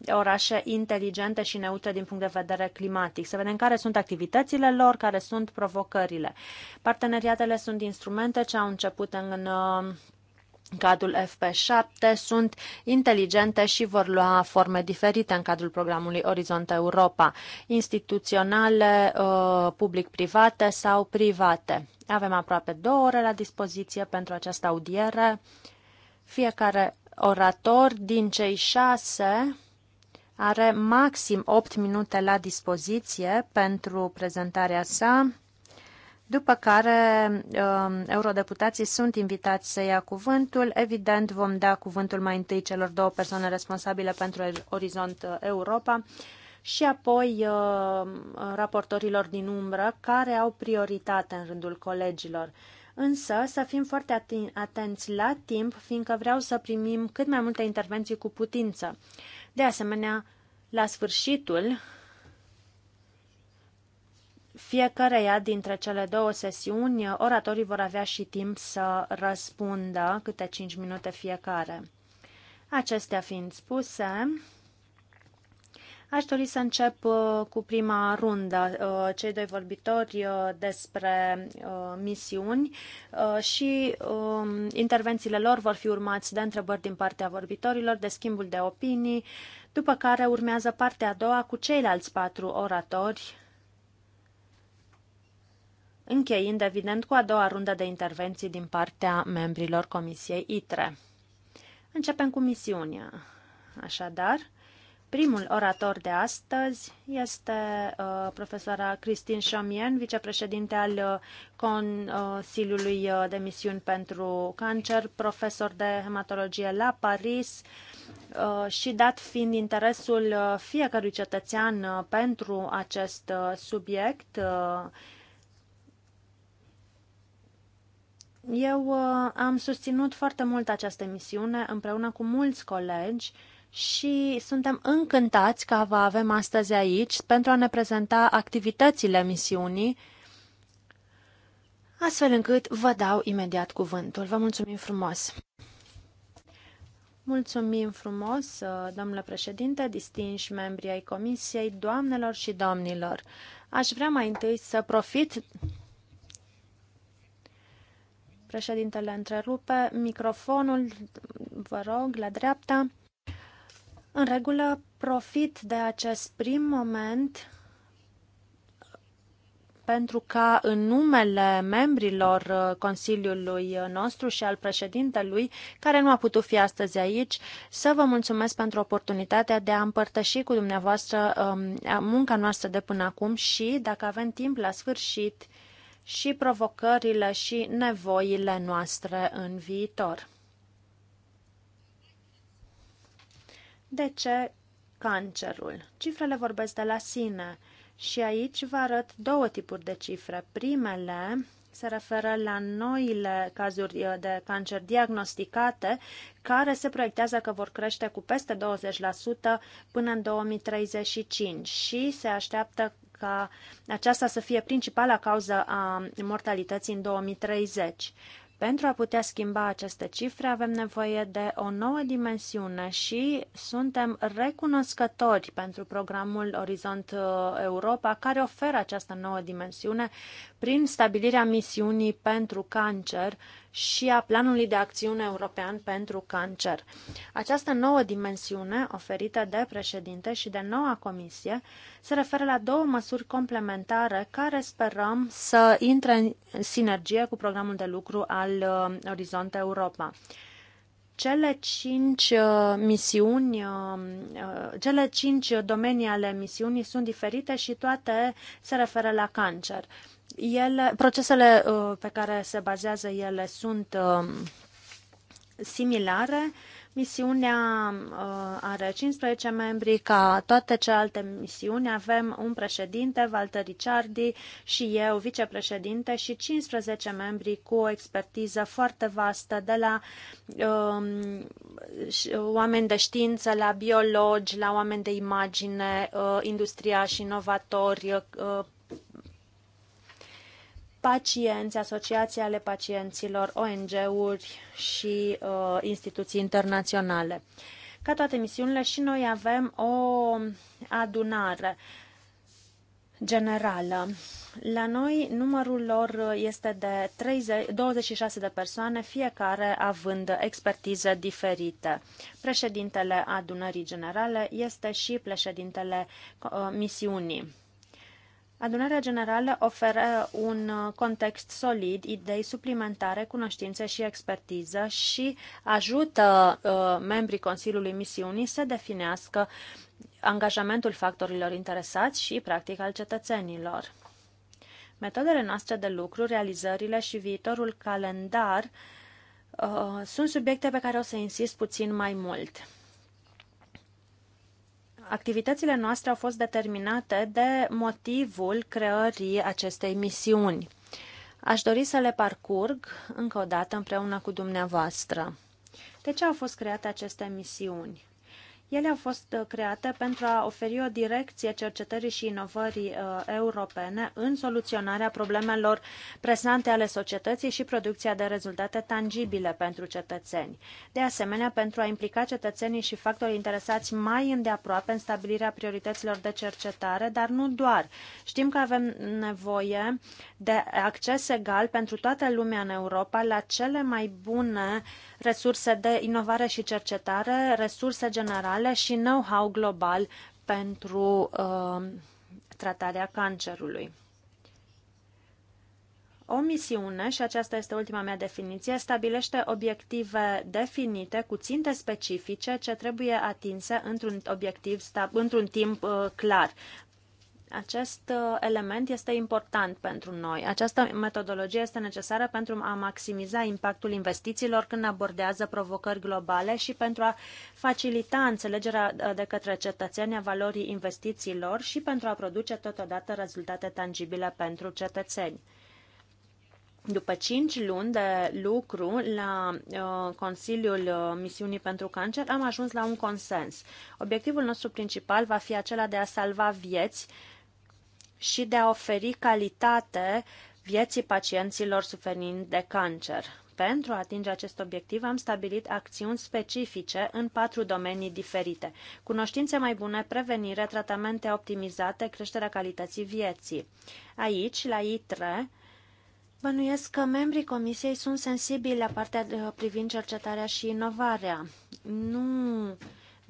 orașe inteligente și neutre din punct de vedere climatic. Să vedem care sunt activitățile lor, lor, care sunt provocările. Parteneriatele sunt instrumente ce au început în cadrul FP7 sunt inteligente și vor lua forme diferite în cadrul programului Orizont Europa, instituționale, uh, public-private sau private. Avem aproape două ore la dispoziție pentru această audiere. Fiecare orator din cei șase are maxim 8 minute la dispoziție pentru prezentarea sa, după care um, eurodeputații sunt invitați să ia cuvântul. Evident, vom da cuvântul mai întâi celor două persoane responsabile pentru Orizont Europa și apoi um, raportorilor din umbră care au prioritate în rândul colegilor. Însă să fim foarte atenți la timp, fiindcă vreau să primim cât mai multe intervenții cu putință. De asemenea, la sfârșitul fiecareia dintre cele două sesiuni, oratorii vor avea și timp să răspundă câte 5 minute fiecare. Acestea fiind spuse, Aș dori să încep uh, cu prima rundă, uh, cei doi vorbitori uh, despre misiuni și um, intervențiile lor vor fi urmați de întrebări din partea vorbitorilor, de schimbul de opinii, după care urmează partea a doua cu ceilalți patru oratori, încheiind, evident, cu a doua rundă de intervenții din partea membrilor Comisiei ITRE. Începem cu misiunea. Așadar, Primul orator de astăzi este uh, profesoara Christine Chamien, vicepreședinte al uh, Consiliului uh, de Misiuni pentru Cancer, profesor de hematologie la Paris uh, și dat fiind interesul uh, fiecărui cetățean pentru acest subiect, uh, eu am susținut foarte mult această emisiune împreună cu mulți colegi uh, și suntem încântați că vă avem astăzi aici pentru a ne prezenta activitățile misiunii, astfel încât vă dau imediat cuvântul. Vă mulțumim frumos! Mulțumim frumos, uh, domnule președinte, distinși membri ai Comisiei, doamnelor și domnilor. Aș vrea mai întâi să profit... Președintele întrerupe microfonul, vă rog, la dreapta. În regulă, profit de acest prim moment pentru ca în numele membrilor uh, Consiliului nostru și al președintelui, care nu a putut fi astăzi aici, să vă mulțumesc pentru oportunitatea de a împărtăși cu dumneavoastră um, munca noastră de până acum și, dacă avem timp la sfârșit, și provocările și nevoile noastre în viitor. De ce cancerul? Cifrele vorbesc de la sine și aici vă arăt două tipuri de cifre. Primele se referă la noile cazuri uh, de cancer diagnosticate, care se proiectează că vor crește cu peste 20% până în 2035 și se așteaptă ca aceasta să fie principala cauză a mortalității în 2030. Pentru a putea schimba aceste cifre avem nevoie de o nouă dimensiune și suntem recunoscători pentru programul Orizont uh, Europa care oferă această nouă dimensiune prin stabilirea misiunii pentru cancer și a Planului de Acțiune European pentru Cancer. Această nouă dimensiune oferită de președinte și de noua comisie se referă la două măsuri complementare care sperăm să intre în sinergie cu programul de lucru al uh, Orizont Europa cele cinci uh, misiuni, uh, cele cinci domenii ale misiunii sunt diferite și toate se referă la cancer ele, procesele uh, pe care se bazează ele sunt um, similare. Misiunea uh, are 15 membri, ca toate celelalte misiuni avem un președinte, Walter Ricciardi și eu, vicepreședinte, și 15 membri cu o expertiză foarte vastă, de la um, uh, oameni de știință, la biologi, la oameni de imagine, uh, industria și inovatori, uh, pacienți, asociații ale pacienților, ONG-uri și uh, instituții internaționale. Ca toate misiunile și noi avem o adunare generală. La noi numărul lor este de 30, 26 de persoane, fiecare având expertize diferite. Președintele adunării generale este și președintele uh, misiunii. Adunarea generală oferă un uh, context solid, idei suplimentare, cunoștințe și expertiză și ajută uh, membrii Consiliului Misiunii să definească angajamentul factorilor interesați și practic al cetățenilor. Metodele noastre de lucru, realizările și viitorul calendar uh, sunt subiecte pe care o să insist puțin mai mult. Activitățile noastre au fost determinate de motivul creării acestei misiuni. Aș dori să le parcurg încă o dată împreună cu dumneavoastră. De ce au fost create aceste misiuni? Ele au fost uh, create pentru a oferi o direcție cercetării și inovării uh, europene în soluționarea problemelor presante ale societății și producția de rezultate tangibile pentru cetățeni. De asemenea, pentru a implica cetățenii și factorii interesați mai îndeaproape în stabilirea priorităților de cercetare, dar nu doar. Știm că avem nevoie de acces egal pentru toată lumea în Europa la cele mai bune resurse de inovare și cercetare, resurse generale globale și know-how global pentru uh, tratarea cancerului. O misiune, și aceasta este ultima mea definiție, stabilește obiective definite cu ținte specifice ce trebuie atinse într-un obiectiv într-un timp uh, clar. Acest uh, element este important pentru noi. Această metodologie este necesară pentru a maximiza impactul investițiilor când abordează provocări globale și pentru a facilita înțelegerea uh, de către cetățeni a valorii investițiilor și pentru a produce totodată rezultate tangibile pentru cetățeni. După cinci luni de lucru la uh, Consiliul uh, Misiunii pentru Cancer, am ajuns la un consens. Obiectivul nostru principal va fi acela de a salva vieți și de a oferi calitate vieții pacienților suferind de cancer. Pentru a atinge acest obiectiv am stabilit acțiuni specifice în patru domenii diferite. Cunoștințe mai bune, prevenire, tratamente optimizate, creșterea calității vieții. Aici, la ITRE, Bănuiesc că membrii comisiei sunt sensibili la partea privind cercetarea și inovarea. Nu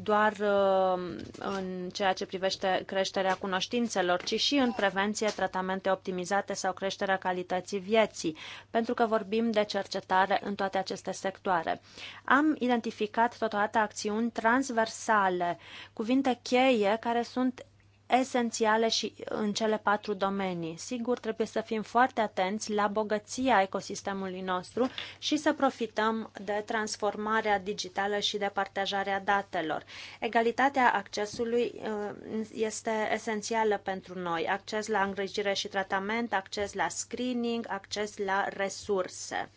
doar uh, în ceea ce privește creșterea cunoștințelor, ci și în prevenție, tratamente optimizate sau creșterea calității vieții, pentru că vorbim de cercetare în toate aceste sectoare. Am identificat totodată acțiuni transversale, cuvinte cheie care sunt esențiale și în cele patru domenii. Sigur, trebuie să fim foarte atenți la bogăția ecosistemului nostru și să profităm de transformarea digitală și de partajarea datelor. Egalitatea accesului uh, este esențială pentru noi. Acces la îngrijire și tratament, acces la screening, acces la resurse.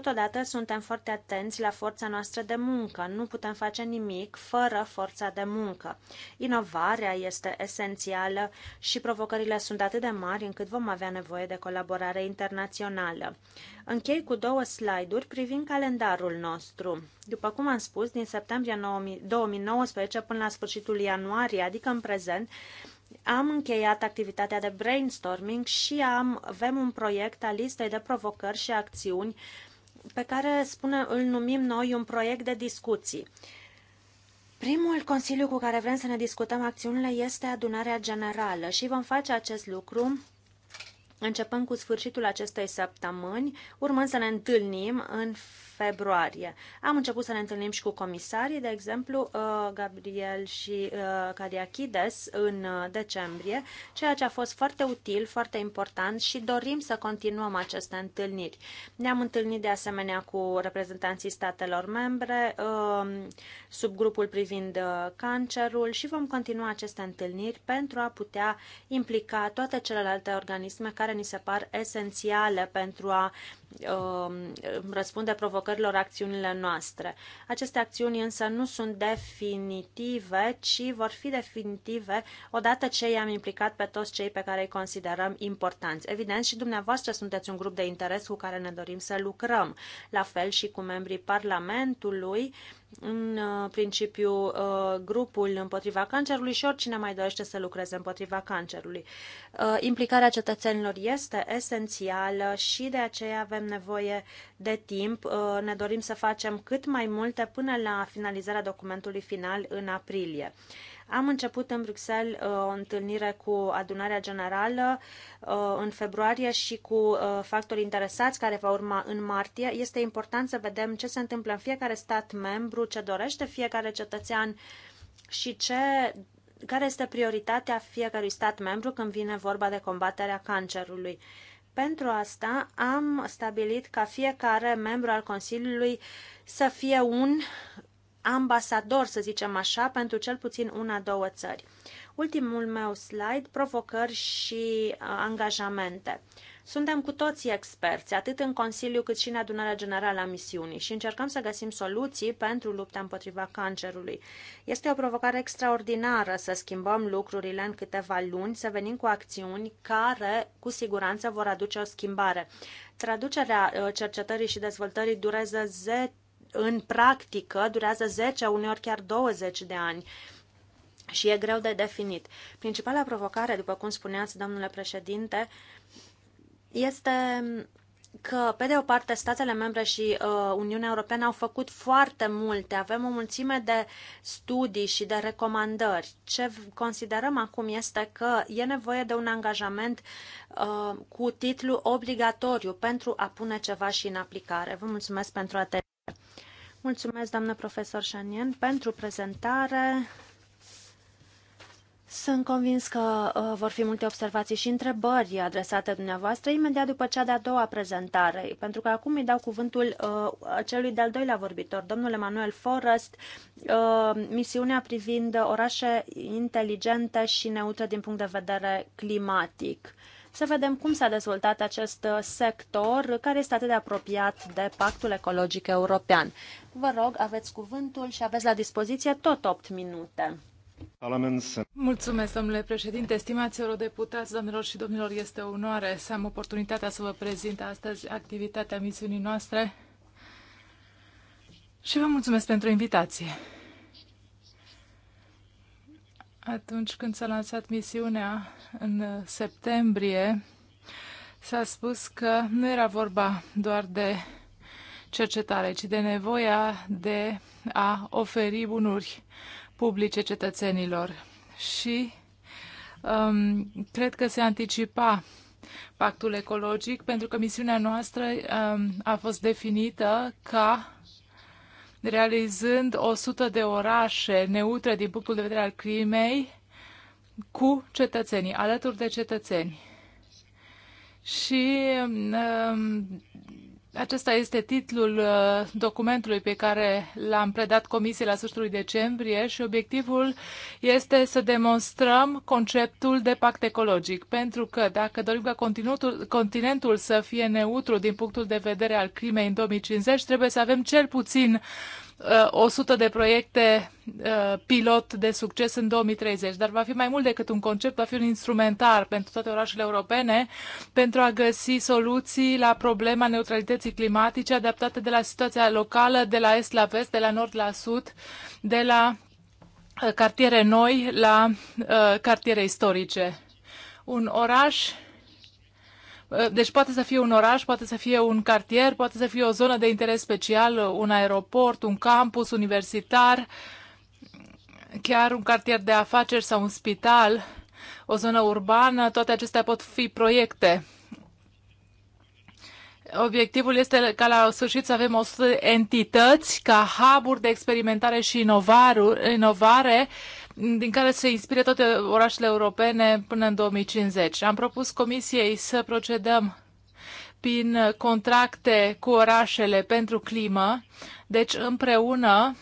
Totodată suntem foarte atenți la forța noastră de muncă. Nu putem face nimic fără forța de muncă. Inovarea este esențială și provocările sunt atât de mari încât vom avea nevoie de colaborare internațională. Închei cu două slide-uri privind calendarul nostru. După cum am spus, din septembrie 2019 până la sfârșitul ianuarie, adică în prezent, am încheiat activitatea de brainstorming și am, avem un proiect al listei de provocări și acțiuni pe care spune, îl numim noi un proiect de discuții. Primul consiliu cu care vrem să ne discutăm acțiunile este adunarea generală și vom face acest lucru începând cu sfârșitul acestei săptămâni, urmând să ne întâlnim în februarie. Am început să ne întâlnim și cu comisarii, de exemplu uh, Gabriel și uh, Cariachides în uh, decembrie, ceea ce a fost foarte util, foarte important și dorim să continuăm aceste întâlniri. Ne-am întâlnit de asemenea cu reprezentanții statelor membre, um, sub grupul privind cancerul și vom continua aceste întâlniri pentru a putea implica toate celelalte organisme care ni se par esențiale pentru a um, răspunde provocărilor provocărilor acțiunile noastre. Aceste acțiuni însă nu sunt definitive, ci vor fi definitive odată ce i-am implicat pe toți cei pe care îi considerăm importanți. Evident, și dumneavoastră sunteți un grup de interes cu care ne dorim să lucrăm, la fel și cu membrii Parlamentului, în uh, principiu uh, grupul împotriva cancerului și oricine mai dorește să lucreze împotriva cancerului. Uh, implicarea cetățenilor este esențială și de aceea avem nevoie de timp. Ne dorim să facem cât mai multe până la finalizarea documentului final în aprilie. Am început în Bruxelles uh, o întâlnire cu adunarea generală uh, în februarie și cu uh, factorii interesați care va urma în martie. Este important să vedem ce se întâmplă în fiecare stat membru, ce dorește fiecare cetățean și ce care este prioritatea fiecărui stat membru când vine vorba de combaterea cancerului. Pentru asta am stabilit ca fiecare membru al Consiliului să fie un ambasador, să zicem așa, pentru cel puțin una-două țări. Ultimul meu slide, provocări și uh, angajamente. Suntem cu toții experți, atât în Consiliu cât și în adunarea generală a misiunii și încercăm să găsim soluții pentru lupta împotriva cancerului. Este o provocare extraordinară să schimbăm lucrurile în câteva luni, să venim cu acțiuni care cu siguranță vor aduce o schimbare. Traducerea uh, cercetării și dezvoltării durează 10 în practică durează 10, uneori chiar 20 de ani și e greu de definit. Principala provocare, după cum spuneați, domnule președinte, este că, pe de o parte, statele membre și uh, Uniunea Europeană au făcut foarte multe. Avem o mulțime de studii și de recomandări. Ce considerăm acum este că e nevoie de un angajament uh, cu titlu obligatoriu pentru a pune ceva și în aplicare. Vă mulțumesc pentru atenție. Mulțumesc, doamnă profesor Șanien, pentru prezentare. Sunt convins că uh, vor fi multe observații și întrebări adresate dumneavoastră imediat după cea de-a doua prezentare, pentru că acum îi dau cuvântul uh, celui de-al doilea vorbitor, domnul Emanuel Forrest, uh, misiunea privind orașe inteligente și neutre din punct de vedere climatic să vedem cum s-a dezvoltat acest uh, sector care este atât de apropiat de Pactul Ecologic European. Vă rog, aveți cuvântul și aveți la dispoziție tot 8 minute. Mulțumesc, domnule președinte, stimați eurodeputați, domnilor și domnilor, este o onoare să am oportunitatea să vă prezint astăzi activitatea misiunii noastre și vă mulțumesc pentru invitație. Atunci când s-a lansat misiunea în septembrie, s-a spus că nu era vorba doar de cercetare, ci de nevoia de a oferi bunuri publice cetățenilor. Și um, cred că se anticipa pactul ecologic, pentru că misiunea noastră um, a fost definită ca realizând 100 de orașe neutre din punctul de vedere al crimei cu cetățenii, alături de cetățeni. Și um, acesta este titlul uh, documentului pe care l-am predat comisiei la sfârșitul decembrie și obiectivul este să demonstrăm conceptul de pact ecologic, pentru că dacă dorim ca continentul să fie neutru din punctul de vedere al crimei în 2050, trebuie să avem cel puțin 100 uh, de proiecte uh, pilot de succes în 2030, dar va fi mai mult decât un concept, va fi un instrumentar pentru toate orașele europene pentru a găsi soluții la problema neutralității climatice adaptate de la situația locală, de la est la vest, de la nord la sud, de la uh, cartiere noi la cartiere istorice. Un oraș Eh, deci poate să fie un oraș, poate să fie un cartier, poate să fie o zonă de interes special, un aeroport, un campus universitar, chiar un cartier de afaceri sau un spital, o zonă urbană, toate acestea pot fi proiecte. Obiectivul este ca la sfârșit să avem 100 entități ca hub de experimentare și inovare, inovare din care se inspire toate orașele europene până în 2050. Am propus Comisiei să procedăm prin contracte cu orașele pentru climă, deci împreună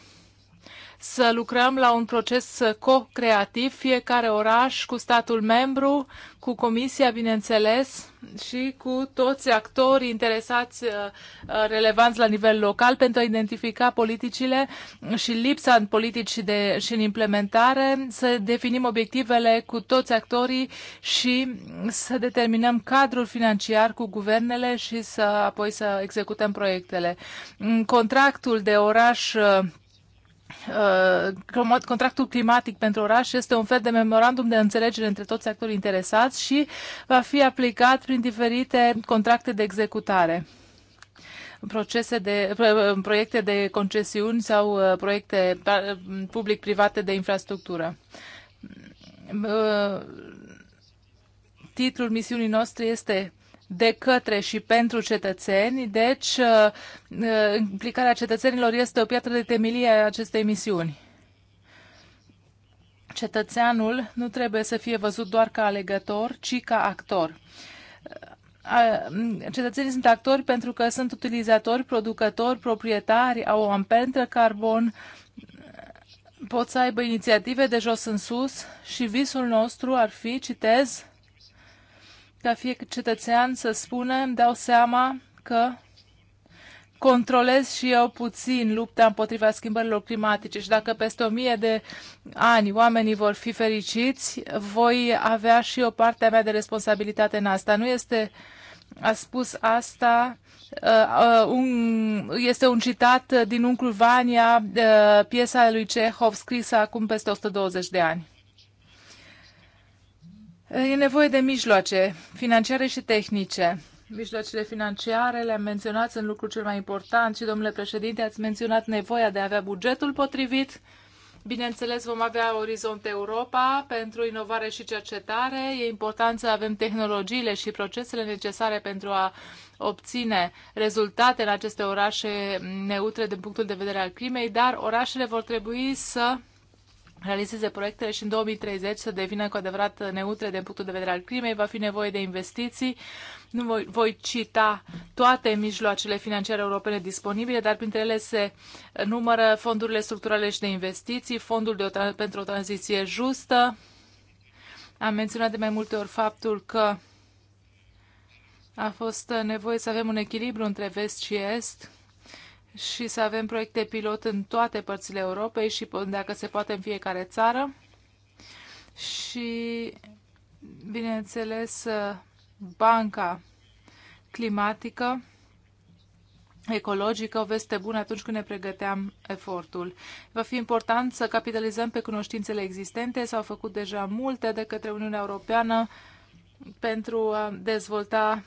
să lucrăm la un proces co-creativ, fiecare oraș cu statul membru, cu comisia, bineînțeles, și cu toți actorii interesați uh, uh, relevanți la nivel local pentru a identifica politicile și lipsa în politici de, și în implementare, să definim obiectivele cu toți actorii și să determinăm cadrul financiar cu guvernele și să apoi să executăm proiectele. Contractul de oraș uh, Uh, contractul climatic pentru oraș este un fel de memorandum de înțelegere între toți actorii interesați și va fi aplicat prin diferite contracte de executare procese de, uh, proiecte de concesiuni sau uh, proiecte public-private de infrastructură. Titlul misiunii noastre este de către și pentru cetățeni, deci uh, uh, implicarea cetățenilor este o piatră de temelie a acestei misiuni. Cetățeanul nu trebuie să fie văzut doar ca alegător, ci ca actor. Uh, cetățenii sunt actori pentru că sunt utilizatori, producători, proprietari, au o amprentă carbon, pot să aibă inițiative de jos în sus și visul nostru ar fi, citez, ca fie cetățean să spună, îmi dau seama că controlez și eu puțin lupta împotriva schimbărilor climatice și dacă peste o mie de ani oamenii vor fi fericiți, voi avea și o parte a mea de responsabilitate în asta. Nu este, a spus asta, uh, uh un, este un citat din Uncul Vania, uh, piesa lui Cehov, scrisă acum peste 120 de ani. E nevoie de mijloace financiare și tehnice. Mijloacele financiare le-am menționat, în lucru cel mai important și, domnule președinte, ați menționat nevoia de a avea bugetul potrivit. Bineînțeles, vom avea Orizont Europa pentru inovare și cercetare. E important să avem tehnologiile și procesele necesare pentru a obține rezultate în aceste orașe neutre din punctul de vedere al crimei, dar orașele vor trebui să realizeze proiectele și în 2030 să devină cu adevărat neutre din punctul de vedere al crimei, va fi nevoie de investiții. Nu voi, voi cita toate mijloacele financiare europene disponibile, dar printre ele se numără fondurile structurale și de investiții, fondul de o, pentru o tranziție justă. Am menționat de mai multe ori faptul că a fost nevoie să avem un echilibru între vest și est și să avem proiecte pilot în toate părțile Europei și dacă se poate în fiecare țară. Și, bineînțeles, banca climatică, ecologică, o veste bună atunci când ne pregăteam efortul. Va fi important să capitalizăm pe cunoștințele existente. S-au făcut deja multe de către Uniunea Europeană pentru a dezvolta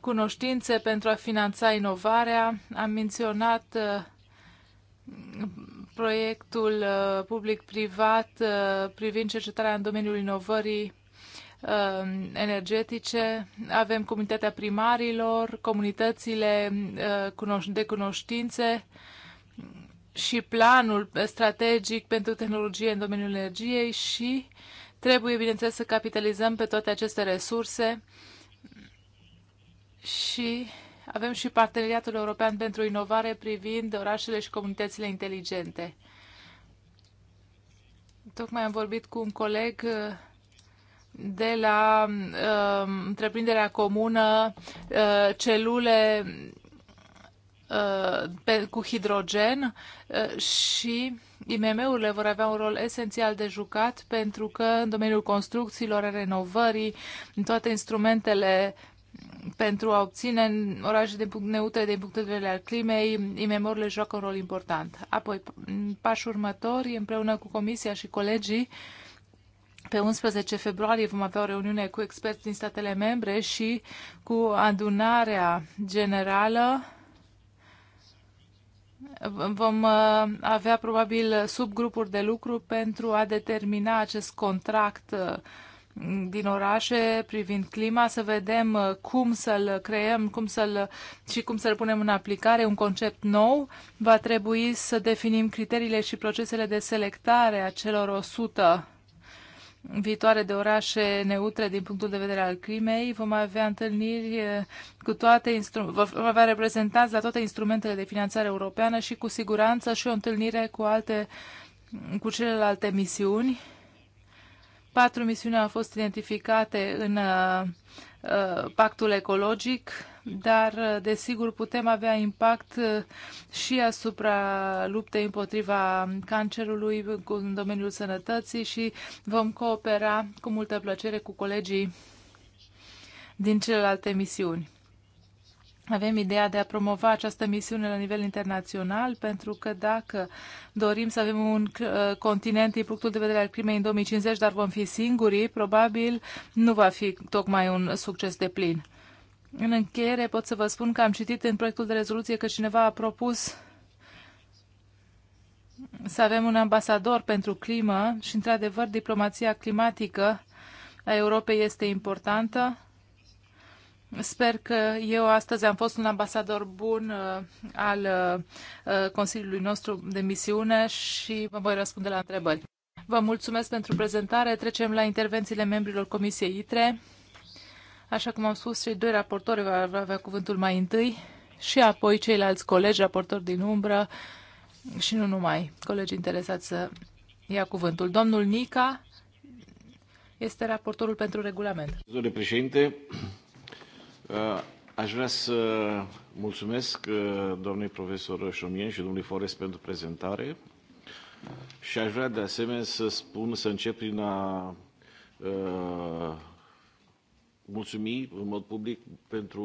cunoștințe pentru a finanța inovarea. Am menționat uh, proiectul uh, public-privat uh, privind cercetarea în domeniul inovării energetice, avem comunitatea primarilor, comunitățile de cunoștințe și planul strategic pentru tehnologie în domeniul energiei și trebuie, bineînțeles, să capitalizăm pe toate aceste resurse și avem și Parteneriatul European pentru Inovare privind orașele și comunitățile inteligente. Tocmai am vorbit cu un coleg uh, de la uh, întreprinderea comună uh, celule uh, pe, cu hidrogen uh, și IMM-urile vor avea un rol esențial de jucat pentru că în domeniul construcțiilor, renovării, în toate instrumentele pentru a obține oraje de neutre din punct de vedere al climei, imemorile joacă un rol important. Apoi, pașul următor, împreună cu Comisia și colegii, pe 11 februarie vom avea o reuniune cu experți din statele membre și cu adunarea generală vom uh, avea probabil subgrupuri de lucru pentru a determina acest contract uh, din orașe privind clima, să vedem uh, cum să-l creăm cum să-l, și cum să-l punem în aplicare, un concept nou. Va trebui să definim criteriile și procesele de selectare a celor 100 viitoare de orașe neutre din punctul de vedere al crimei. Vom avea întâlniri uh, cu toate vom avea reprezentanți la toate instrumentele de finanțare europeană și cu siguranță și o întâlnire cu alte cu celelalte misiuni Patru misiuni au fost identificate în uh, uh pactul ecologic, dar uh, desigur putem avea impact uh, și asupra luptei împotriva cancerului în domeniul sănătății și vom coopera cu multă plăcere cu colegii din celelalte misiuni avem ideea de a promova această misiune la nivel internațional, pentru că dacă dorim să avem un uh, continent din punctul de vedere al crimei în 2050, dar vom fi singurii, probabil nu va fi tocmai un succes de plin. În încheiere pot să vă spun că am citit în proiectul de rezoluție că cineva a propus să avem un ambasador pentru climă și, într-adevăr, diplomația climatică a Europei este importantă Sper că eu astăzi am fost un ambasador bun uh, al uh, Consiliului nostru de misiune și vă voi răspunde la întrebări. Vă mulțumesc pentru prezentare. Trecem la intervențiile membrilor Comisiei ITRE. Așa cum am spus, cei doi raportori vor avea cuvântul mai întâi și apoi ceilalți colegi, raportori din umbră și nu numai colegi interesați să ia cuvântul. Domnul Nica este raportorul pentru regulament. Domnule președinte, Uh, aș vrea să mulțumesc uh, doamnei profesor Șomien și domnului Forest pentru prezentare și aș vrea de asemenea să spun, să încep prin a uh, mulțumi în mod public pentru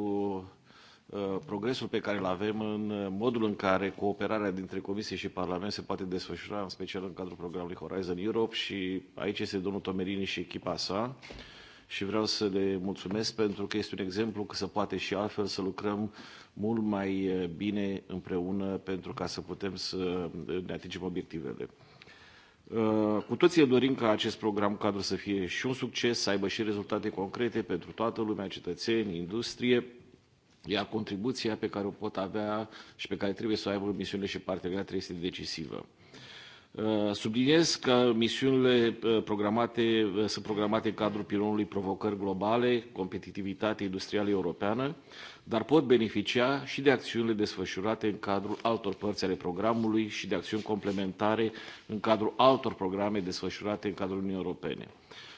uh, progresul pe care îl avem în modul în care cooperarea dintre Comisie și Parlament se poate desfășura, în special în cadrul programului Horizon Europe și aici este domnul Tomerini și echipa sa. Uh, și vreau să le mulțumesc pentru că este un exemplu că se poate și altfel să lucrăm mult mai eh, bine împreună pentru ca să putem să eh, ne atingem obiectivele. Eh, cu toții dorim ca acest program cadru să fie și un succes, să aibă și rezultate concrete pentru toată lumea, cetățeni, industrie, iar contribuția pe care o pot avea și pe care trebuie să o aibă misiunile și parteneriatele este decisivă. Uh, subliniez că misiunile uh, programate uh, sunt programate în cadrul pilonului provocări globale, competitivitate industrială europeană, dar pot beneficia și de acțiunile desfășurate în cadrul altor părți ale programului și de acțiuni complementare în cadrul altor programe desfășurate în cadrul Uniunii Europene.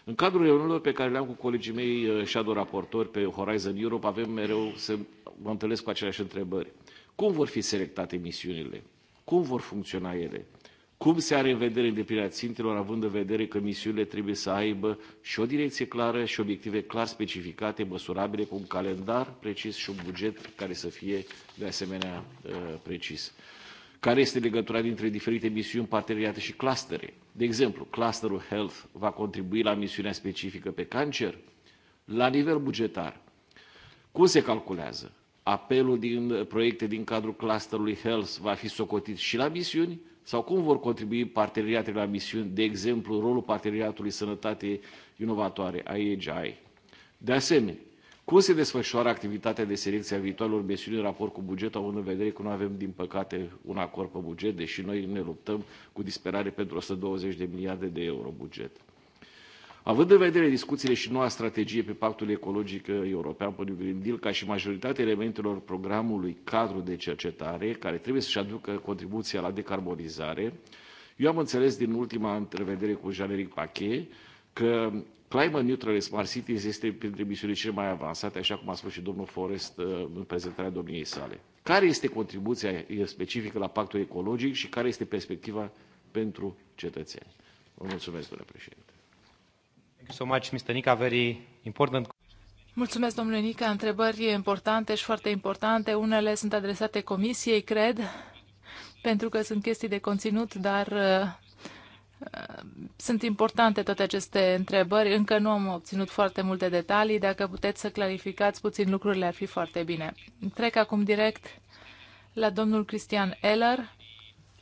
În cadrul reuniunilor pe care le-am cu colegii mei shadow raportori pe Horizon Europe, avem mereu să mă întâlnesc cu aceleași întrebări. Cum vor fi selectate misiunile? Cum vor funcționa ele? Cum se are în vedere îndeplinirea țintelor, având în vedere că misiunile trebuie să aibă și o direcție clară și obiective clar specificate, măsurabile, cu un calendar precis și un buget care să fie de asemenea uh, precis? Care este legătura dintre diferite misiuni, parteneriate și clustere? De exemplu, clusterul Health va contribui la misiunea specifică pe cancer? La nivel bugetar, cum se calculează? Apelul din proiecte din cadrul clusterului Health va fi socotit și la misiuni sau cum vor contribui parteneriatele la misiuni, de exemplu, rolul parteneriatului sănătate inovatoare, IHI. De asemenea, cum se desfășoară activitatea de selecție a viitoarelor misiuni în raport cu bugetul, având în vedere că nu avem, din păcate, un acord pe buget, deși noi ne luptăm cu disperare pentru 120 de miliarde de euro buget? Având în vedere discuțiile și noua strategie pe pactul ecologic european pentru Green Deal, ca și majoritatea elementelor programului cadru de cercetare, care trebuie să-și aducă contribuția la decarbonizare, eu am înțeles din ultima întrevedere cu Jean-Éric Pachet că Climate Neutral Smart Cities este printre misiunile cele mai avansate, așa cum a spus și domnul Forest uh, în prezentarea domniei sale. Care este contribuția specifică la pactul ecologic și care este perspectiva pentru cetățeni? Vă mulțumesc, domnule președinte. Thank you so much, Mr. Nica. Very important Mulțumesc, domnule Nica. Întrebări importante și foarte importante. Unele sunt adresate comisiei, cred, pentru că sunt chestii de conținut, dar uh, uh, sunt importante toate aceste întrebări. Încă nu am obținut foarte multe detalii. Dacă puteți să clarificați puțin lucrurile, ar fi foarte bine. Trec acum direct la domnul Cristian Eller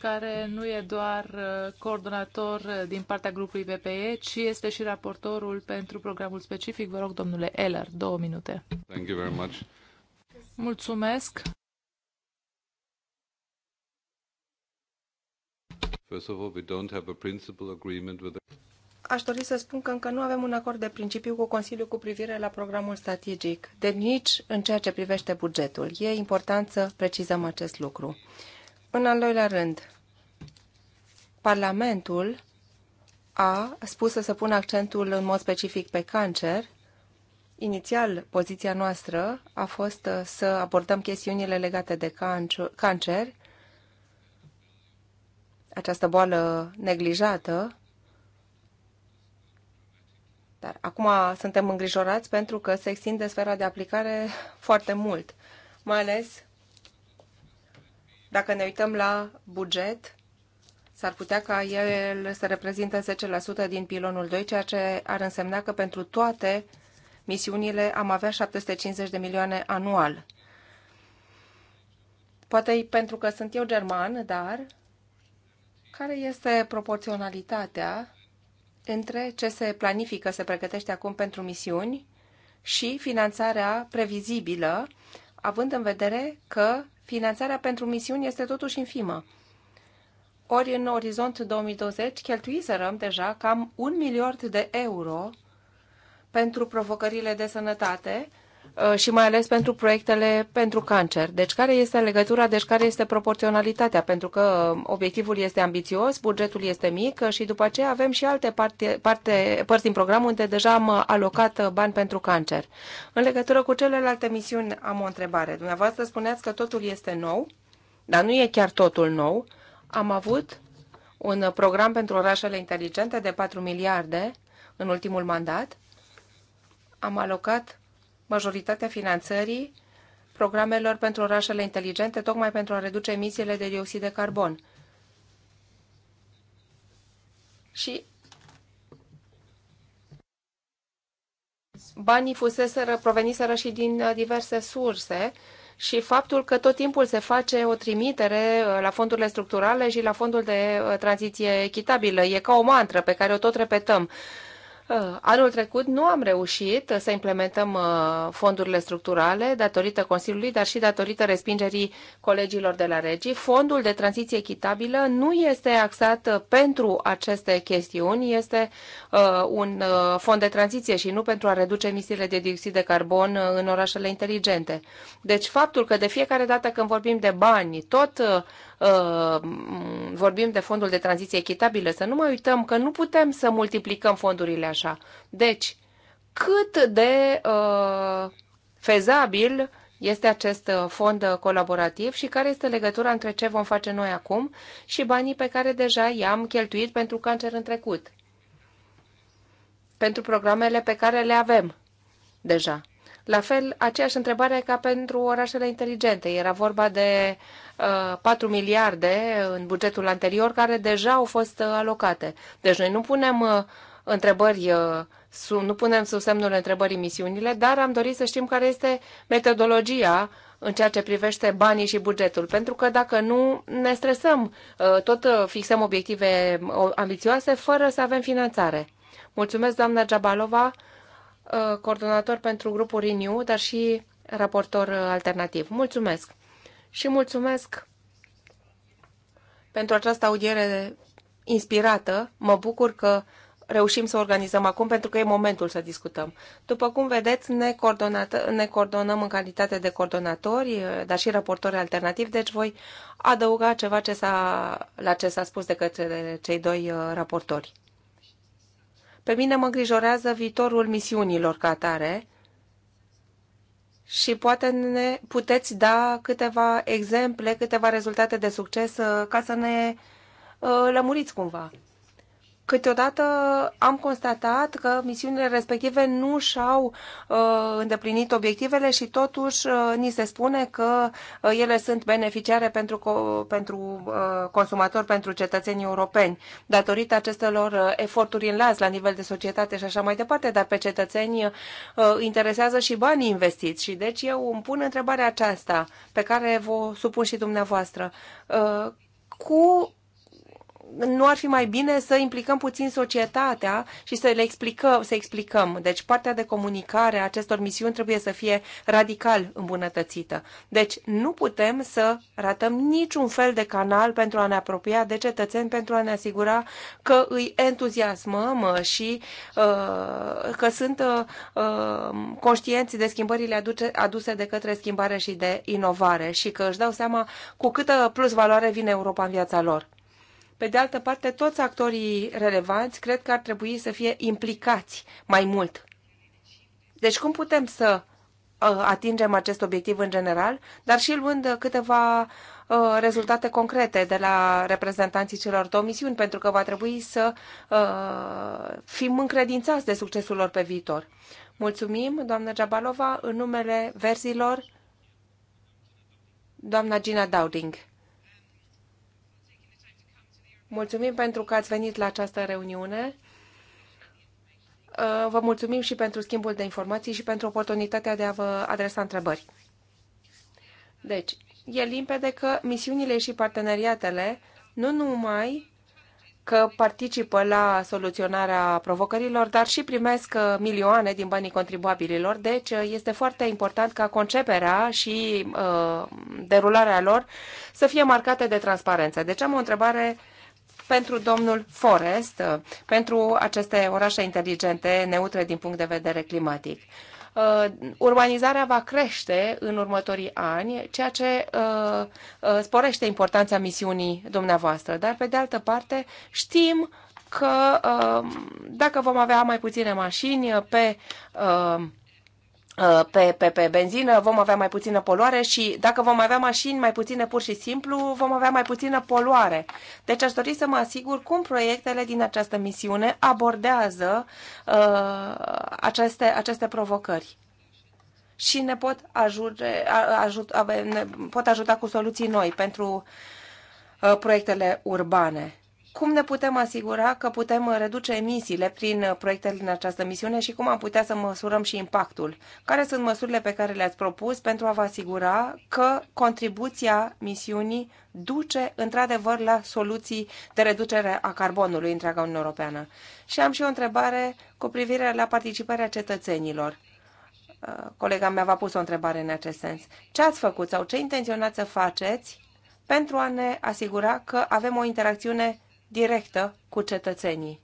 care nu e doar uh, coordonator uh, din partea grupului PPE, ci este și raportorul pentru programul specific. Vă rog, domnule Eller, două minute. Thank you very much. Mulțumesc. First of all, we don't have a principal agreement with the... Aș dori să spun că încă nu avem un acord de principiu cu Consiliul cu privire la programul strategic, de nici în ceea ce privește bugetul. E important să precizăm acest lucru. În al doilea rând, Parlamentul a spus să se pună accentul în mod specific pe cancer. Inițial, poziția noastră a fost uh, să abordăm chestiunile legate de cancer, această boală neglijată, dar acum suntem îngrijorați pentru că se extinde sfera de aplicare *laughs* foarte mult, mai ales dacă ne uităm la buget, s-ar putea ca el să reprezinte 10% din pilonul 2, ceea ce ar însemna că pentru toate misiunile am avea 750 de milioane anual. Poate pentru că sunt eu german, dar care este proporționalitatea între ce se planifică, se pregătește acum pentru misiuni și finanțarea previzibilă, având în vedere că Finanțarea pentru misiuni este totuși infimă. Ori în orizont 2020 cheltuiserăm deja cam un miliard de euro pentru provocările de sănătate Uh, și mai ales pentru proiectele pentru cancer. Deci care este legătura, deci care este proporționalitatea, pentru că uh, obiectivul este ambițios, bugetul este mic uh, și după aceea avem și alte parte, parte, părți din program unde deja am alocat bani pentru cancer. În legătură cu celelalte misiuni am o întrebare. Dumneavoastră spuneați că totul este nou, dar nu e chiar totul nou. Am avut un program pentru orașele inteligente de 4 miliarde în ultimul mandat. Am alocat majoritatea finanțării programelor pentru orașele inteligente, tocmai pentru a reduce emisiile de dioxid de carbon. Și banii fuseseră, proveniseră și din uh, diverse surse și faptul că tot timpul se face o trimitere uh, la fondurile structurale și la fondul de uh, tranziție echitabilă. E ca o mantră pe care o tot repetăm. Uh, anul trecut nu am reușit să implementăm uh, fondurile structurale datorită Consiliului, dar și datorită respingerii colegilor de la Regi. Fondul de tranziție echitabilă nu este axat uh, pentru aceste chestiuni, este un fond de tranziție și nu pentru a reduce emisiile de dioxid de carbon în orașele inteligente. Deci faptul că de fiecare dată când vorbim de bani, tot Ehm, vorbim de fondul de tranziție echitabilă, să nu mai uităm că nu putem să multiplicăm fondurile așa. Deci, cât de uh, fezabil este acest uh, fond colaborativ și care este legătura între ce vom face noi acum și banii pe care deja i-am cheltuit pentru cancer în trecut, pentru programele pe care le avem deja. La fel, aceeași întrebare ca pentru orașele inteligente. Era vorba de 4 uh, miliarde în bugetul anterior care deja au fost uh, alocate. Deci noi nu punem uh, întrebări, nu punem sub semnul întrebării misiunile, dar am dorit să știm care este metodologia în ceea ce privește banii și bugetul, pentru că dacă nu ne stresăm, tot fixăm obiective ambițioase fără să avem finanțare. Mulțumesc, doamna Jabalova, coordonator pentru grupul Renew, dar și raportor alternativ. Mulțumesc! și mulțumesc pentru această audiere inspirată. Mă bucur că reușim să organizăm acum pentru că e momentul să discutăm. După cum vedeți, ne, ne coordonăm în calitate de coordonatori, eh, dar și raportori alternativi, deci voi adăuga ceva ce la ce s-a spus de către cei doi eh, raportori. Pe mine mă îngrijorează viitorul misiunilor ca atare și poate ne puteți da câteva exemple, câteva rezultate de succes uh, ca să ne uh, lămuriți cumva. Câteodată am constatat că misiunile respective nu și-au uh, îndeplinit obiectivele și totuși uh, ni se spune că uh, ele sunt beneficiare pentru, co- pentru uh, consumatori, pentru cetățenii europeni, datorită acestor uh, eforturi în las la nivel de societate și așa mai departe, dar pe cetățeni uh, interesează și banii investiți. Și deci eu îmi pun întrebarea aceasta pe care vă supun și dumneavoastră. Uh, cu nu ar fi mai bine să implicăm puțin societatea și să le explicăm, să explicăm. Deci partea de comunicare a acestor misiuni trebuie să fie radical îmbunătățită. Deci nu putem să ratăm niciun fel de canal pentru a ne apropia de cetățeni, pentru a ne asigura că îi entuziasmăm uh, și uh, că sunt uh, uh, conștienți de schimbările aduce, aduse de către schimbare și de inovare și că își dau seama cu câtă plus valoare vine Europa în viața lor. Pe de altă parte, toți actorii relevanți cred că ar trebui să fie implicați mai mult. Deci cum putem să uh, atingem acest obiectiv în general, dar și luând câteva uh, rezultate concrete de la reprezentanții celor două misiuni, pentru că va trebui să uh, fim încredințați de succesul lor pe viitor. Mulțumim, doamnă Jabalova, în numele verzilor, doamna Gina Dowding. Mulțumim pentru că ați venit la această reuniune. Uh, vă mulțumim și pentru schimbul de informații și pentru oportunitatea de a vă adresa întrebări. Deci, e limpede că misiunile și parteneriatele nu numai că participă la soluționarea provocărilor, dar și primesc uh, milioane din banii contribuabililor. Deci uh, este foarte important ca conceperea și uh, derularea lor să fie marcate de transparență. Deci am o întrebare uh, pentru domnul Forest, uh, pentru aceste orașe inteligente, neutre din punct de vedere climatic. Uh, urbanizarea va crește în următorii ani, ceea ce uh, sporește importanța misiunii dumneavoastră. Dar, pe de altă parte, știm că dacă vom avea mai puține mașini pe Uh, pe, pe, pe benzină, vom avea mai puțină poluare și dacă vom avea mașini mai puține pur și simplu, vom avea mai puțină poluare. Deci aș dori să mă asigur cum proiectele din această misiune abordează uh, aceste, aceste provocări și ne pot, ajute, ajut, ne pot ajuta cu soluții noi pentru uh, proiectele urbane cum ne putem asigura că putem uh, reduce emisiile prin uh, proiectele din această misiune și cum am putea să măsurăm și impactul? Care sunt măsurile pe care le-ați propus pentru a vă asigura că contribuția misiunii duce într-adevăr la soluții de reducere a carbonului întreaga Uniune Europeană? Și am și o întrebare cu privire la participarea cetățenilor. Uh, colega mea v-a pus o întrebare în acest sens. Ce ați făcut sau ce intenționați să faceți pentru a ne asigura că avem o interacțiune directă cu cetățenii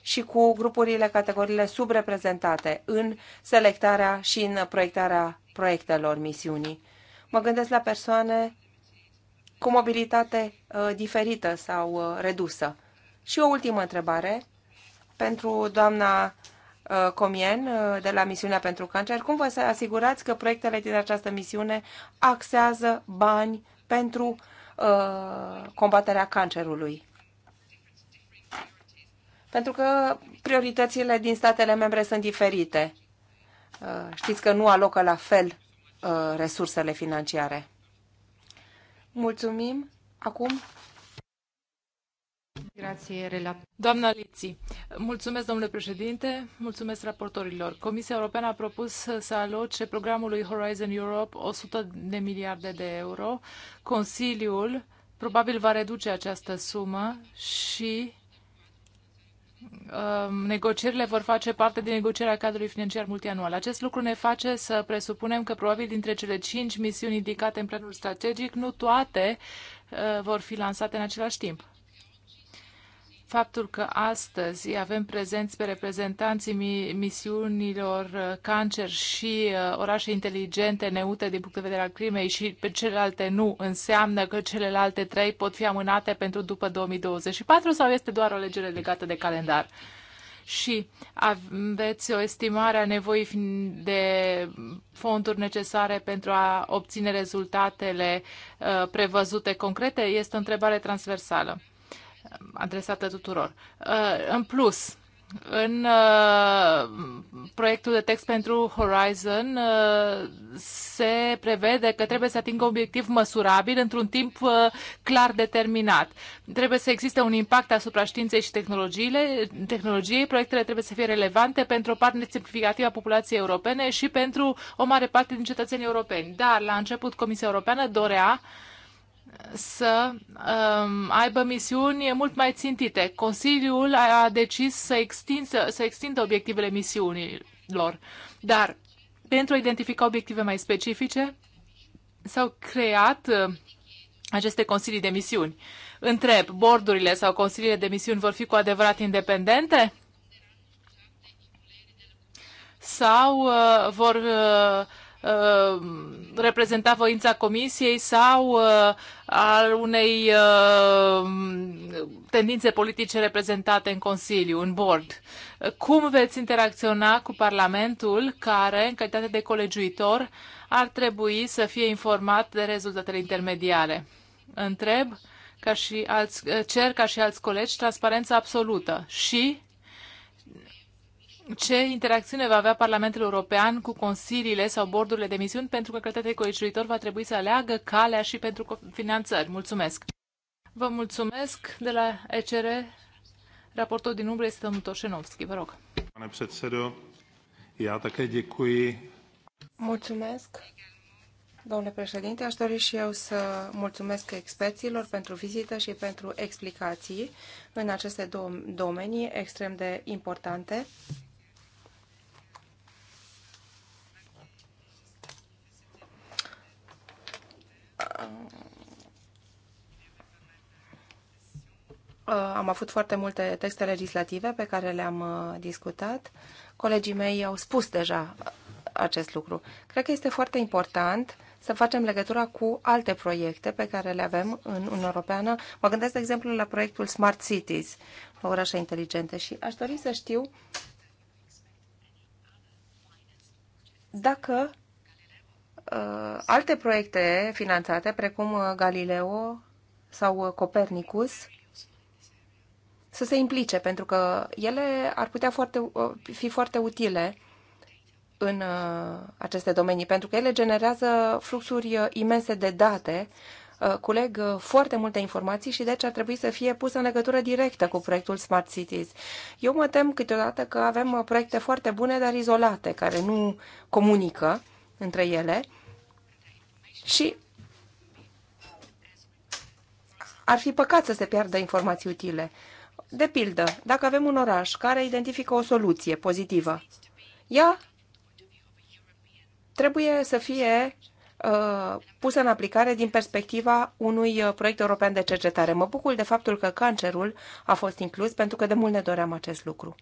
și cu grupurile, categoriile subreprezentate în selectarea și în proiectarea proiectelor misiunii. Mă gândesc la persoane cu mobilitate uh, diferită sau uh, redusă. Și o ultimă întrebare pentru doamna uh, Comien de la Misiunea pentru Cancer. Cum vă asigurați că proiectele din această misiune axează bani pentru uh, combaterea cancerului? Pentru că prioritățile din statele membre sunt diferite. Uh, știți că nu alocă la fel uh, resursele financiare. Mulțumim. Acum Doamna Liții, mulțumesc, domnule președinte, mulțumesc raportorilor. Comisia Europeană a propus să aloce programului Horizon Europe 100 de miliarde de euro. Consiliul probabil va reduce această sumă și Um, negocierile vor face parte din negocierea cadrului financiar multianual. Acest lucru ne face să presupunem că probabil dintre cele cinci misiuni indicate în planul strategic, nu toate uh, vor fi lansate în același timp faptul că astăzi avem prezenți pe reprezentanții misiunilor uh, cancer și uh, orașe inteligente, neute din punct de vedere al crimei și pe celelalte nu, înseamnă că celelalte trei pot fi amânate pentru după 2024 sau este doar o legere legată de calendar? și aveți o estimare a nevoii de fonduri necesare pentru a obține rezultatele uh, prevăzute concrete? Este o întrebare transversală adresată tuturor. Uh, în plus, în uh, proiectul de text pentru Horizon uh, se prevede că trebuie să atingă obiectiv măsurabil într-un timp clar determinat. Trebuie să existe un impact asupra științei și tehnologiile, tehnologiei. Proiectele trebuie să fie relevante pentru o parte semnificativă a populației europene și pentru o mare parte din cetățenii europeni. Dar la început Comisia Europeană dorea să um, aibă misiuni mult mai țintite. Consiliul a decis să, extinsă, să extindă obiectivele misiunilor, dar pentru a identifica obiective mai specifice s-au creat uh, aceste consilii de misiuni. Întreb, bordurile sau consiliile de misiuni vor fi cu adevărat independente? Sau uh, vor uh, Uh, reprezenta voința comisiei sau uh, al unei uh, tendințe politice reprezentate în Consiliu, în board. Cum veți interacționa cu Parlamentul care, în calitate de colegiuitor, ar trebui să fie informat de rezultatele intermediare? Întreb, ca și alți, cer ca și alți colegi, transparență absolută și ce interacțiune va avea Parlamentul European cu consiliile sau bordurile de misiuni, pentru că cred că va trebui să aleagă calea și pentru finanțări. Mulțumesc! Vă mulțumesc de la ECR. Raportul din umbră este domnul Toșenovski. Vă rog. Mulțumesc. Domnule președinte, aș dori și eu să mulțumesc experților pentru vizită și pentru explicații în aceste două domenii extrem de importante Uh, am avut foarte multe texte legislative pe care le-am uh, discutat. Colegii mei au spus deja uh, acest lucru. Cred că este foarte important să facem legătura cu alte proiecte pe care le avem în Uniunea Europeană. Mă gândesc, de exemplu, la proiectul Smart Cities, orașe inteligente, și aș dori să știu dacă Uh, alte proiecte finanțate, precum uh, Galileo sau uh, Copernicus, să se implice, pentru că ele ar putea foarte, fi foarte utile în aceste domenii, pentru că ele generează fluxuri imense de date, culeg foarte multe informații și deci ar trebui să fie pusă în legătură directă cu proiectul Smart Cities. Eu mă tem câteodată că avem proiecte foarte bune, dar izolate, care nu comunică între ele și ar fi păcat să se piardă informații utile. De pildă, dacă avem un oraș care identifică o soluție pozitivă, ea trebuie să fie uh, pusă în aplicare din perspectiva unui uh, proiect european de cercetare. Mă bucur de faptul că cancerul a fost inclus, pentru că de mult ne doream acest lucru.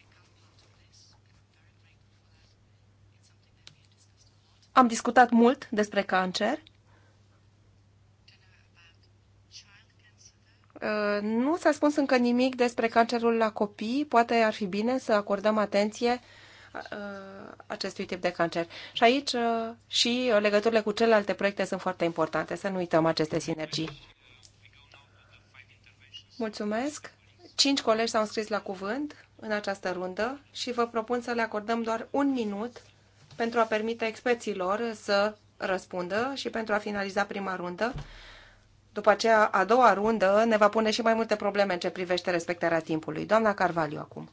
Am discutat mult despre cancer Uh, nu s-a spus încă nimic despre cancerul la copii. Poate ar fi bine să acordăm atenție uh, acestui tip de cancer. Și aici uh, și legăturile cu celelalte proiecte sunt foarte importante. Să nu uităm aceste sinergii. Mulțumesc. Cinci colegi s-au înscris la cuvânt în această rundă și vă propun să le acordăm doar un minut pentru a permite experților să răspundă și pentru a finaliza prima rundă. După aceea, a doua rundă ne va pune și mai multe probleme în ce privește respectarea timpului. Doamna Carvaliu. acum.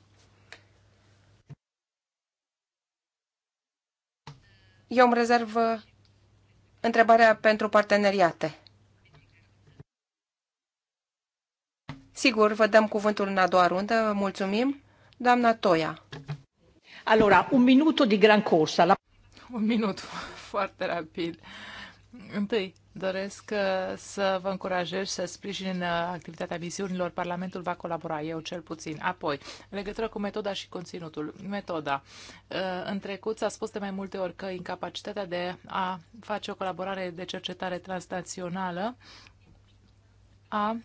Eu îmi rezerv uh, întrebarea pentru parteneriate. Sigur, vă dăm cuvântul în a doua rundă. Mulțumim. Doamna Toia. Allora, un minut de gran corsa. La... Un minut, *laughs* foarte rapid. Întâi, Doresc uh, să vă încurajez să sprijin uh, activitatea misiunilor. Parlamentul va colabora, eu cel puțin. Apoi, în legătură cu metoda și conținutul. Metoda. Uh, în trecut s-a spus de mai multe ori că incapacitatea de a face o colaborare de cercetare transnațională a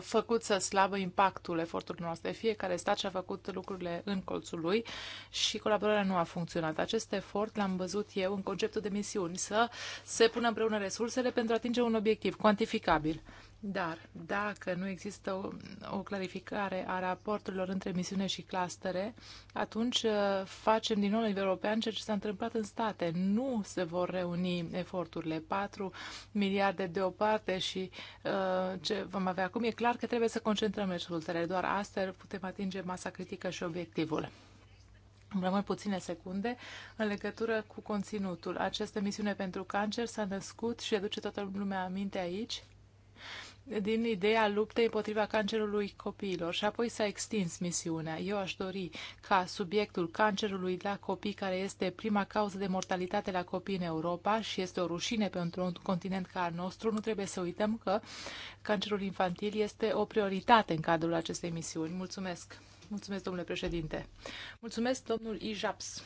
făcut să slabă impactul eforturilor noastre. Fiecare stat și-a făcut lucrurile în colțul lui și colaborarea nu a funcționat. Acest efort l-am văzut eu în conceptul de misiuni, să se pună împreună resursele pentru a atinge un obiectiv cuantificabil. Dar dacă nu există o, o clarificare a raporturilor între misiune și clastere, atunci uh, facem din nou la nivel european ceea ce s-a întâmplat în state. Nu se vor reuni eforturile. 4 miliarde de o parte și uh, ce vom avea acum, e clar că trebuie să concentrăm rezultatele. Doar astfel putem atinge masa critică și obiectivul. Îmi rămân puține secunde în legătură cu conținutul. Această misiune pentru cancer s-a născut și aduce toată lumea aminte aici din ideea luptei împotriva cancerului copiilor și apoi s-a extins misiunea. Eu aș dori ca subiectul cancerului la copii, care este prima cauză de mortalitate la copii în Europa și este o rușine pentru un continent ca al nostru, nu trebuie să uităm că cancerul infantil este o prioritate în cadrul acestei misiuni. Mulțumesc! Mulțumesc, domnule președinte! Mulțumesc, domnul Ijaps!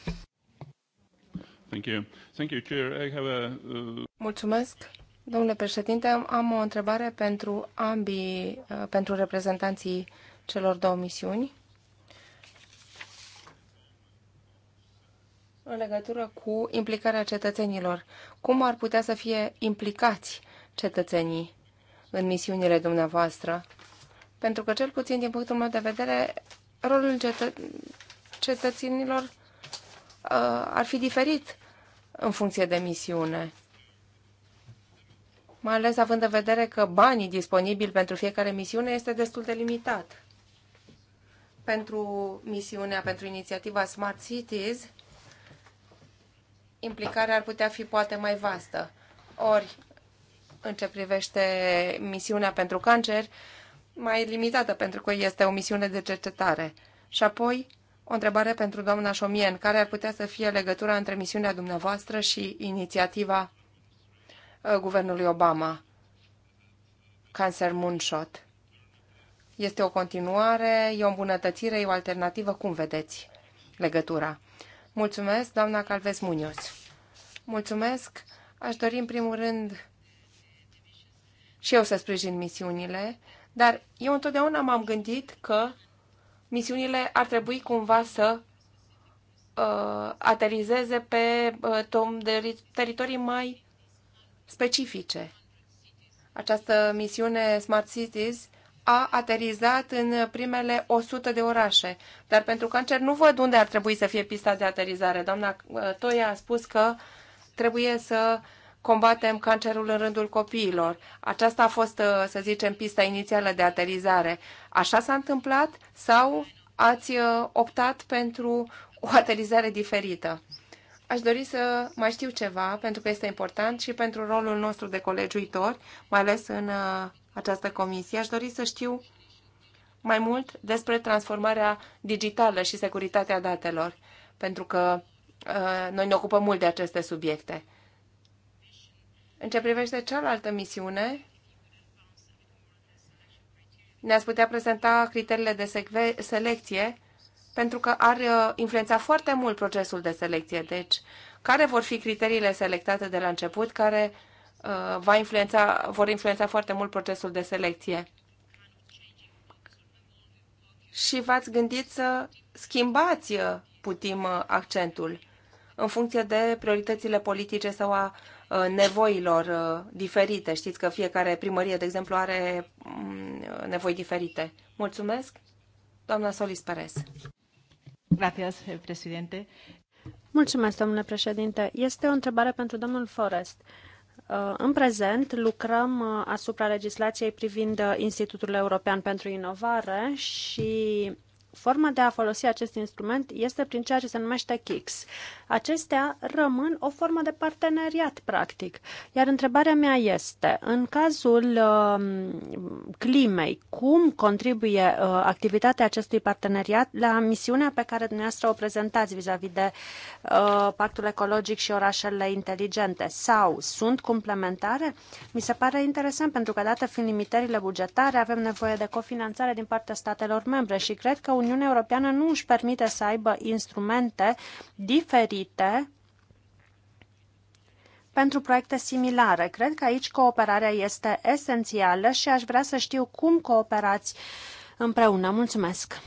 Thank you. Thank you, Chair. I have a, uh... Mulțumesc! Domnule președinte, am o întrebare pentru ambii, uh, pentru reprezentanții celor două misiuni. În legătură cu implicarea cetățenilor, cum ar putea să fie implicați cetățenii în misiunile dumneavoastră? Pentru că, cel puțin din punctul meu de vedere, rolul cetă cetățenilor uh, ar fi diferit în funcție de misiune mai ales având în vedere că banii disponibili pentru fiecare misiune este destul de limitat. Pentru misiunea, pentru inițiativa Smart Cities, implicarea ar putea fi poate mai vastă. Ori, în ce privește misiunea pentru cancer, mai limitată pentru că este o misiune de cercetare. Și apoi, o întrebare pentru doamna Șomien, care ar putea să fie legătura între misiunea dumneavoastră și inițiativa Uh, guvernului Obama, Cancer Moonshot. Este o continuare, e o îmbunătățire, e o alternativă. Cum vedeți legătura? Mulțumesc, doamna Calvez Munoz. Mulțumesc. Aș dori, în primul rând, și eu să sprijin misiunile, dar eu întotdeauna m-am gândit că misiunile ar trebui cumva să uh, aterizeze pe uh, tom de teritorii mai specifice. Această misiune Smart Cities a aterizat în primele 100 de orașe. Dar pentru cancer nu văd unde ar trebui să fie pista de aterizare. Doamna uh, Toia a spus că trebuie să combatem cancerul în rândul copiilor. Aceasta a fost, uh, să zicem, pista inițială de aterizare. Așa s-a întâmplat sau ați uh, optat pentru o aterizare diferită? Aș dori să mai știu ceva, pentru că este important și pentru rolul nostru de colegiuitori, mai ales în uh, această comisie. Aș dori să știu mai mult despre transformarea digitală și securitatea datelor, pentru că uh, noi ne ocupăm mult de aceste subiecte. În ce privește cealaltă misiune, ne-ați putea prezenta criteriile de selecție pentru că ar uh, influența foarte mult procesul de selecție. Deci, care vor fi criteriile selectate de la început, care uh, va influența, vor influența foarte mult procesul de selecție? Și v-ați gândit să schimbați uh, putim accentul în funcție de prioritățile politice sau a nevoilor diferite. Știți că fiecare primărie, de exemplu, are mm, nevoi diferite. Mulțumesc, doamna Solis Perez. Eh, Mulțumesc, domnule președinte. Este o întrebare pentru domnul Forest. Uh, în prezent lucrăm uh, asupra legislației privind uh, Institutul European pentru Inovare și forma de a folosi acest instrument este prin ceea ce se numește KICS. Acestea rămân o formă de parteneriat, practic. Iar întrebarea mea este, în cazul uh, climei, cum contribuie uh, activitatea acestui parteneriat la misiunea pe care dumneavoastră o prezentați vis-a-vis -vis de uh, pactul ecologic și orașele inteligente? Sau sunt complementare? Mi se pare interesant pentru că, dată fiind limitările bugetare, avem nevoie de cofinanțare din partea statelor membre și cred că un Uniunea Europeană nu își permite să aibă instrumente diferite pentru proiecte similare. Cred că aici cooperarea este esențială și aș vrea să știu cum cooperați împreună. Mulțumesc!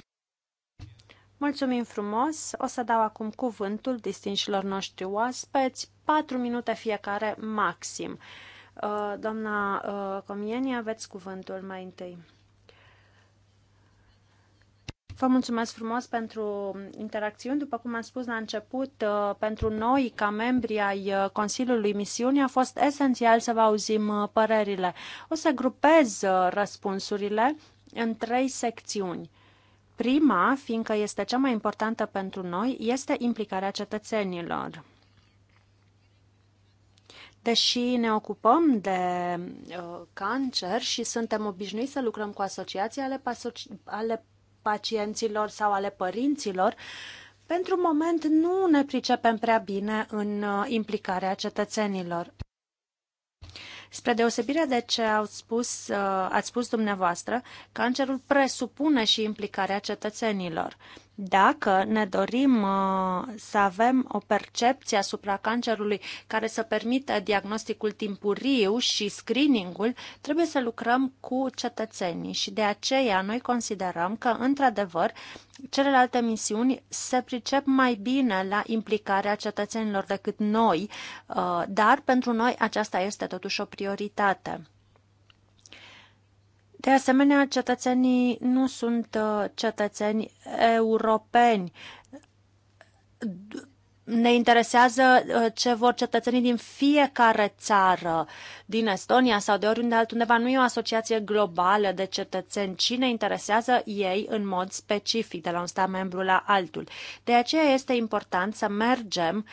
Mulțumim frumos! O să dau acum cuvântul distinșilor noștri oaspeți, 4 minute fiecare maxim. Uh, doamna uh, Comieni, aveți cuvântul mai întâi. Vă mulțumesc frumos pentru interacțiuni. După cum am spus la început, uh, pentru noi, ca membri ai uh, Consiliului Misiunii, a fost esențial să vă auzim uh, părerile. O să grupez răspunsurile în trei secțiuni. Prima, fiindcă este cea mai importantă pentru noi, este implicarea cetățenilor. Deși ne ocupăm de uh, cancer și suntem obișnuiți să lucrăm cu asociații ale, ale pacienților sau ale părinților, pentru moment nu ne pricepem prea bine în uh, implicarea cetățenilor. Spre deosebire de ce au spus, uh, ați spus dumneavoastră, cancerul presupune și implicarea cetățenilor. Dacă ne dorim uh, să avem o percepție asupra cancerului care să permită diagnosticul timpuriu și screeningul, trebuie să lucrăm cu cetățenii și de aceea noi considerăm că, într-adevăr, celelalte misiuni se pricep mai bine la implicarea cetățenilor decât noi, uh, dar pentru noi aceasta este totuși o prioritate. De asemenea, cetățenii nu sunt uh, cetățeni europeni. Ne interesează uh, ce vor cetățenii din fiecare țară, din Estonia sau de oriunde altundeva. Nu e o asociație globală de cetățeni, ci ne interesează ei în mod specific, de la un stat membru la altul. De aceea este important să mergem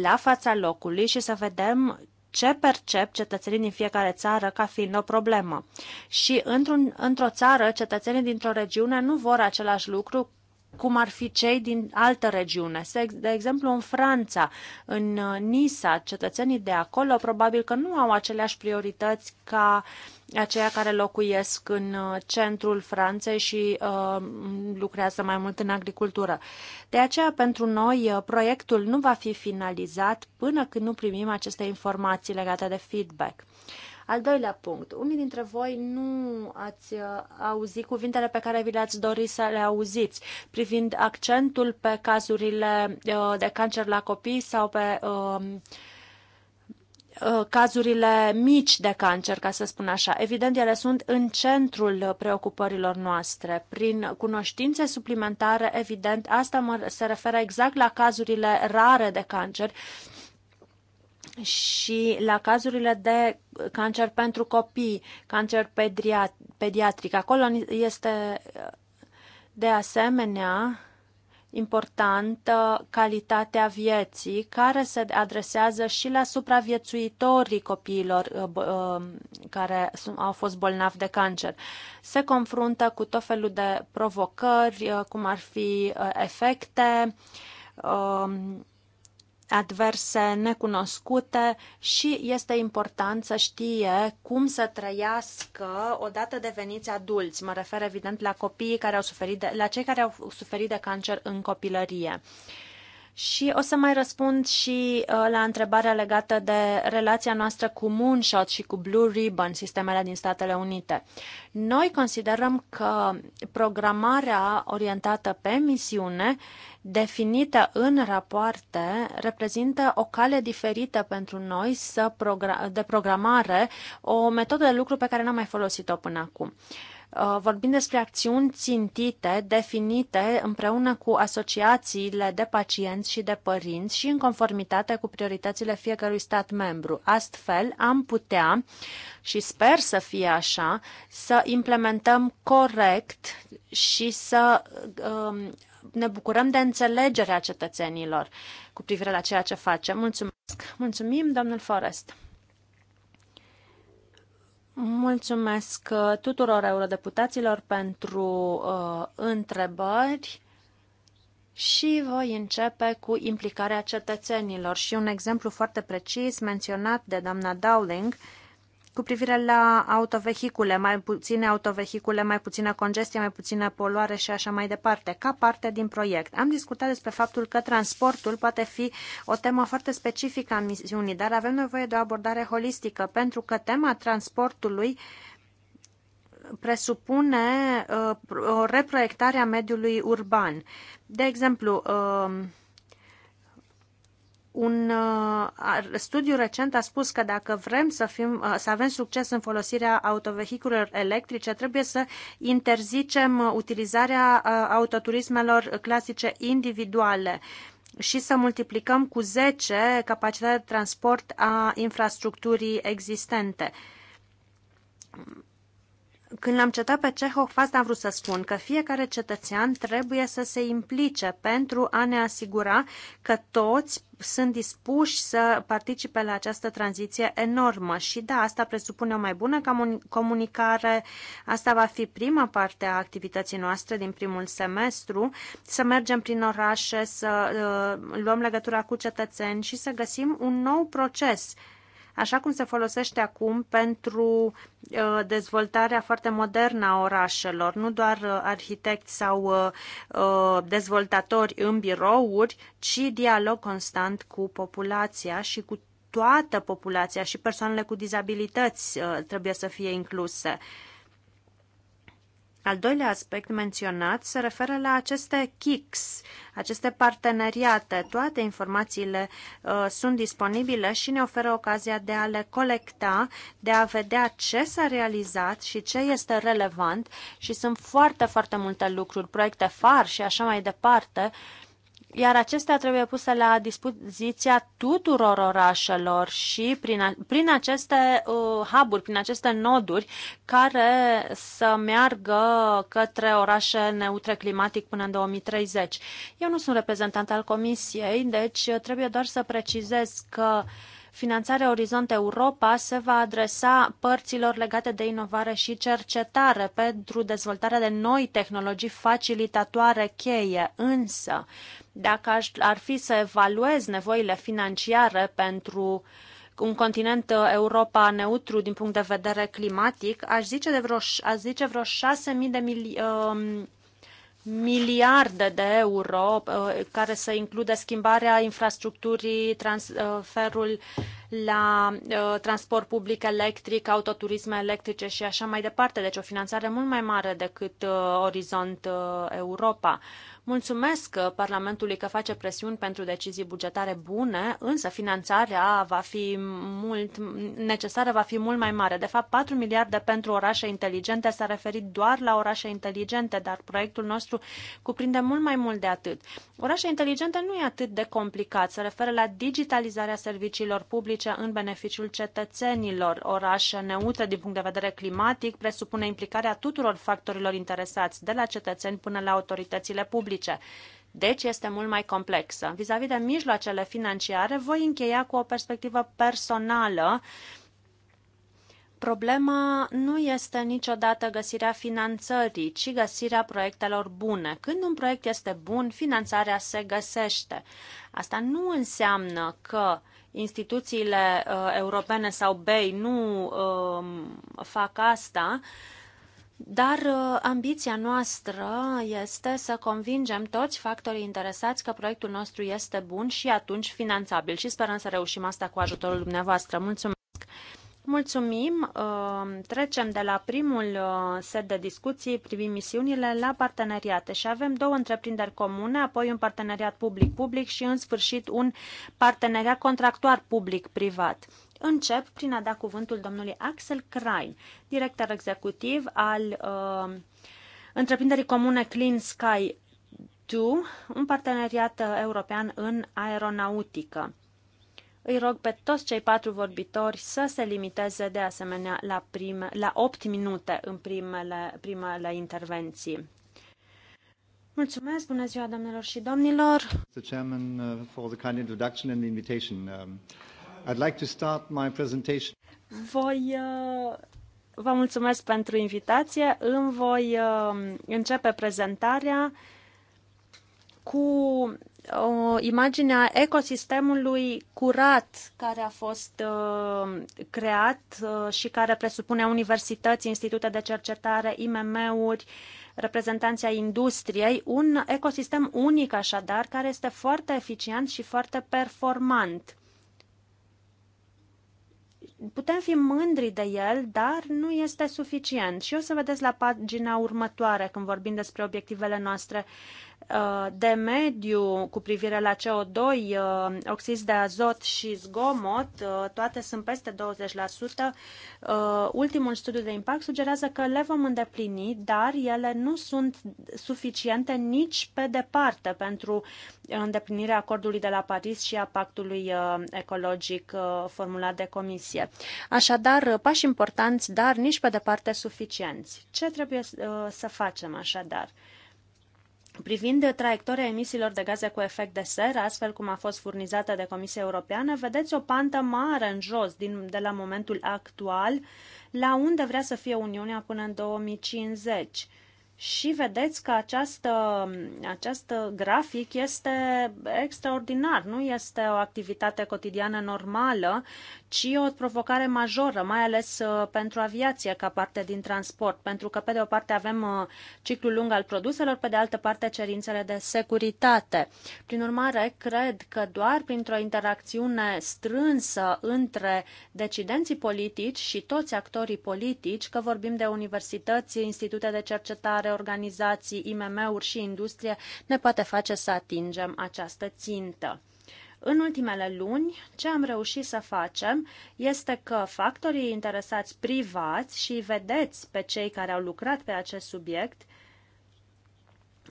la fața locului și să vedem ce percep cetățenii din fiecare țară ca fiind o problemă. Și într-un, într-o țară, cetățenii dintr-o regiune nu vor același lucru cum ar fi cei din altă regiune. De exemplu, în Franța, în uh, Nisa, cetățenii de acolo probabil că nu au aceleași priorități ca uh, aceia care locuiesc în uh, centrul Franței și uh, lucrează mai mult în agricultură. De aceea, pentru noi, uh, proiectul nu va fi finalizat până când nu primim aceste informații legate de feedback. Al doilea punct. Unii dintre voi nu ați auzit cuvintele pe care vi le-ați dori să le auziți, privind accentul pe cazurile de cancer la copii sau pe uh, Uh, cazurile mici de cancer, ca să spun așa. Evident, ele sunt în centrul preocupărilor noastre. Prin cunoștințe suplimentare, evident, asta mă, se referă exact la cazurile rare de cancer și la cazurile de cancer pentru copii, cancer pediatric. Acolo este uh, de asemenea importantă calitatea vieții, care se adresează și la supraviețuitorii copiilor uh, uh, care au fost bolnavi de cancer. Se confruntă cu tot felul de provocări, uh, cum ar fi efecte, adverse, necunoscute și este important să știe cum să trăiască odată deveniți adulți. Mă refer evident la copiii care au suferit de, la cei care au suferit de cancer în copilărie. Uh, și o să mai răspund și uh, la întrebarea legată de relația noastră cu Moonshot și cu Blue Ribbon, sistemele din Statele Unite. Noi considerăm că programarea orientată pe misiune, definită în rapoarte, reprezintă o cale diferită pentru noi să progra- de programare, o metodă de lucru pe care n-am mai folosit-o până acum. Uh, Uh, vorbim despre acțiuni țintite, definite împreună cu asociațiile de pacienți și de părinți și în conformitate cu prioritățile fiecărui stat membru. Astfel, am putea, și sper să fie așa, să implementăm corect și să um, ne bucurăm de înțelegerea cetățenilor cu privire la ceea ce facem. Mulțumesc! Mulțumim, domnul Forest! Mulțumesc uh, tuturor eurodeputaților pentru uh, întrebări și voi începe cu implicarea cetățenilor și un exemplu foarte precis menționat de doamna Dowling uh, cu privire la autovehicule, mai puține autovehicule, mai puțină congestie, mai puțină poluare și așa mai departe, ca parte din proiect. Am discutat despre faptul că transportul poate fi o temă foarte specifică a misiunii, dar avem nevoie de o abordare holistică, pentru că tema transportului presupune uh, o reproiectare a mediului urban. De exemplu, uh, un uh, studiu recent a spus că dacă vrem să, fim, uh, să avem succes în folosirea autovehiculelor electrice, trebuie să interzicem utilizarea uh, autoturismelor clasice individuale și să multiplicăm cu 10 capacitatea de transport a infrastructurii existente când l-am citat pe Cehov, asta am vrut să spun, că fiecare cetățean trebuie să se implice pentru a ne asigura că toți sunt dispuși să participe la această tranziție enormă. Și da, asta presupune o mai bună comunicare. Asta va fi prima parte a activității noastre din primul semestru, să mergem prin orașe, să uh, luăm legătura cu cetățeni și să găsim un nou proces așa cum se folosește acum pentru uh, dezvoltarea foarte modernă a orașelor, nu doar uh, arhitecți sau uh, dezvoltatori în birouri, ci dialog constant cu populația și cu toată populația și persoanele cu dizabilități trebuie să fie incluse. Al doilea aspect menționat se referă la aceste KICS, aceste parteneriate. Toate informațiile uh, sunt disponibile și ne oferă ocazia de a le colecta, de a vedea ce s-a realizat și ce este relevant și sunt foarte, foarte multe lucruri, proiecte far și așa mai departe, uh, iar acestea trebuie puse la dispoziția tuturor orașelor și prin, prin aceste uh, hub prin aceste noduri care să meargă către orașe neutre climatic până în 2030. Eu nu sunt reprezentant al Comisiei, deci trebuie doar să precizez că uh, Finanțarea Orizont Europa se va adresa părților legate de inovare și cercetare pentru dezvoltarea de noi tehnologii facilitatoare cheie, însă dacă ar fi să evaluez nevoile financiare pentru un continent uh, Europa neutru din punct de vedere climatic, aș zice, de vreo, aș zice vreo 6.000 de mili, um, miliarde de euro uh, care să includă schimbarea infrastructurii, transferul uh, la uh, transport public electric, autoturisme electrice și așa mai departe. Deci o finanțare mult mai mare decât Orizont Europa. Mulțumesc uh, Parlamentului că face presiuni pentru decizii bugetare bune, însă finanțarea va fi mult necesară va fi mult mai mare. De fapt, 4 miliarde pentru orașe inteligente s-a referit doar la orașe inteligente, dar proiectul nostru cuprinde mult mai mult de atât. Orașe inteligente nu e atât de complicat, se referă la digitalizarea serviciilor publice în beneficiul cetățenilor. Orașe neutre din punct de vedere climatic presupune implicarea tuturor factorilor interesați, de la cetățeni până la autoritățile publice publice. Deci este mult mai complexă. Vis-a-vis -vis de mijloacele financiare, voi încheia cu o perspectivă personală. Problema nu este niciodată găsirea finanțării, ci găsirea proiectelor bune. Când un proiect este bun, finanțarea se găsește. Asta nu înseamnă că instituțiile uh, europene sau BEI nu uh, fac asta, uh, dar uh, ambiția noastră este să convingem toți factorii interesați că proiectul nostru este bun și atunci finanțabil și sperăm să reușim asta cu ajutorul dumneavoastră. Mulțumesc! Mulțumim! Uh, trecem de la primul uh, set de discuții privind misiunile la parteneriate și avem două întreprinderi comune, apoi un parteneriat public-public și în sfârșit un parteneriat contractual public-privat. Încep prin a da cuvântul domnului Axel Krein, director executiv al uh, întreprinderii comune Clean Sky 2, un parteneriat uh, european în aeronautică. Îi rog pe toți cei patru vorbitori să se limiteze de asemenea la, prime, la 8 minute în primele, primele intervenții. Mulțumesc, bună ziua, doamnelor și domnilor. The chairman, uh, for the kind introduction and the invitation. Um, I'd like to start my presentation. Voi uh, vă mulțumesc pentru invitație. Îmi voi uh, începe prezentarea cu o uh, imagine a ecosistemului curat care a fost creat și care presupune universități, institute de cercetare, IMM-uri, reprezentanția industriei, un ecosistem unic așadar, care este foarte eficient și foarte performant putem fi mândri de el, dar nu este suficient. Și o să vedeți la pagina următoare, când vorbim despre obiectivele noastre Uh, de mediu cu privire la CO2, uh, oxizi de azot și zgomot, uh, toate sunt peste 20%. Ultimul studiu de impact sugerează că le vom îndeplini, dar ele nu sunt suficiente nici pe departe pentru îndeplinirea acordului de la Paris și a pactului ecologic formulat de comisie. Așadar, pași importanți, dar nici pe departe suficienți. Ce trebuie să facem așadar? Privind traiectoria emisiilor de gaze cu efect de seră, astfel cum a fost furnizată de Comisia Europeană, vedeți o pantă mare în jos din, de la momentul actual la unde vrea să fie Uniunea până în 2050. Și vedeți că această, această grafic este extraordinar, nu este o activitate cotidiană normală, ci o provocare majoră, mai ales uh, pentru aviație ca parte din transport, pentru că pe de o parte avem uh, ciclul lung al produselor, pe de altă parte cerințele de securitate. Prin urmare, cred că doar printr-o interacțiune strânsă între decidenții politici și toți actorii politici, că vorbim de universități, institute de cercetare, organizații, IMM-uri și industrie, ne poate face să atingem această țintă. În ultimele luni, ce am reușit să facem este că factorii interesați privați și vedeți pe cei care au lucrat pe acest subiect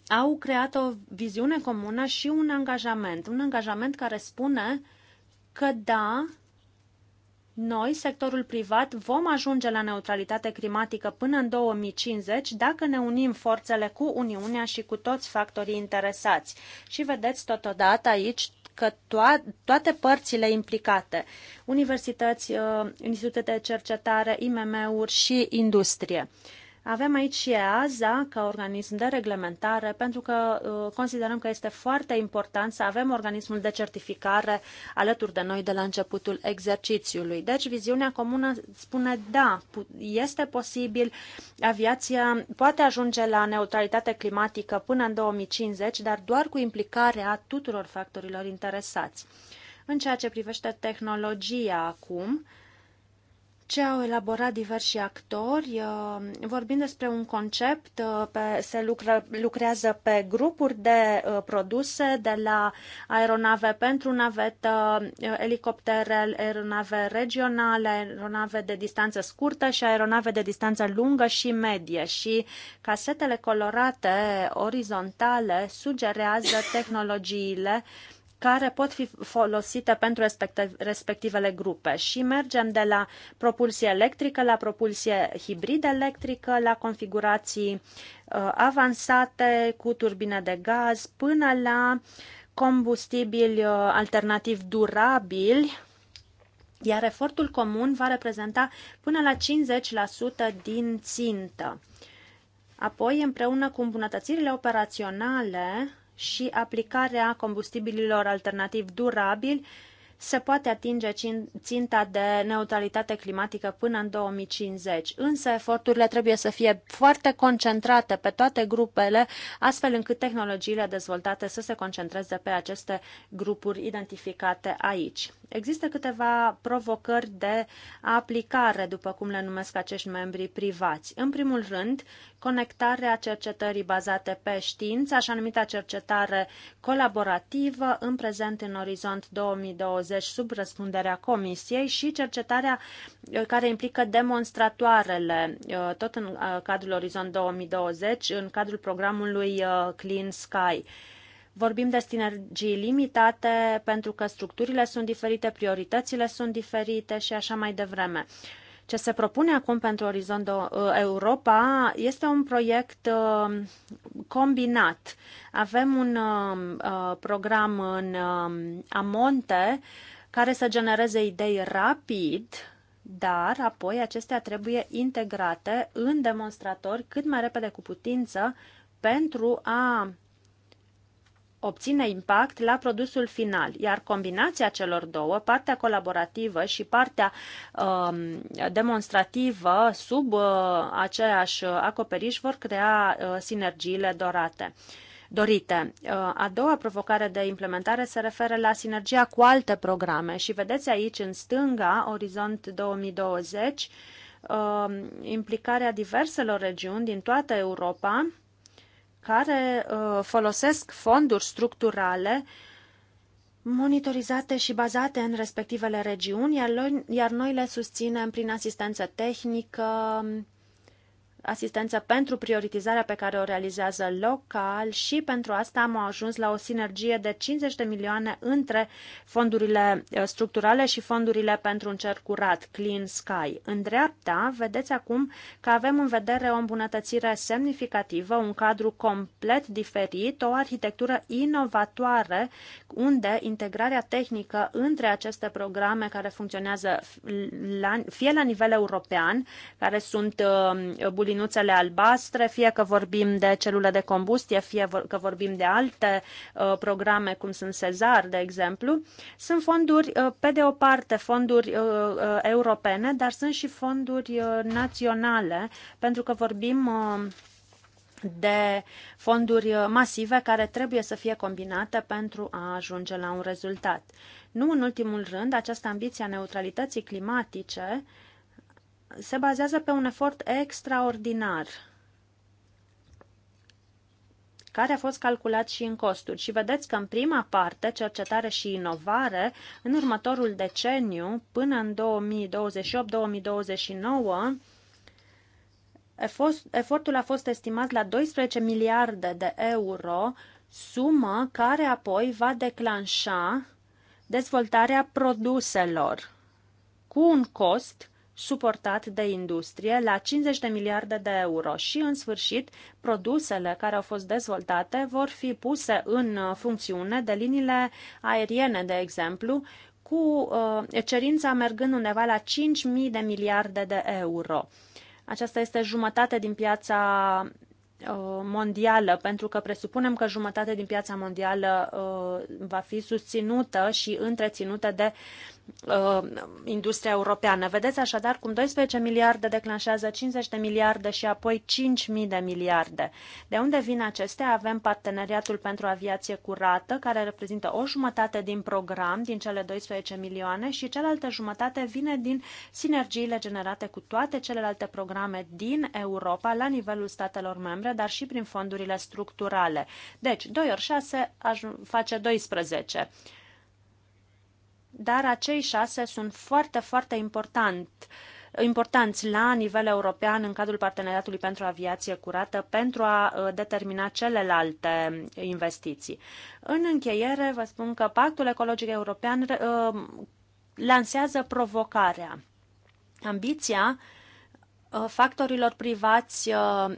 au creat o viziune comună și un angajament. Un angajament care spune că da, noi, sectorul privat, vom ajunge la neutralitate climatică până în 2050 dacă ne unim forțele cu Uniunea și cu toți factorii interesați. Și vedeți totodată aici că to- toate părțile implicate, universități, uh, institute de cercetare, IMM-uri și industrie, avem aici și EASA ca organism de reglementare, pentru că uh, considerăm că este foarte important să avem organismul de certificare alături de noi de la începutul exercițiului. Deci, viziunea comună spune da, este posibil, aviația poate ajunge la neutralitate climatică până în 2050, dar doar cu implicarea tuturor factorilor interesați. În ceea ce privește tehnologia acum, ce au elaborat diversi actori. Uh, vorbim despre un concept, uh, pe, se lucră, lucrează pe grupuri de uh, produse, de la aeronave pentru navetă, elicoptere, aeronave regionale, aeronave de distanță scurtă și aeronave de distanță lungă și medie. Și casetele colorate orizontale sugerează tehnologiile uh, care pot fi folosite pentru respectivele grupe și mergem de la propulsie electrică la propulsie hibrid electrică, la configurații uh, avansate cu turbine de gaz până la combustibili uh, alternativ durabili, iar efortul comun va reprezenta până la 50% din țintă. Apoi, împreună cu îmbunătățirile operaționale, și aplicarea combustibililor alternativi durabili se poate atinge ținta de neutralitate climatică până în 2050, însă eforturile trebuie să fie foarte concentrate pe toate grupele, astfel încât tehnologiile dezvoltate să se concentreze pe aceste grupuri identificate aici. Există câteva provocări de aplicare, după cum le numesc acești membri privați. În primul rând, conectarea cercetării bazate pe știință, așa numită cercetare colaborativă, în prezent în orizont 2020 20 sub răspunderea Comisiei și cercetarea uh, care implică demonstratoarele, uh, tot în uh, cadrul Orizont 2020, în cadrul programului Clean Sky. Vorbim de sinergii limitate pentru că structurile sunt diferite, prioritățile sunt diferite și așa mai devreme. Ce se propune acum pentru Orizont uh, Europa este un proiect uh, combinat. Avem un um, uh, program în um, amonte care să genereze idei rapid, dar apoi acestea trebuie integrate în demonstratori cât mai repede cu putință pentru a obține impact la produsul final, iar combinația celor două, partea colaborativă și partea um, demonstrativă sub uh, aceeași acoperiș vor crea uh, sinergiile dorate dorite. Uh, a doua provocare de implementare se referă la sinergia cu alte programe și vedeți aici în stânga, Orizont 2020, uh, implicarea diverselor regiuni din toată Europa care uh, folosesc fonduri structurale monitorizate și bazate în respectivele regiuni, iar noi le susținem prin asistență tehnică, asistență pentru prioritizarea pe care o realizează local și pentru asta am ajuns la o sinergie de 50 de milioane între fondurile uh, structurale și fondurile pentru un cer curat, Clean Sky. În dreapta, vedeți acum că avem în vedere o îmbunătățire semnificativă, un cadru complet diferit, o arhitectură inovatoare unde integrarea tehnică între aceste programe care funcționează la, fie la nivel european, care sunt bulinii uh, băinuțele albastre, fie că vorbim de celule de combustie, fie că vorbim de alte uh, programe, cum sunt Cezar, de exemplu, sunt fonduri, uh, pe de o parte, fonduri uh, europene, dar sunt și fonduri naționale, pentru că vorbim de fonduri masive care trebuie să fie combinate pentru a ajunge la un rezultat. Nu în ultimul rând, această ambiție a neutralității climatice uh, se bazează pe un efort extraordinar care a fost calculat și în costuri. Și vedeți că în prima parte, cercetare și inovare, în următorul deceniu, până în 2028-2029, efortul a fost estimat la 12 miliarde de euro, sumă care apoi va declanșa dezvoltarea produselor cu un cost suportat de industrie la 50 de miliarde de euro și, în sfârșit, produsele care au fost dezvoltate vor fi puse în uh, funcțiune de liniile aeriene, de exemplu, cu uh, cerința mergând undeva la 5.000 de miliarde de euro. Aceasta este jumătate din piața uh, mondială, pentru că presupunem că jumătate din piața mondială uh, va fi susținută și întreținută de uh, uh, industria europeană. Vedeți așadar cum 12 miliarde declanșează 50 de miliarde și apoi 5.000 de miliarde. De unde vin acestea? Avem parteneriatul pentru aviație curată, care reprezintă o jumătate din program, din cele 12 milioane, și cealaltă jumătate vine din sinergiile generate cu toate celelalte programe din Europa la nivelul statelor membre, dar și prin fondurile structurale. Deci, 2 ori 6 face 12 dar acei șase sunt foarte, foarte important, importanți la nivel european în cadrul parteneriatului pentru aviație curată pentru a uh, determina celelalte investiții. În încheiere, vă spun că Pactul Ecologic European uh, lansează provocarea. Ambiția uh, factorilor privați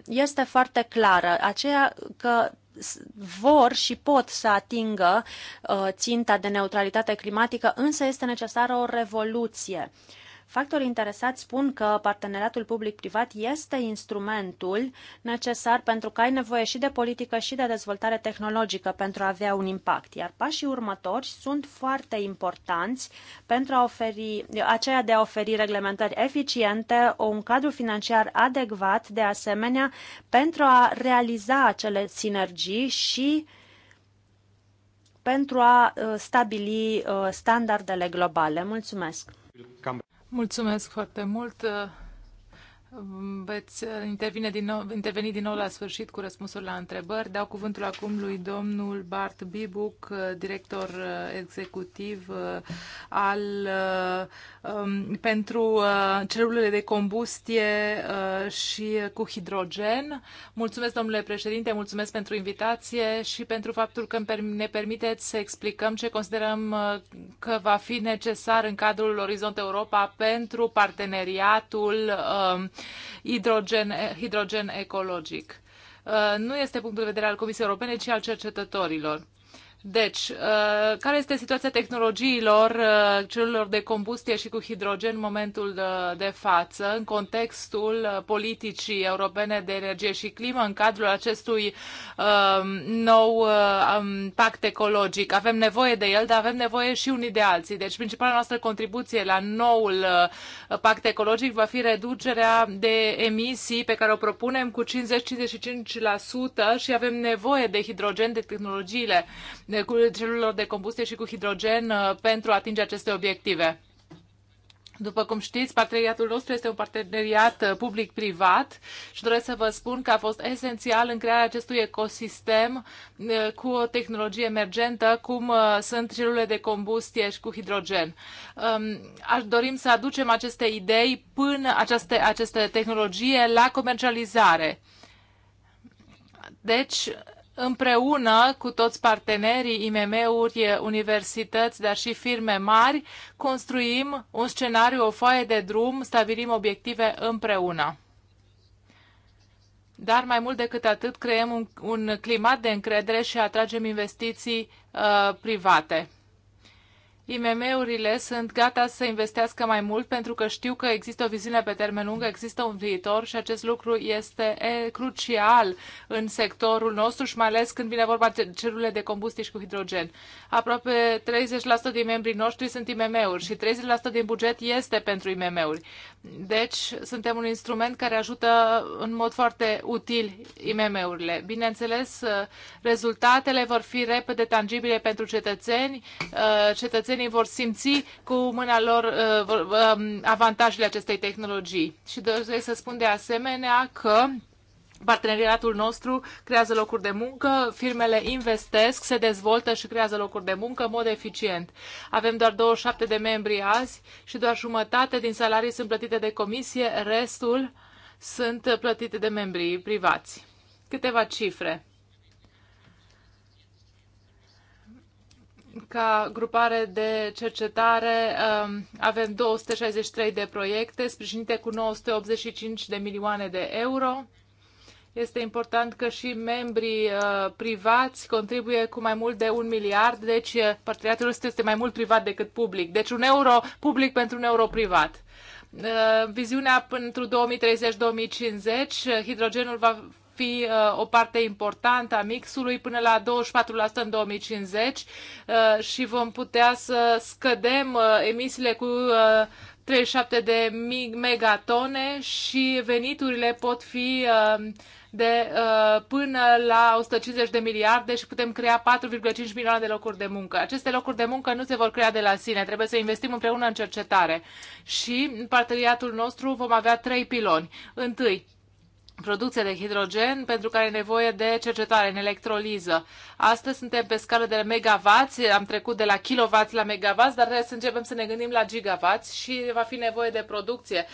este foarte clară, aceea că vor și pot să atingă uh, ținta de neutralitate climatică, însă este necesară o revoluție. Factorii interesați spun că parteneriatul public-privat este instrumentul necesar pentru că ai nevoie și de politică și de dezvoltare tehnologică pentru a avea un impact, iar pașii următori sunt foarte importanți pentru a oferi, aceea de a oferi reglementări eficiente, un cadru financiar adecvat, de asemenea, pentru a realiza acele sinergii și pentru a uh, stabili uh, standardele globale. Mulțumesc! Mulțumesc foarte mult veți intervine din nou, interveni din nou la sfârșit cu răspunsuri la întrebări. Dau cuvântul acum lui domnul Bart Bibuc, director executiv uh, al, uh, um, pentru uh, celulele de combustie și cu hidrogen. Mulțumesc, domnule președinte, mulțumesc pentru invitație și pentru faptul că ne permiteți să explicăm ce considerăm că va fi necesar în cadrul Orizont Europa pentru parteneriatul um, hidrogen, hidrogen ecologic. Uh, nu este punctul de vedere al Comisiei Europene, ci al cercetătorilor. Deci, uh, care este situația tehnologiilor uh, celor de combustie și cu hidrogen în momentul de, față, în contextul uh, politicii europene de energie și climă, în cadrul acestui um, nou um, pact ecologic? Avem nevoie de el, dar avem nevoie și unii de alții. Deci, principala noastră contribuție la noul pact ecologic va fi reducerea de emisii pe care o propunem cu 50-55% și avem nevoie de hidrogen, de tehnologiile de de, celulelor de combustie și cu hidrogen uh, pentru a atinge aceste obiective. După cum știți, parteneriatul nostru este un parteneriat uh, public-privat și doresc să vă spun că a fost esențial în crearea acestui ecosistem uh, cu o tehnologie emergentă, cum sunt celulele de combustie și cu hidrogen. Um, aș dorim să aducem aceste idei până aceste, aceste tehnologie la comercializare. Deci, împreună cu toți partenerii, IMM-uri, universități, dar și firme mari, construim un scenariu, o foaie de drum, stabilim obiective împreună. Dar mai mult decât atât, creăm un, un climat de încredere și atragem investiții uh, private. IMM-urile sunt gata să investească mai mult pentru că știu că există o viziune pe termen lung, există un viitor și acest lucru este crucial în sectorul nostru și mai ales când vine vorba de celule de combustie și cu hidrogen. Aproape 30% din membrii noștri sunt IMM-uri și 30% din buget este pentru IMM-uri. Deci suntem un instrument care ajută în mod foarte util IMM-urile. Bineînțeles, rezultatele vor fi repede tangibile pentru cetățeni. Cetățenii cetățenii vor simți cu mâna lor uh, um, avantajele acestei tehnologii. Și doresc să spun de asemenea că Parteneriatul nostru creează locuri de muncă, firmele investesc, se dezvoltă și creează locuri de muncă în mod eficient. Avem doar 27 de membri azi și doar jumătate din salarii sunt plătite de comisie, restul sunt plătite de membrii privați. Câteva cifre. ca grupare de cercetare um, avem 263 de proiecte sprijinite cu 985 de milioane de euro. Este important că și membrii uh, privați contribuie cu mai mult de un miliard, deci uh, parteneriatul ăsta este mai mult privat decât public. Deci un euro public pentru un euro privat. Uh, viziunea pentru 2030-2050, hidrogenul va fi uh, o parte importantă a mixului până la 24% în 2050 uh, și vom putea să scădem uh, emisiile cu 37 de megatone și veniturile pot fi de până la 150 de miliarde și putem crea 4,5 milioane de locuri de muncă. Aceste locuri de muncă nu se vor crea de la sine, trebuie să investim împreună în cercetare. Și în parteneriatul nostru vom avea trei piloni. Întâi, producție de hidrogen pentru care e nevoie de cercetare în electroliză. Astăzi suntem pe scară de megavați, am trecut de la kilovați la megavați, dar trebuie să începem să ne gândim la gigavați și va fi nevoie de producție,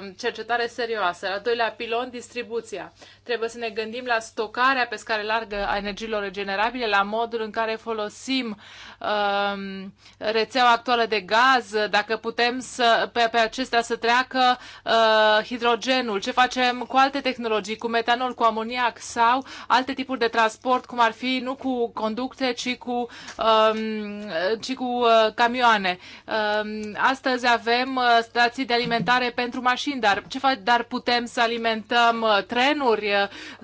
um, cercetare serioasă. La doilea pilon, distribuția. Trebuie să ne gândim la stocarea pe scară largă a energiilor regenerabile, la modul în care folosim um, rețeaua actuală de gaz, dacă putem să, pe, pe acestea să treacă uh, hidrogenul, ce facem cu alte tehnologii tehnologii, cu metanol, cu amoniac sau alte tipuri de transport, cum ar fi nu cu conducte, ci cu, um, ci cu uh, camioane. Um, astăzi avem uh, stații de alimentare pentru mașini, dar, ce fac? dar putem să alimentăm uh, trenuri,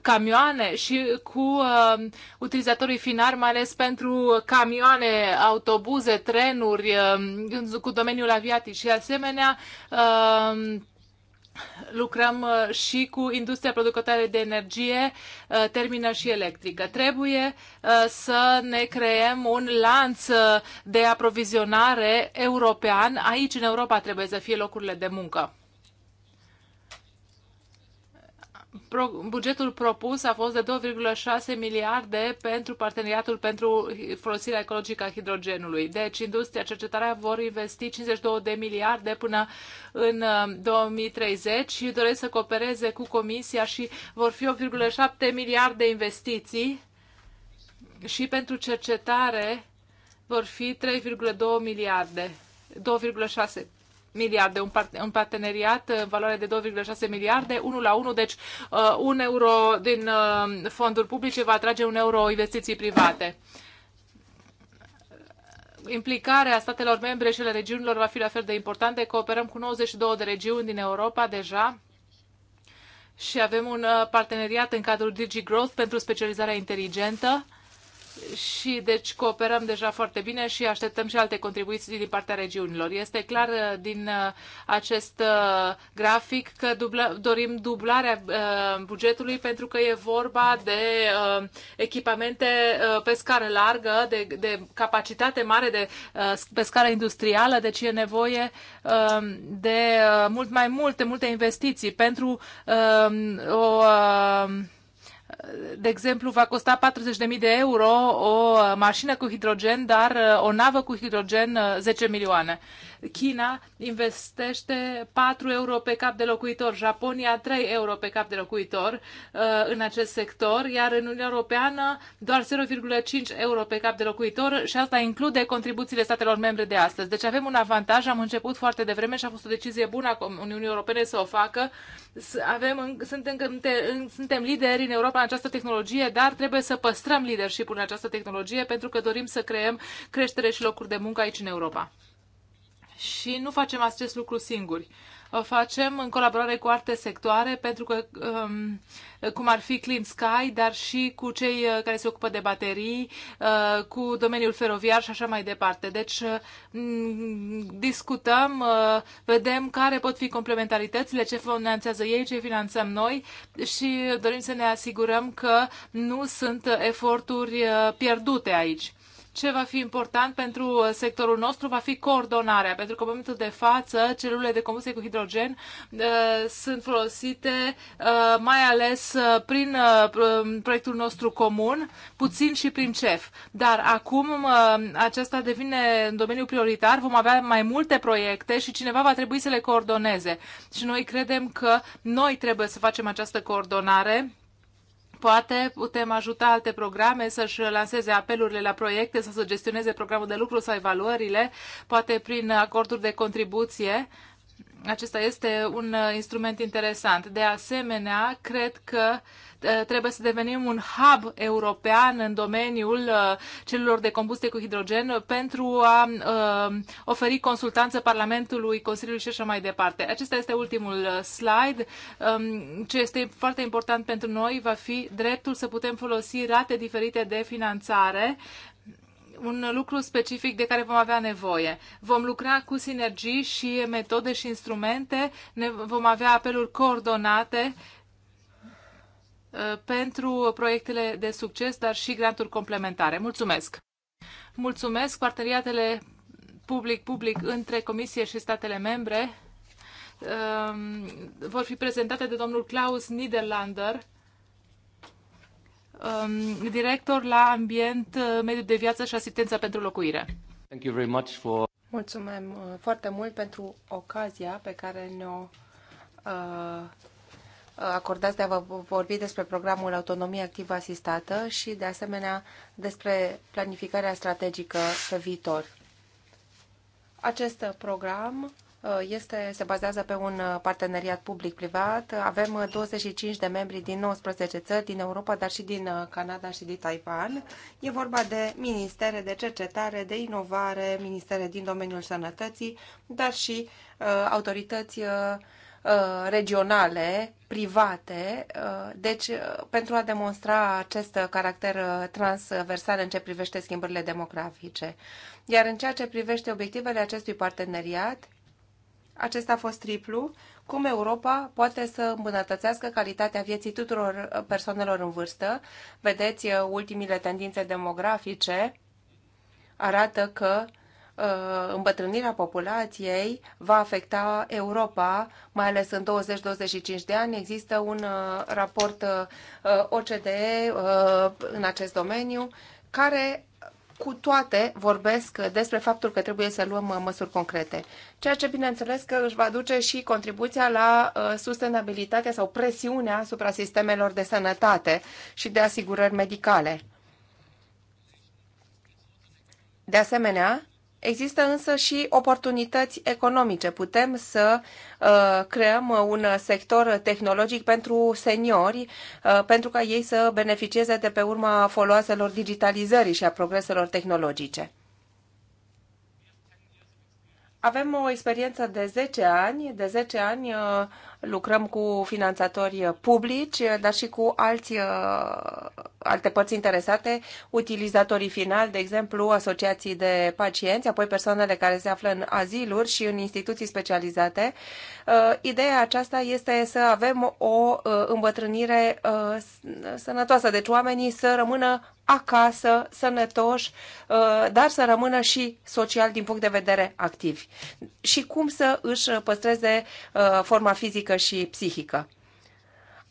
camioane și cu um, utilizatorii finali, mai ales pentru camioane, autobuze, trenuri, um, cu domeniul aviatic și asemenea um, lucrăm uh, și cu industria producătoare de energie uh, termină și electrică. Trebuie uh, să ne creăm un lanț de aprovizionare european. Aici, în Europa, trebuie să fie locurile de muncă. Pro, bugetul propus a fost de 2,6 miliarde pentru parteneriatul pentru folosirea ecologică a hidrogenului. Deci, industria, cercetarea vor investi 52 de miliarde până în 2030 uh, și doresc să coopereze cu Comisia și vor fi 8,7 miliarde investiții și pentru cercetare vor fi 3,2 miliarde, 2,6 miliarde, un, part- un parteneriat în uh, valoare de 2,6 miliarde, 1 la 1, deci uh, un euro din uh, fonduri publice va atrage un euro investiții private implicarea statelor membre și ale regiunilor va fi la fel de importantă. Cooperăm cu 92 de regiuni din Europa deja și avem un uh, parteneriat în cadrul DigiGrowth pentru specializarea inteligentă și deci cooperăm deja foarte bine și așteptăm și alte contribuții din partea regiunilor. Este clar uh, din uh, acest uh, grafic că dubla, dorim dublarea bugetului pentru că e vorba de echipamente pe scară largă, de, de capacitate mare de, pe scară industrială, deci e nevoie de mult mai multe, multe investiții pentru o de exemplu, va costa 40.000 de euro o uh, mașină cu hidrogen, dar uh, o navă cu hidrogen 10 uh, milioane. China investește 4 euro pe cap de locuitor, Japonia 3 euro pe cap de locuitor uh, în acest sector, iar în Uniunea Europeană doar 0,5 euro pe cap de locuitor și asta include contribuțiile statelor membre de astăzi. Deci avem un avantaj, am început foarte devreme și a fost o decizie bună a Uniunii Europene să o facă. Avem, suntem, suntem lideri în Europa în această tehnologie, dar trebuie să păstrăm leadership în această tehnologie pentru că dorim să creăm creștere și locuri de muncă aici în Europa și nu facem acest lucru singuri. O facem în colaborare cu alte sectoare, pentru că, um, cum ar fi Clean Sky, dar și cu cei uh, care se ocupă de baterii, uh, cu domeniul feroviar și așa mai departe. Deci uh, discutăm, uh, vedem care pot fi complementaritățile, ce finanțează ei, ce finanțăm noi și dorim să ne asigurăm că nu sunt eforturi uh, pierdute aici ce va fi important pentru uh, sectorul nostru va fi coordonarea, pentru că în momentul de față celulele de combustie cu hidrogen uh, sunt folosite uh, mai ales uh, prin uh, um, proiectul nostru comun, puțin și prin CEF. Dar acum uh, acesta devine în domeniul prioritar, vom avea mai multe proiecte și cineva va trebui să le coordoneze. Și noi credem că noi trebuie să facem această coordonare Poate putem ajuta alte programe să-și lanseze apelurile la proiecte, să, gestioneze programul de lucru sau evaluările, poate prin acorduri de contribuție. Acesta este un uh, instrument interesant. De asemenea, cred că uh, Eh, trebuie să devenim un hub european în domeniul eh, celor de combustie cu hidrogen pentru a eh, oferi consultanță Parlamentului, Consiliului și așa mai departe. Acesta este ultimul slide. Ehm, ce este foarte important pentru noi va fi dreptul să putem folosi rate diferite de finanțare un lucru specific de care vom avea nevoie. Vom lucra cu sinergii și metode și instrumente, ne vom avea apeluri coordonate Uh, pentru proiectele de succes, dar și granturi complementare. Mulțumesc! Mulțumesc! Parteneriatele public-public între Comisie și statele membre um, vor fi prezentate de domnul Klaus Niederlander, um, director la Ambient, uh, Mediu de Viață și Asistența pentru Locuire. Thank you very much for... Mulțumim uh, foarte mult pentru ocazia pe care ne-o uh, acordați de a vă vorbi despre programul Autonomie Activă Asistată și, de asemenea, despre planificarea strategică pe viitor. Acest program uh, este, se bazează pe un uh, parteneriat public-privat. Avem 25 uh, de membri din 19 țări, din Europa, dar și din Canada și din Taiwan. E vorba de ministere de cercetare, de inovare, ministere din domeniul sănătății, dar și uh, autorități uh, regionale private, uh, deci uh, pentru a demonstra acest caracter uh, transversal în ce privește schimbările demografice. Iar în ceea ce privește obiectivele acestui parteneriat, acesta a fost triplu, cum Europa poate să îmbunătățească calitatea vieții tuturor persoanelor în vârstă. Vedeți, ultimile tendințe demografice arată că Uh, îmbătrânirea populației va afecta Europa, mai ales în 20-25 de ani. Există un uh, raport uh, OCDE în acest domeniu care cu toate vorbesc despre faptul că trebuie să luăm măsuri concrete, ceea ce bineînțeles că își va duce și contribuția la sustenabilitatea sau presiunea asupra sistemelor de sănătate și de asigurări medicale. De asemenea, Există însă și oportunități economice. Putem să uh, creăm un sector tehnologic pentru seniori, uh, pentru ca ei să beneficieze de pe urma foloaselor digitalizării și a progreselor tehnologice. Avem o experiență de 10 ani. De 10 ani uh, lucrăm cu finanțatori publici, dar și cu alți, uh, alte părți interesate, utilizatorii finali, de exemplu, asociații de pacienți, apoi persoanele care se află în aziluri și în instituții specializate. Uh, ideea aceasta este să avem o uh, îmbătrânire sănătoasă, deci oamenii să rămână acasă, sănătoși, dar să rămână și social din punct de vedere activ. Și cum să își păstreze forma fizică fizică și psihică.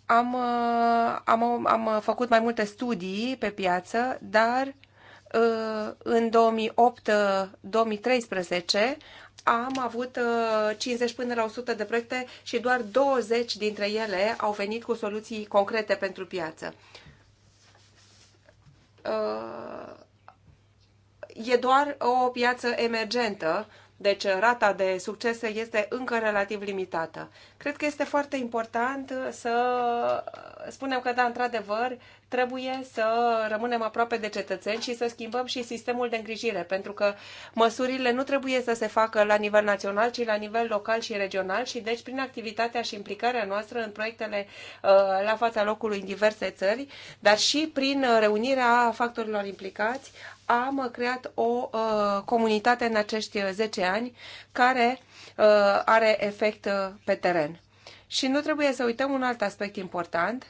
Am, uh, am, uh, am uh, făcut mai multe studii pe piață, dar în 2008-2013 am avut 50 până la 100 de proiecte și doar 20 dintre ele au venit cu soluții concrete pentru piață. E doar o piață emergentă deci rata de succes este încă relativ limitată. Cred că este foarte important să spunem că, da, într-adevăr, trebuie să rămânem aproape de cetățeni și să schimbăm și sistemul de îngrijire, pentru că măsurile nu trebuie să se facă la nivel național, ci la nivel local și regional și, deci, prin activitatea și implicarea noastră în proiectele uh, la fața locului în diverse țări, dar și prin reunirea factorilor implicați, am creat o uh, comunitate în acești 10 ani care uh, are efect uh, pe teren. Și nu trebuie să uităm un alt aspect important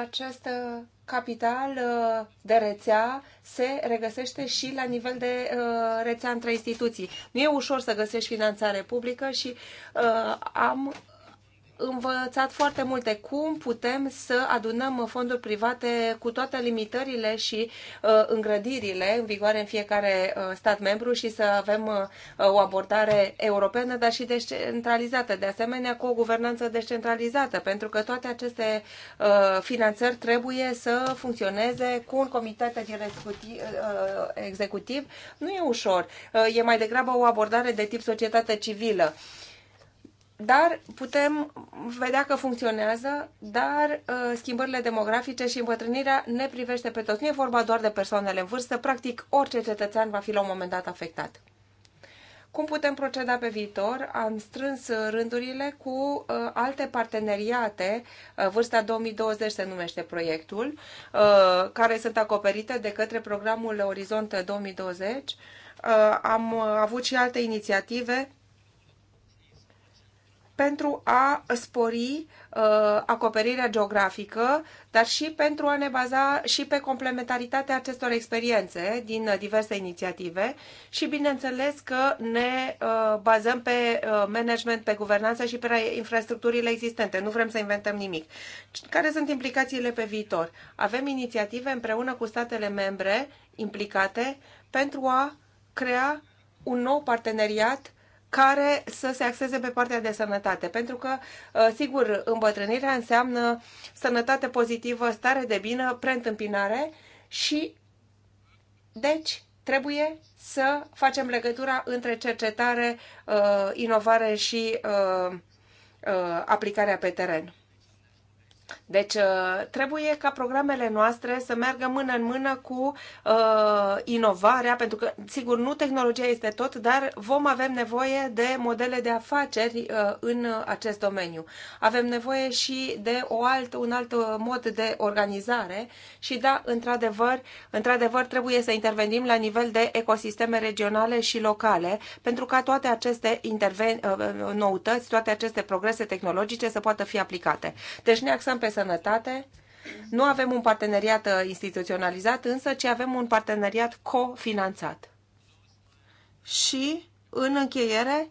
acest uh, capital uh, de rețea se regăsește și la nivel de uh, rețea între instituții. Nu e ușor să găsești finanțare publică și am învățat foarte multe cum putem să adunăm fonduri private cu toate limitările și uh, îngrădirile în vigoare în fiecare uh, stat membru și să avem uh, o abordare europeană, dar și descentralizată. De asemenea, cu o guvernanță descentralizată, pentru că toate aceste finanțări trebuie să funcționeze cu un comitet executiv. Nu e ușor. E mai degrabă o abordare de tip societate civilă dar putem vedea că funcționează, dar uh, schimbările demografice și îmbătrânirea ne privește pe toți. Nu e vorba doar de persoanele în vârstă, practic orice cetățean va fi la un moment dat afectat. Cum putem proceda pe viitor? Am strâns rândurile cu uh, alte parteneriate. Uh, Vârsta 2020 se numește proiectul, uh, care sunt acoperite de către programul Orizont 2020. Uh, am uh, avut și alte inițiative pentru a spori uh, acoperirea geografică, dar și pentru a ne baza și pe complementaritatea acestor experiențe din uh, diverse inițiative și bineînțeles că ne uh, bazăm pe uh, management, pe guvernanță și pe infrastructurile existente. Nu vrem să inventăm nimic. Care sunt implicațiile pe viitor? Avem inițiative împreună cu statele membre implicate pentru a crea un nou parteneriat care să se axeze pe partea de sănătate. Pentru că, uh, sigur, îmbătrânirea înseamnă sănătate pozitivă, stare de bine, preîntâmpinare și, deci, trebuie să facem legătura între cercetare, uh, inovare și uh, aplicarea pe teren. Deci uh, trebuie ca programele noastre să meargă mână în mână cu uh, inovarea, pentru că, sigur, nu tehnologia este tot, dar vom avea nevoie de modele de afaceri uh, în acest domeniu. Avem nevoie și de o alt, un alt uh, mod de organizare și, da, într-adevăr, într-adevăr trebuie să intervenim la nivel de ecosisteme regionale și locale, pentru ca toate aceste interven- uh, noutăți, toate aceste progrese tehnologice să poată fi aplicate. Deci ne axăm axăm pe sănătate. Nu avem un parteneriat uh, instituționalizat, însă, ci avem un parteneriat cofinanțat. Și, în încheiere,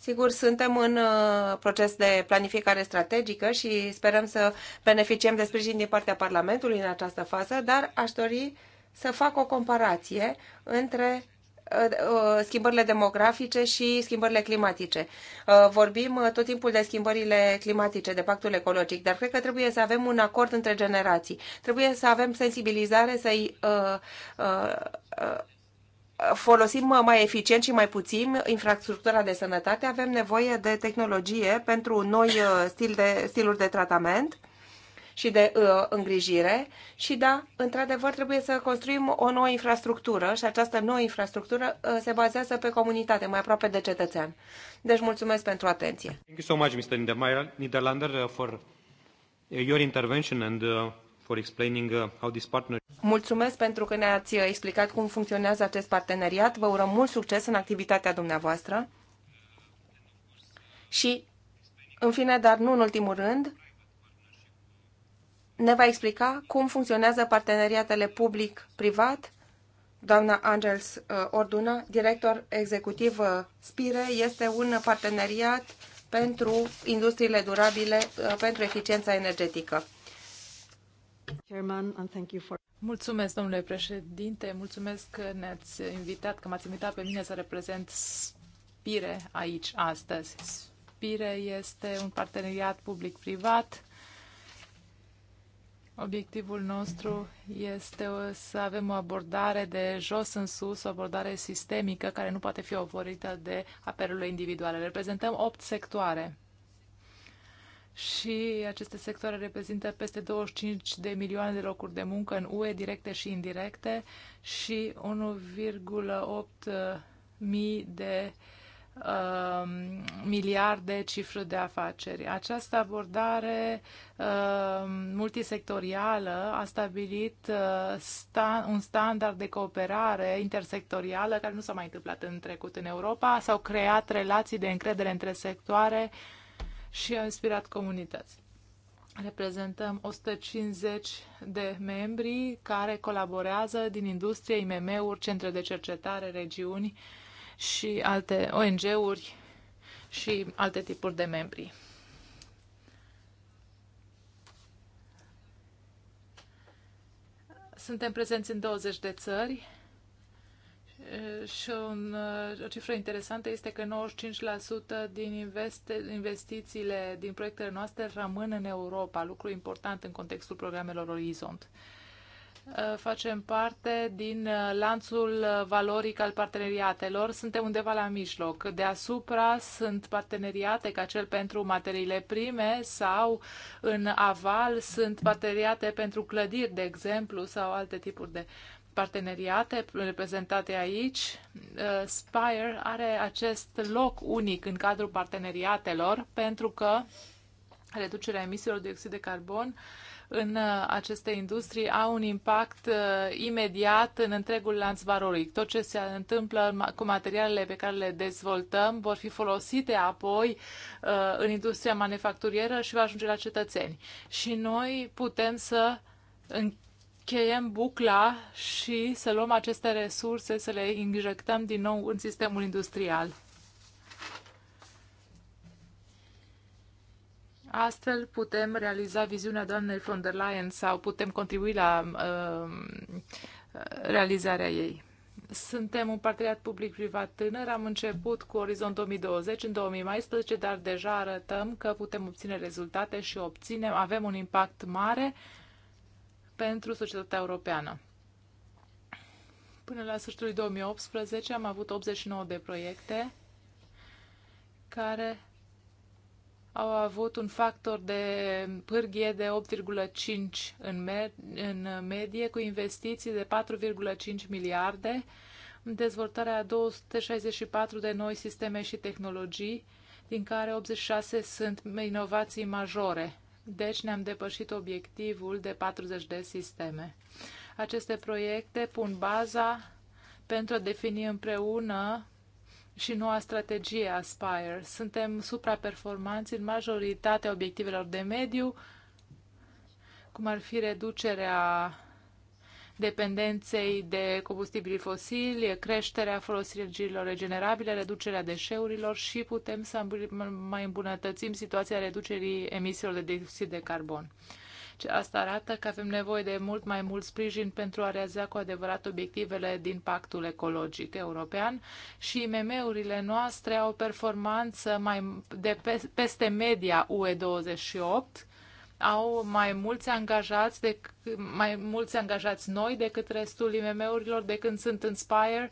Sigur, suntem în uh, proces de planificare strategică și sperăm să beneficiem de sprijin din partea Parlamentului în această fază, dar aș dori să fac o comparație între Uh, schimbările demografice și schimbările climatice. Uh, vorbim uh, tot timpul de schimbările climatice, de pactul ecologic, dar cred că trebuie să avem un acord între generații. Trebuie să avem sensibilizare, să-i folosim mai eficient și mai puțin infrastructura de sănătate. Avem nevoie de tehnologie pentru noi stil de, stiluri de tratament și de uh, îngrijire și da, într-adevăr trebuie să construim o nouă infrastructură și această nouă infrastructură uh, se bazează pe comunitate, mai aproape de cetățean. Deci mulțumesc pentru atenție. Thank you so much, Mr. Niederlander, uh, for uh, your intervention and uh, for explaining uh, how this partner... Mulțumesc pentru că ne-ați uh, explicat cum funcționează acest parteneriat. Vă urăm mult succes în activitatea dumneavoastră. Și, în fine, dar nu în ultimul rând, ne va explica cum funcționează parteneriatele public-privat. Doamna Angels uh, Orduna, director executiv uh, Spire, este un parteneriat pentru industriile durabile, uh, pentru eficiența energetică. Mulțumesc, domnule președinte, mulțumesc că ne-ați invitat, că m-ați invitat pe mine să reprezent Spire aici astăzi. Spire este un parteneriat public-privat Obiectivul nostru este să avem o abordare de jos în sus, o abordare sistemică care nu poate fi oporită de apelurile individuale. Reprezentăm opt sectoare și aceste sectoare reprezintă peste 25 de milioane de locuri de muncă în UE, directe și indirecte, și 1,8 mii de uh, uh, miliarde cifră de afaceri. Această abordare uh, multisectorială a stabilit uh, sta un standard de cooperare intersectorială care nu s-a mai întâmplat în trecut în Europa. S-au creat relații de încredere între sectoare și au inspirat comunități. Reprezentăm 150 de membri care colaborează din industrie, IMM-uri, centre de cercetare, regiuni, uh, și alte ONG-uri și alte tipuri de membri. Suntem prezenți în 20 de țări și un, o cifră interesantă este că 95% din investi, investițiile din proiectele noastre rămân în Europa, lucru important în contextul programelor Orizont. Uh, facem parte din uh, lanțul uh, valoric al parteneriatelor. Suntem undeva la mijloc. Deasupra sunt parteneriate ca cel pentru materiile prime sau în aval sunt parteneriate pentru clădiri, de exemplu, sau alte tipuri de parteneriate reprezentate aici. Spire are acest loc unic în cadrul parteneriatelor pentru că reducerea emisiilor de dioxid de carbon uh, în uh, aceste industrii au un impact uh, imediat în întregul lanț valoric. Tot ce se întâmplă cu materialele pe care le dezvoltăm vor fi folosite apoi uh, în industria manufacturieră și va ajunge la cetățeni. Și noi putem să încheiem bucla și să luăm aceste resurse, să le injectăm din nou în sistemul industrial. Astfel putem realiza viziunea doamnei von der Leyen sau putem contribui la uh, realizarea ei. Suntem un parteneriat public-privat tânăr, am început cu Orizont 2020 în 2014, dar deja arătăm că putem obține rezultate și obținem, avem un impact mare pentru societatea europeană. Până la sfârșitul 2018 am avut 89 de proiecte care au avut un factor de pârghie de 8,5 în, me- în medie, cu investiții de 4,5 miliarde, dezvoltarea a 264 de noi sisteme și tehnologii, din care 86 sunt inovații majore. Deci ne-am depășit obiectivul de 40 de sisteme. Aceste proiecte pun baza pentru a defini împreună și noua strategie Aspire. Suntem supraperformanți în majoritatea obiectivelor de mediu, cum ar fi reducerea dependenței de combustibili fosili, creșterea folosirii energiilor regenerabile, reducerea deșeurilor și putem să mai îmbunătățim situația reducerii emisiilor de dioxid de carbon ce deci Asta arată că avem nevoie de mult mai mult sprijin pentru a realiza cu adevărat obiectivele din pactul ecologic european și IMM-urile noastre au o performanță mai de pe, peste media UE28 au mai mulți angajați de, mai mulți angajați noi decât restul IMM-urilor de când sunt Inspire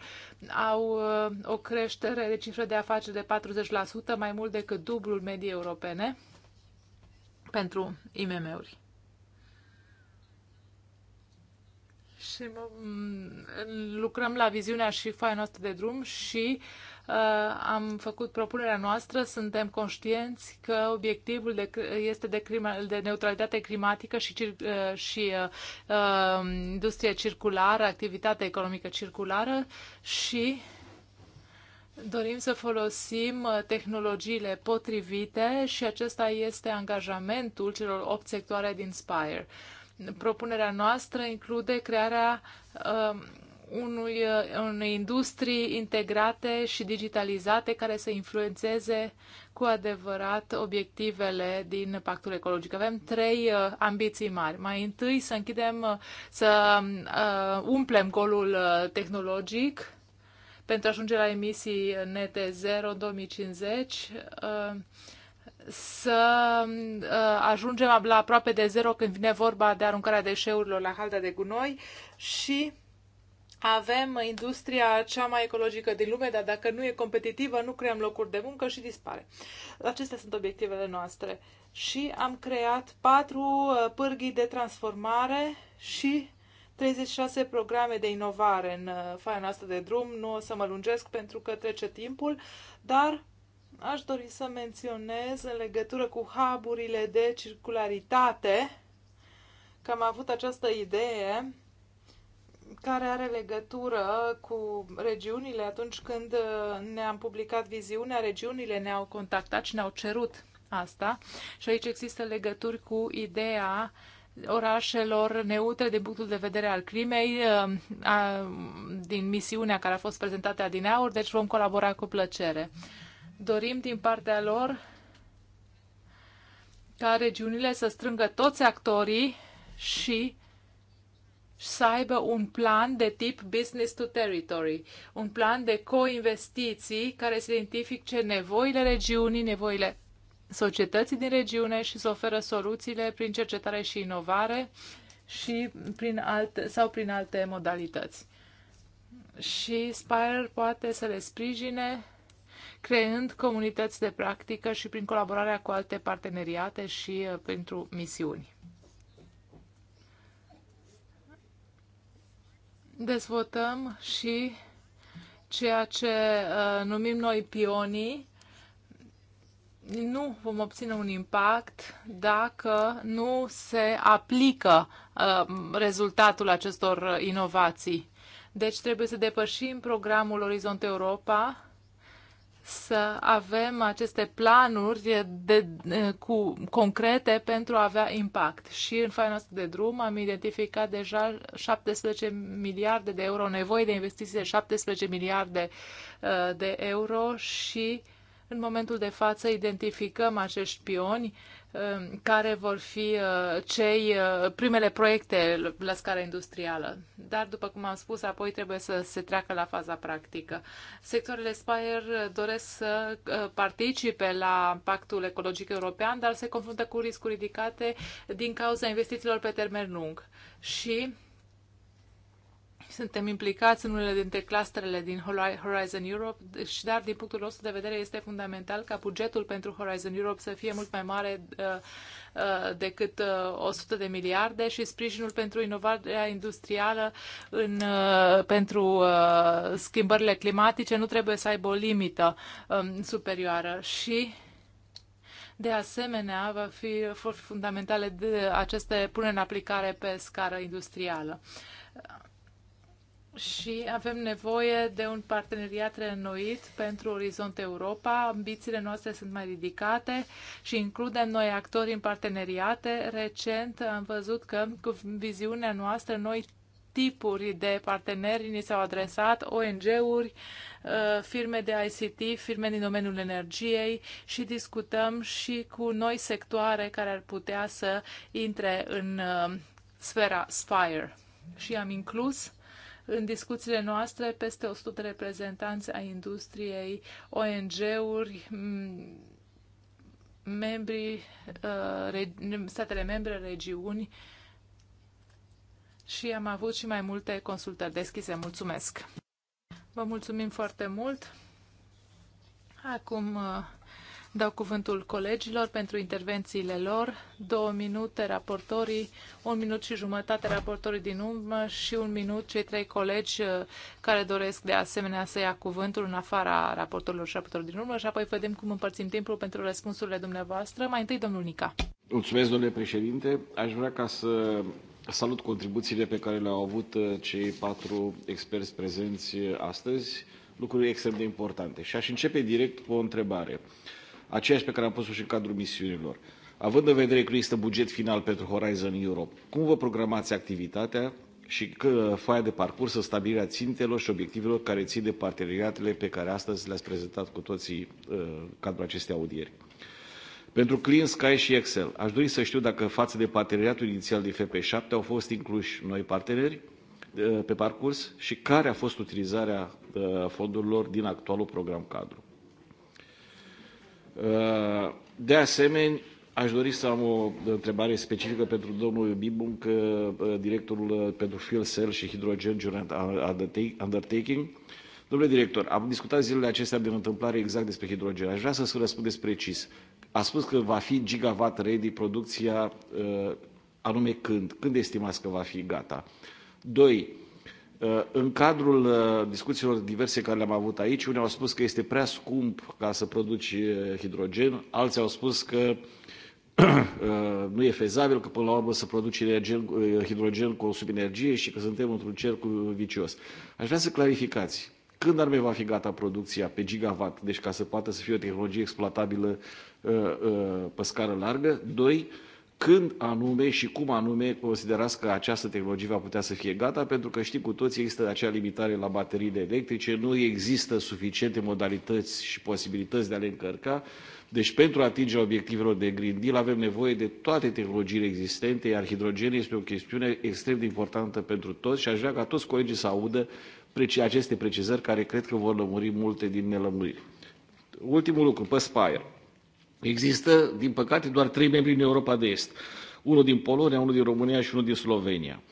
au uh, o creștere de cifră de afaceri de 40% mai mult decât dublul medii europene pentru IMM-uri. și lucrăm la viziunea și foaia noastră de drum și uh, am făcut propunerea noastră, suntem conștienți că obiectivul de, este de, clima, de neutralitate climatică și, uh, și uh, uh, industrie circulară, activitate economică circulară și dorim să folosim uh, tehnologiile potrivite și acesta este angajamentul celor 8 sectoare din Spire. Uh, Propunerea noastră include crearea um, uh, unui, unei industrii integrate și digitalizate care să influențeze cu adevărat obiectivele din pactul ecologic. Avem trei uh, ambiții mari. Mai întâi să închidem, uh, să uh, umplem golul uh, tehnologic pentru a ajunge la emisii nete 0 în 2050. Uh, să uh, ajungem la aproape de zero când vine vorba de aruncarea deșeurilor la halda de gunoi și avem industria cea mai ecologică din lume, dar dacă nu e competitivă, nu creăm locuri de muncă și dispare. Acestea sunt obiectivele noastre. Și am creat patru uh, pârghii de transformare și 36 programe de inovare în uh, faia noastră de drum. Nu o să mă lungesc pentru că trece timpul, dar aș dori să menționez în legătură cu haburile de circularitate că am avut această idee care are legătură cu regiunile. Atunci când uh, ne-am publicat viziunea, regiunile ne-au contactat și ne-au cerut asta. Și aici există legături cu ideea orașelor neutre din punctul de vedere al crimei uh, din misiunea care a fost prezentată adineauri, deci vom colabora cu plăcere. Dorim din partea lor ca regiunile să strângă toți actorii și să aibă un plan de tip business to territory, un plan de co-investiții care să identifice nevoile regiunii, nevoile societății din regiune și să oferă soluțiile prin cercetare și inovare și prin alte, sau prin alte modalități. Și Spire poate să le sprijine creând comunități de practică și prin colaborarea cu alte parteneriate și uh, pentru misiuni. Dezvoltăm și ceea ce uh, numim noi pionii, nu vom obține un impact dacă nu se aplică uh, rezultatul acestor uh, inovații. Deci trebuie să depășim programul Orizont Europa să avem aceste planuri de, de, cu, concrete pentru a avea impact. Și în faina noastră de drum am identificat deja 17 miliarde de euro, nevoie de investiții de 17 miliarde uh, de euro și în momentul de față identificăm acești pioni Um, care vor fi uh, cei uh, primele proiecte la scară industrială. Dar, după cum am spus, apoi trebuie să se treacă la faza practică. Sectoarele Spire doresc să uh, participe la Pactul Ecologic European, dar se confruntă cu riscuri ridicate din cauza investițiilor pe termen lung. Și suntem implicați în unele dintre clusterele din Horizon Europe și, deci, dar, din punctul nostru de vedere, este fundamental ca bugetul pentru Horizon Europe să fie mult mai mare uh, uh, decât uh, 100 de miliarde și sprijinul pentru inovarea industrială în, uh, pentru uh, schimbările climatice nu trebuie să aibă o limită um, superioară și de asemenea, va fi fundamentale de aceste pune în aplicare pe scară industrială și avem nevoie de un parteneriat reînnoit pentru Orizont Europa. Ambițiile noastre sunt mai ridicate și includem noi actori în parteneriate. Recent am văzut că cu viziunea noastră noi tipuri de parteneri ni s-au adresat, ONG-uri, uh, firme de ICT, firme din domeniul energiei și discutăm și cu noi sectoare care ar putea să intre în uh, sfera Spire. Și am inclus în discuțiile noastre peste 100 de reprezentanți ai industriei, ONG-uri, membri, uh, statele membre, regiuni și am avut și mai multe consultări deschise. Mulțumesc! Vă mulțumim foarte mult! Acum uh, Dau cuvântul colegilor pentru intervențiile lor. Două minute raportorii, un minut și jumătate raportorii din urmă și un minut cei trei colegi uh, care doresc de asemenea să ia cuvântul în afara raportorilor și raportorilor din urmă și apoi vedem cum împărțim timpul pentru răspunsurile dumneavoastră. Mai întâi, domnul Nica. Mulțumesc, domnule președinte. Aș vrea ca să salut contribuțiile pe care le-au avut uh, cei patru experți prezenți uh, astăzi, lucruri extrem de importante. Și aș începe direct cu o întrebare aceeași pe care am pus-o și în cadrul misiunilor. Având în vedere că nu există buget final pentru Horizon Europe, cum vă programați activitatea și că foaia de parcurs în stabilirea țintelor și obiectivelor care țin de parteneriatele pe care astăzi le-ați prezentat cu toții uh, în cadrul acestei audieri? Pentru Clean Sky și Excel, aș dori să știu dacă față de parteneriatul inițial din FP7 au fost incluși noi parteneri uh, pe parcurs și care a fost utilizarea uh, fondurilor din actualul program cadru. Uh, de asemenea, aș dori să am o întrebare specifică pentru domnul Bibunc, uh, directorul uh, pentru Fuel Cell și Hydrogen Joint Undertaking. Domnule director, am discutat zilele acestea din întâmplare exact despre hidrogen. Aș vrea să răspundeți precis. A spus că va fi gigawatt ready producția, anume când? Când estimați că va fi gata? Doi, Uh, în cadrul uh, discuțiilor diverse care le-am avut aici, unii au spus că este prea scump ca să produci uh, hidrogen, alții au spus că *clears throat* nu e fezabil, că până la urmă să produci hidrogen consum energie și că suntem într-un cerc vicios. Aș vrea să clarificați. Când anume va fi gata producția pe gigawatt, deci ca să poată să fie o tehnologie exploatabilă pe scară largă? Doi, când anume și cum anume considerați că această tehnologie va putea să fie gata, pentru că știi cu toții există acea limitare la bateriile electrice, nu există suficiente modalități și posibilități de a le încărca, deci pentru atingerea obiectivelor de Green Deal avem nevoie de toate tehnologiile existente, iar hidrogenul este o chestiune extrem de importantă pentru toți și aș vrea ca toți colegii să audă aceste precizări care cred că vor lămuri multe din nelămuriri. Ultimul lucru, pe Spire. Există, din păcate, doar trei membri în Europa de Est. Unul din Polonia, unul din România și unul din Slovenia.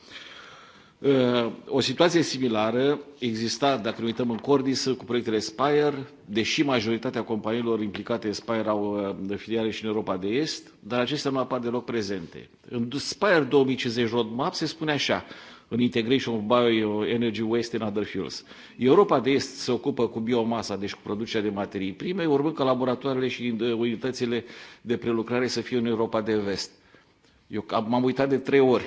Uh, o situație similară exista, dacă ne uităm în Cordis, cu proiectele Spire, deși majoritatea companiilor implicate în Spire au uh, filiale și în Europa de Est, dar acestea nu apar deloc prezente. În Spire 2050 Roadmap se spune așa, în integration of bioenergy waste and other fuels. Europa de Est se ocupă cu biomasa, deci cu producerea de materii prime, urmând ca laboratoarele și uh, unitățile de prelucrare să fie în Europa de Vest. Eu m-am uitat de trei ori.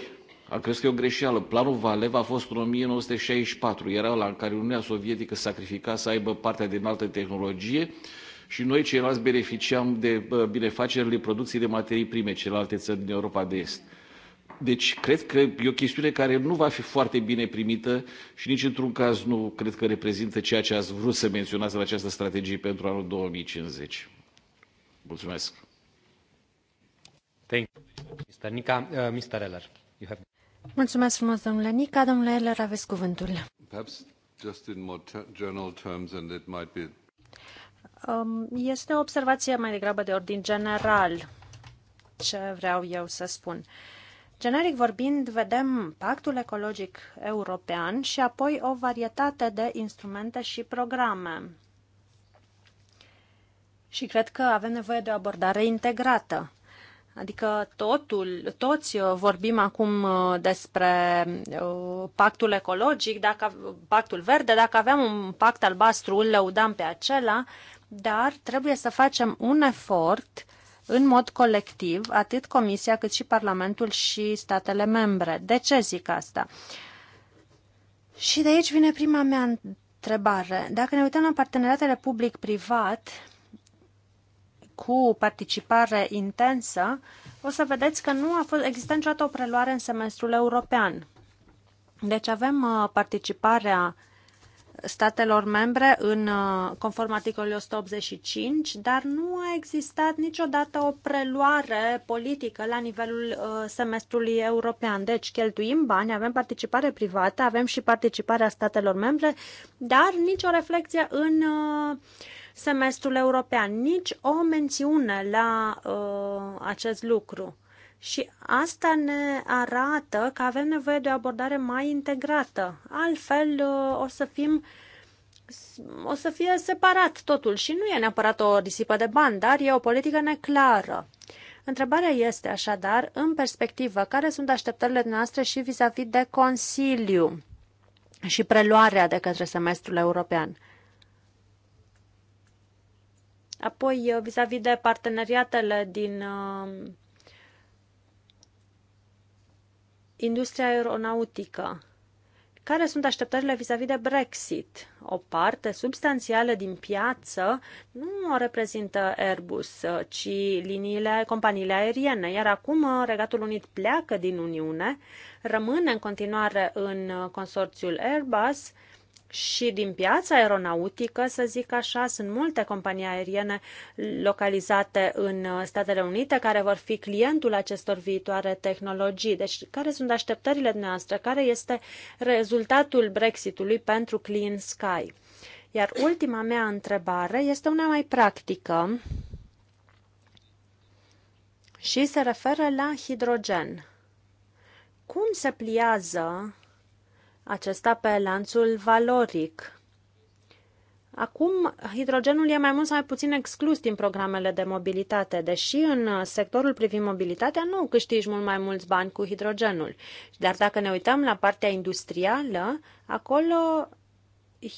Am crezut că e o greșeală. Planul Valev a fost în 1964. Era la în care Uniunea Sovietică sacrifica să aibă partea din altă tehnologie și noi ceilalți beneficiam de uh, binefacerile producției de materii prime, celelalte țări din Europa de Est. Deci, cred că e o chestiune care nu va fi foarte bine primită și nici într-un caz nu cred că reprezintă ceea ce ați vrut să menționați la această strategie pentru anul 2050. Mulțumesc. Thank you. Mr. Nica, uh, Mr. Eller, you have... Mulțumesc frumos, domnule Nica. Domnule Eller, aveți cuvântul. Perhaps just in more general terms and it might be... Um, este o observație mai degrabă de ordin general ce vreau eu să spun. Uh, Generic vorbind, vedem pactul ecologic european și apoi o varietate de instrumente și programe. Și cred că avem nevoie de o abordare integrată. Adică totul, toți uh, vorbim acum uh, despre uh, pactul ecologic, dacă, pactul verde, dacă aveam un pact albastru, îl lăudam pe acela, dar trebuie să facem un efort în mod colectiv atât Comisia cât și Parlamentul și statele membre. De ce zic asta? Și de aici vine prima mea întrebare. Dacă ne uităm la parteneriatele public-privat cu participare intensă, o să vedeți că nu a fost existat niciodată o preluare în semestrul european. Deci avem uh, participarea statelor membre în uh, conform articolului 185, dar nu a existat niciodată o preluare politică la nivelul uh, semestrului european. Deci cheltuim bani, avem participare privată, avem și participarea statelor membre, dar nicio reflexie în uh, semestrul european, nici o mențiune la uh, acest lucru. Și asta ne arată că avem nevoie de o abordare mai integrată. Altfel uh, o să fim o să fie separat totul și nu e neapărat o risipă de bani, dar e o politică neclară. Întrebarea este așadar, în perspectivă, care sunt așteptările noastre și vis-a-vis -vis de Consiliu și preluarea de către semestrul european? Apoi, uh, vis-a-vis -vis de parteneriatele din uh, industria aeronautică. Care sunt așteptările vis-a-vis -vis de Brexit? O parte substanțială din piață nu o reprezintă Airbus, ci liniile, companiile aeriene. Iar acum Regatul Unit pleacă din Uniune, rămâne în continuare în consorțiul Airbus, și din piața aeronautică, să zic așa, sunt multe companii aeriene localizate în uh, Statele Unite care vor fi clientul acestor viitoare tehnologii. Deci, care sunt așteptările noastre? Care este rezultatul Brexitului pentru Clean Sky? Iar ultima mea întrebare este una mai practică și se referă la hidrogen. Cum se pliază acesta pe lanțul valoric. Acum, hidrogenul e mai mult sau mai puțin exclus din programele de mobilitate, deși în sectorul privind mobilitatea nu câștigi mult mai mulți bani cu hidrogenul. Dar dacă ne uităm la partea industrială, acolo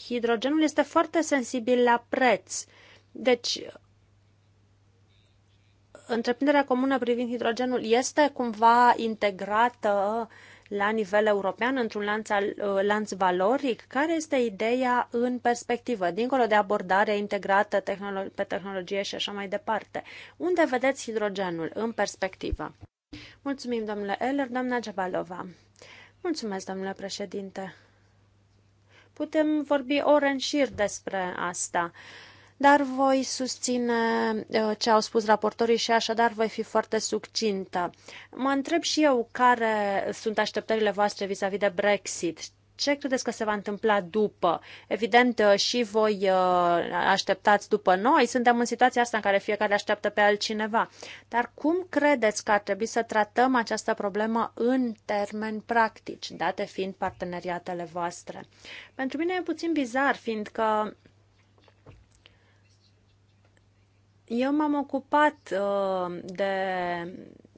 hidrogenul este foarte sensibil la preț. Deci, întreprinderea comună privind hidrogenul este cumva integrată uh, la nivel european, într-un lanț, uh, lanț valoric? Care este ideea în perspectivă, dincolo de abordare integrată tehnolo- pe tehnologie și așa mai departe? Unde vedeți hidrogenul în perspectivă? Mulțumim, domnule Eller, doamna Gevalova. Mulțumesc, domnule președinte. Putem vorbi ore în șir despre asta. Uh, dar voi susține uh, ce au spus raportorii și așadar voi fi foarte succintă. Mă întreb și eu care sunt așteptările voastre vis-a-vis -vis de Brexit. Ce credeți că se va întâmpla după? Evident, uh, și voi uh, așteptați după noi. Suntem în situația asta în care fiecare așteaptă pe altcineva. Dar cum credeți că ar trebui să tratăm această problemă în termeni practici, date fiind parteneriatele voastre? Pentru mine e puțin bizar, fiindcă Eu m-am ocupat uh, de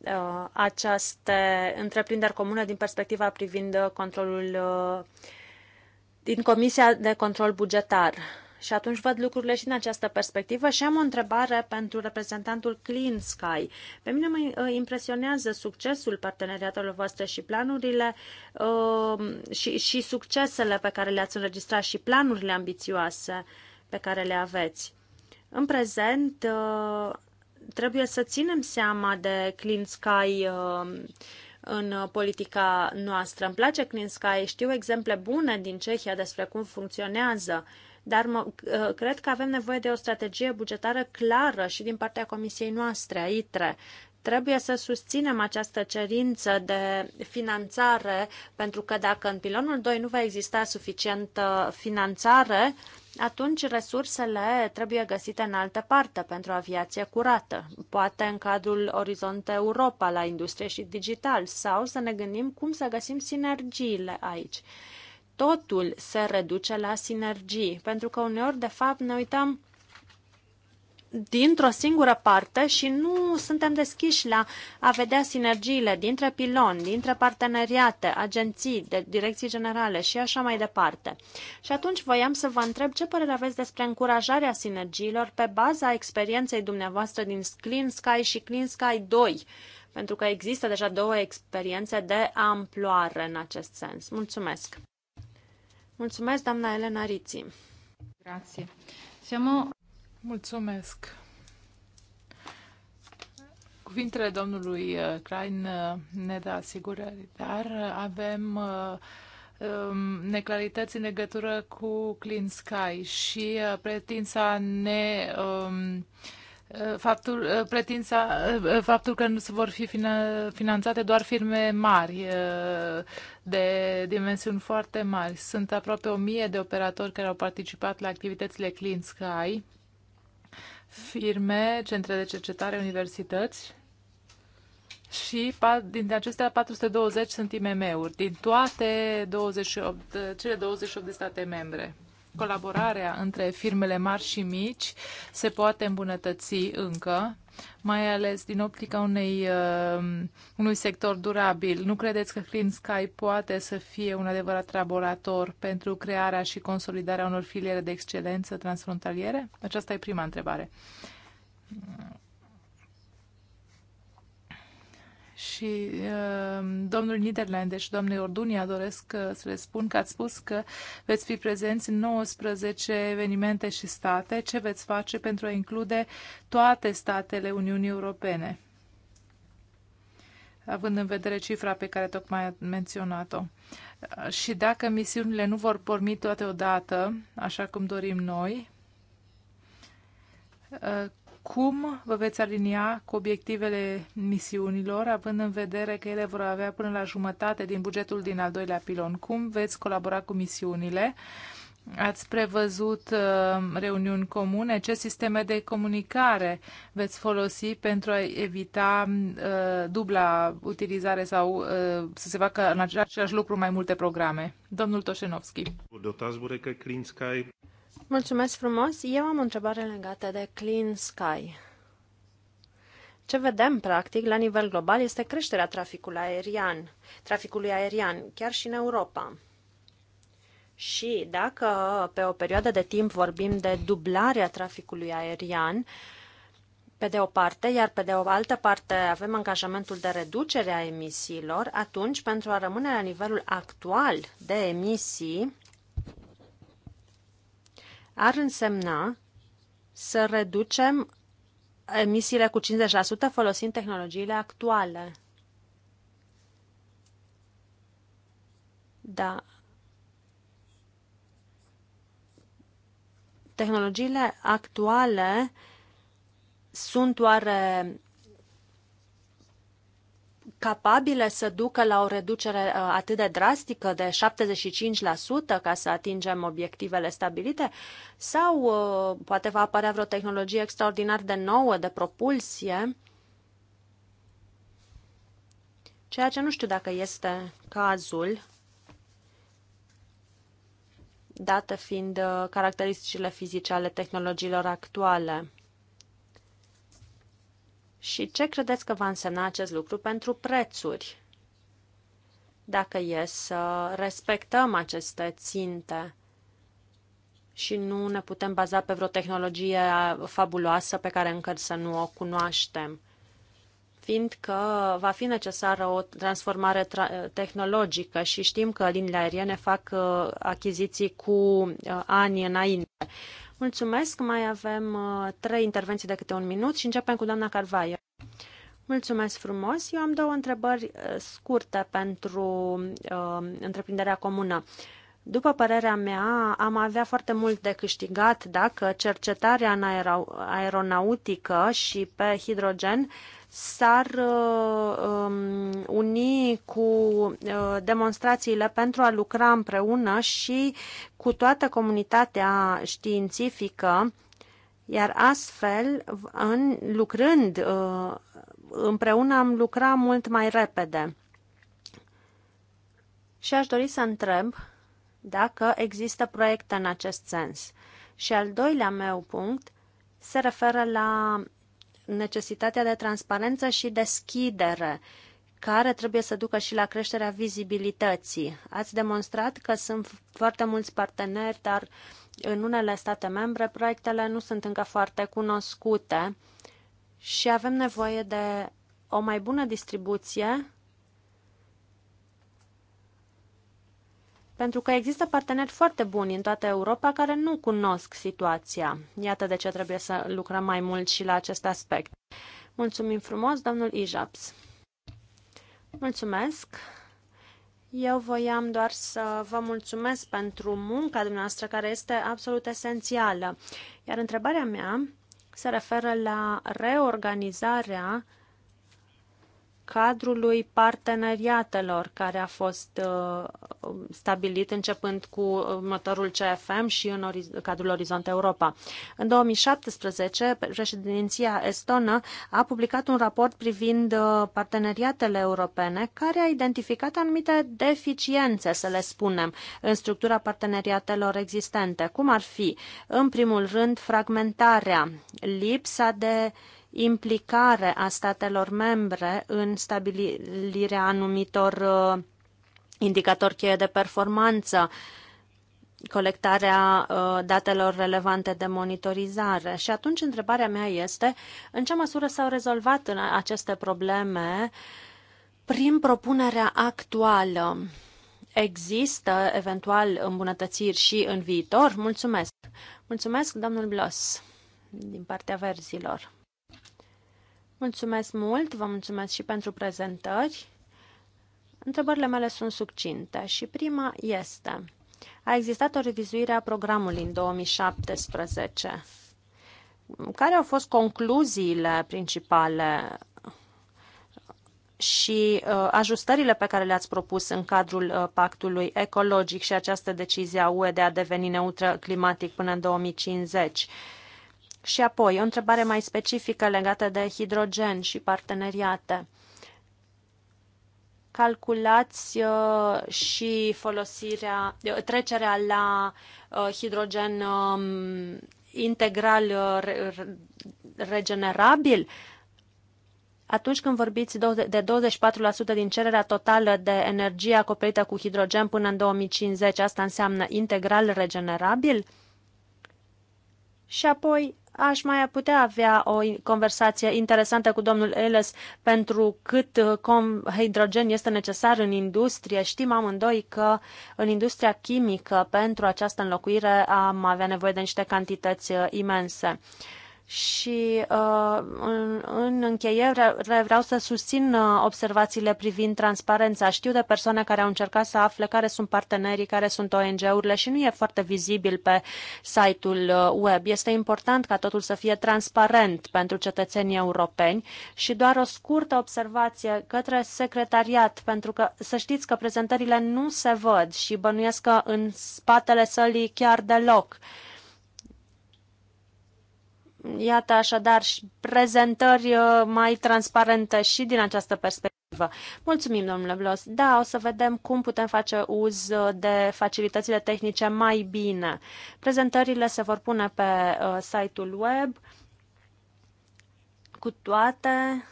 uh, aceste întreprinderi comune din perspectiva privind controlul uh, din Comisia de Control Bugetar. Și atunci văd lucrurile și în această perspectivă și am o întrebare pentru reprezentantul Clean Sky. Pe mine mă uh, impresionează succesul parteneriatelor voastre și planurile uh, și, și succesele pe care le-ați înregistrat și planurile ambițioase pe care le aveți. În prezent, uh, trebuie să ținem seama de Clean Sky uh, în politica noastră. Îmi place Clean Sky, știu exemple bune din Cehia despre cum funcționează, dar mă, uh, cred că avem nevoie de o strategie bugetară clară și din partea comisiei noastre, ITRE. Trebuie să susținem această cerință de finanțare, pentru că dacă în pilonul 2 nu va exista suficientă finanțare, uh, atunci resursele trebuie găsite în altă parte pentru aviație curată, poate în cadrul Orizont Europa la industrie și digital, sau să ne gândim cum să găsim sinergiile aici. Totul se reduce la sinergii, pentru că uneori, de fapt, ne uităm dintr-o singură parte și nu suntem deschiși la a vedea sinergiile dintre piloni, dintre parteneriate, agenții, de direcții generale și așa mai departe. Și atunci voiam să vă întreb ce părere aveți despre încurajarea sinergiilor pe baza experienței dumneavoastră din Clean Sky și Clean Sky 2, pentru că există deja două experiențe de amploare în acest sens. Mulțumesc! Mulțumesc, doamna Elena Riții! Grazie! Siamo... Mulțumesc. Cuvintele domnului uh, Klein uh, ne dă asigurări, dar avem uh, um, neclarități în legătură cu Clean Sky și pretința ne um, faptul, pretința, faptul că nu se vor fi finanțate doar firme mari, de dimensiuni foarte mari. Sunt aproape o mie de operatori care au participat la activitățile Clean Sky firme, centre de cercetare, universități și din acestea 420 sunt IMM-uri, din toate 28, cele 28 de state membre. Colaborarea între firmele mari și mici se poate îmbunătăți încă mai ales din optica unei, uh, unui sector durabil. Nu credeți că Clean Sky poate să fie un adevărat laborator pentru crearea și consolidarea unor filiere de excelență transfrontaliere? Aceasta e prima întrebare. și uh, domnul Niderlande și domnul Iordunia doresc uh, să le spun că ați spus că veți fi prezenți în 19 evenimente și state. Ce veți face pentru a include toate statele Uniunii Europene? având în vedere cifra pe care tocmai am menționat-o. Uh, și dacă misiunile nu vor porni toate odată, așa cum dorim noi, uh, cum vă veți alinia cu obiectivele misiunilor, având în vedere că ele vor avea până la jumătate din bugetul din al doilea pilon? Cum veți colabora cu misiunile? Ați prevăzut uh, reuniuni comune? Ce sisteme de comunicare veți folosi pentru a evita uh, dubla utilizare sau uh, să se facă în același lucru mai multe programe? Domnul Toșenovski. Clean Sky. Mulțumesc frumos. Eu am o întrebare legată de Clean Sky. Ce vedem, practic, la nivel global este creșterea traficului aerian, traficului aerian, chiar și în Europa. Și dacă pe o perioadă de timp vorbim de dublarea traficului aerian, pe de o parte, iar pe de o altă parte avem angajamentul de reducere a emisiilor, atunci, pentru a rămâne la nivelul actual de emisii, ar însemna să reducem emisiile cu 50% folosind tehnologiile actuale. Da. Tehnologiile actuale sunt oare capabile să ducă la o reducere uh, atât de drastică de 75% ca să atingem obiectivele stabilite? Sau uh, poate va apărea vreo tehnologie extraordinar de nouă, de propulsie, ceea ce nu știu dacă este cazul, dată fiind uh, caracteristicile fizice ale tehnologiilor actuale. Și ce credeți că va însemna acest lucru pentru prețuri? Dacă e să respectăm aceste ținte și nu ne putem baza pe vreo tehnologie fabuloasă pe care încă să nu o cunoaștem, fiindcă va fi necesară o transformare tra- tehnologică și știm că liniile aeriene fac uh, achiziții cu uh, ani înainte. Mulțumesc. Mai avem uh, trei intervenții de câte un minut și începem cu doamna Carvaie. Mulțumesc frumos. Eu am două întrebări uh, scurte pentru uh, întreprinderea comună. După părerea mea, am avea foarte mult de câștigat dacă cercetarea în aeronautică și pe hidrogen uh, s-ar uh, um, uni cu uh, demonstrațiile pentru a lucra împreună și cu toată comunitatea științifică, iar astfel, în, lucrând uh, împreună, am lucrat mult mai repede. Și aș dori să întreb dacă există proiecte în acest sens. Și al doilea meu punct se referă la necesitatea de transparență și deschidere care trebuie să ducă și la creșterea vizibilității. Ați demonstrat că sunt foarte mulți parteneri, dar în unele state membre proiectele nu sunt încă foarte cunoscute și avem nevoie de o mai bună distribuție Pentru că există parteneri foarte buni în toată Europa care nu cunosc situația. Iată de ce trebuie să lucrăm mai mult și la acest aspect. Mulțumim frumos, domnul Ijaps. Mulțumesc. Eu voiam doar să vă mulțumesc pentru munca dumneavoastră care este absolut esențială. Iar întrebarea mea se referă la reorganizarea cadrului parteneriatelor care a fost uh, stabilit începând cu următorul CFM și în cadrul Orizont Europa. În 2017, președinția estonă a publicat un raport privind uh, parteneriatele europene care a identificat anumite deficiențe, să le spunem, în structura parteneriatelor existente, cum ar fi, în primul rând, fragmentarea, lipsa de uh, implicare a statelor membre în stabilirea anumitor uh, indicatori cheie de performanță, colectarea uh, datelor relevante de monitorizare. Și atunci întrebarea mea este în ce măsură s-au rezolvat în aceste probleme prin propunerea actuală. Există eventual îmbunătățiri și în viitor? Mulțumesc! Mulțumesc, domnul Blos, din partea verzilor. Mulțumesc mult, vă mulțumesc și pentru prezentări. Întrebările mele sunt succinte și prima este, a existat o revizuire a programului în 2017. Care au fost concluziile principale și uh, ajustările pe care le-ați propus în cadrul uh, pactului ecologic și această decizie a UE de a deveni neutră climatic până în 2050? Și apoi, o întrebare mai specifică legată de hidrogen și parteneriate. Calculați uh, și folosirea, uh, trecerea la uh, hidrogen um, integral uh, regenerabil? Atunci când vorbiți de 24% din cererea totală de energie acoperită cu hidrogen până în 2050, asta înseamnă integral regenerabil? Și apoi, aș mai putea avea o conversație interesantă cu domnul Ellis pentru cât uh, hidrogen este necesar în industrie. Știm amândoi că în industria chimică pentru această înlocuire am avea nevoie de niște cantități uh, imense. Uh, și uh, în, încheiere vreau să susțin uh, observațiile privind transparența. Știu de persoane care au încercat să afle care sunt partenerii, care sunt ONG-urile și nu e foarte vizibil pe site-ul uh, web. Este important ca totul să fie transparent pentru cetățenii europeni și doar o scurtă observație către secretariat, pentru că să știți că prezentările nu se văd și bănuiesc că în spatele sălii chiar deloc. Iată așadar și prezentări uh, mai transparente și din această perspectivă. Mulțumim, domnule Blos. Da, o să vedem cum putem face uz uh, de facilitățile tehnice mai bine. Prezentările se vor pune pe uh, site-ul web cu toate.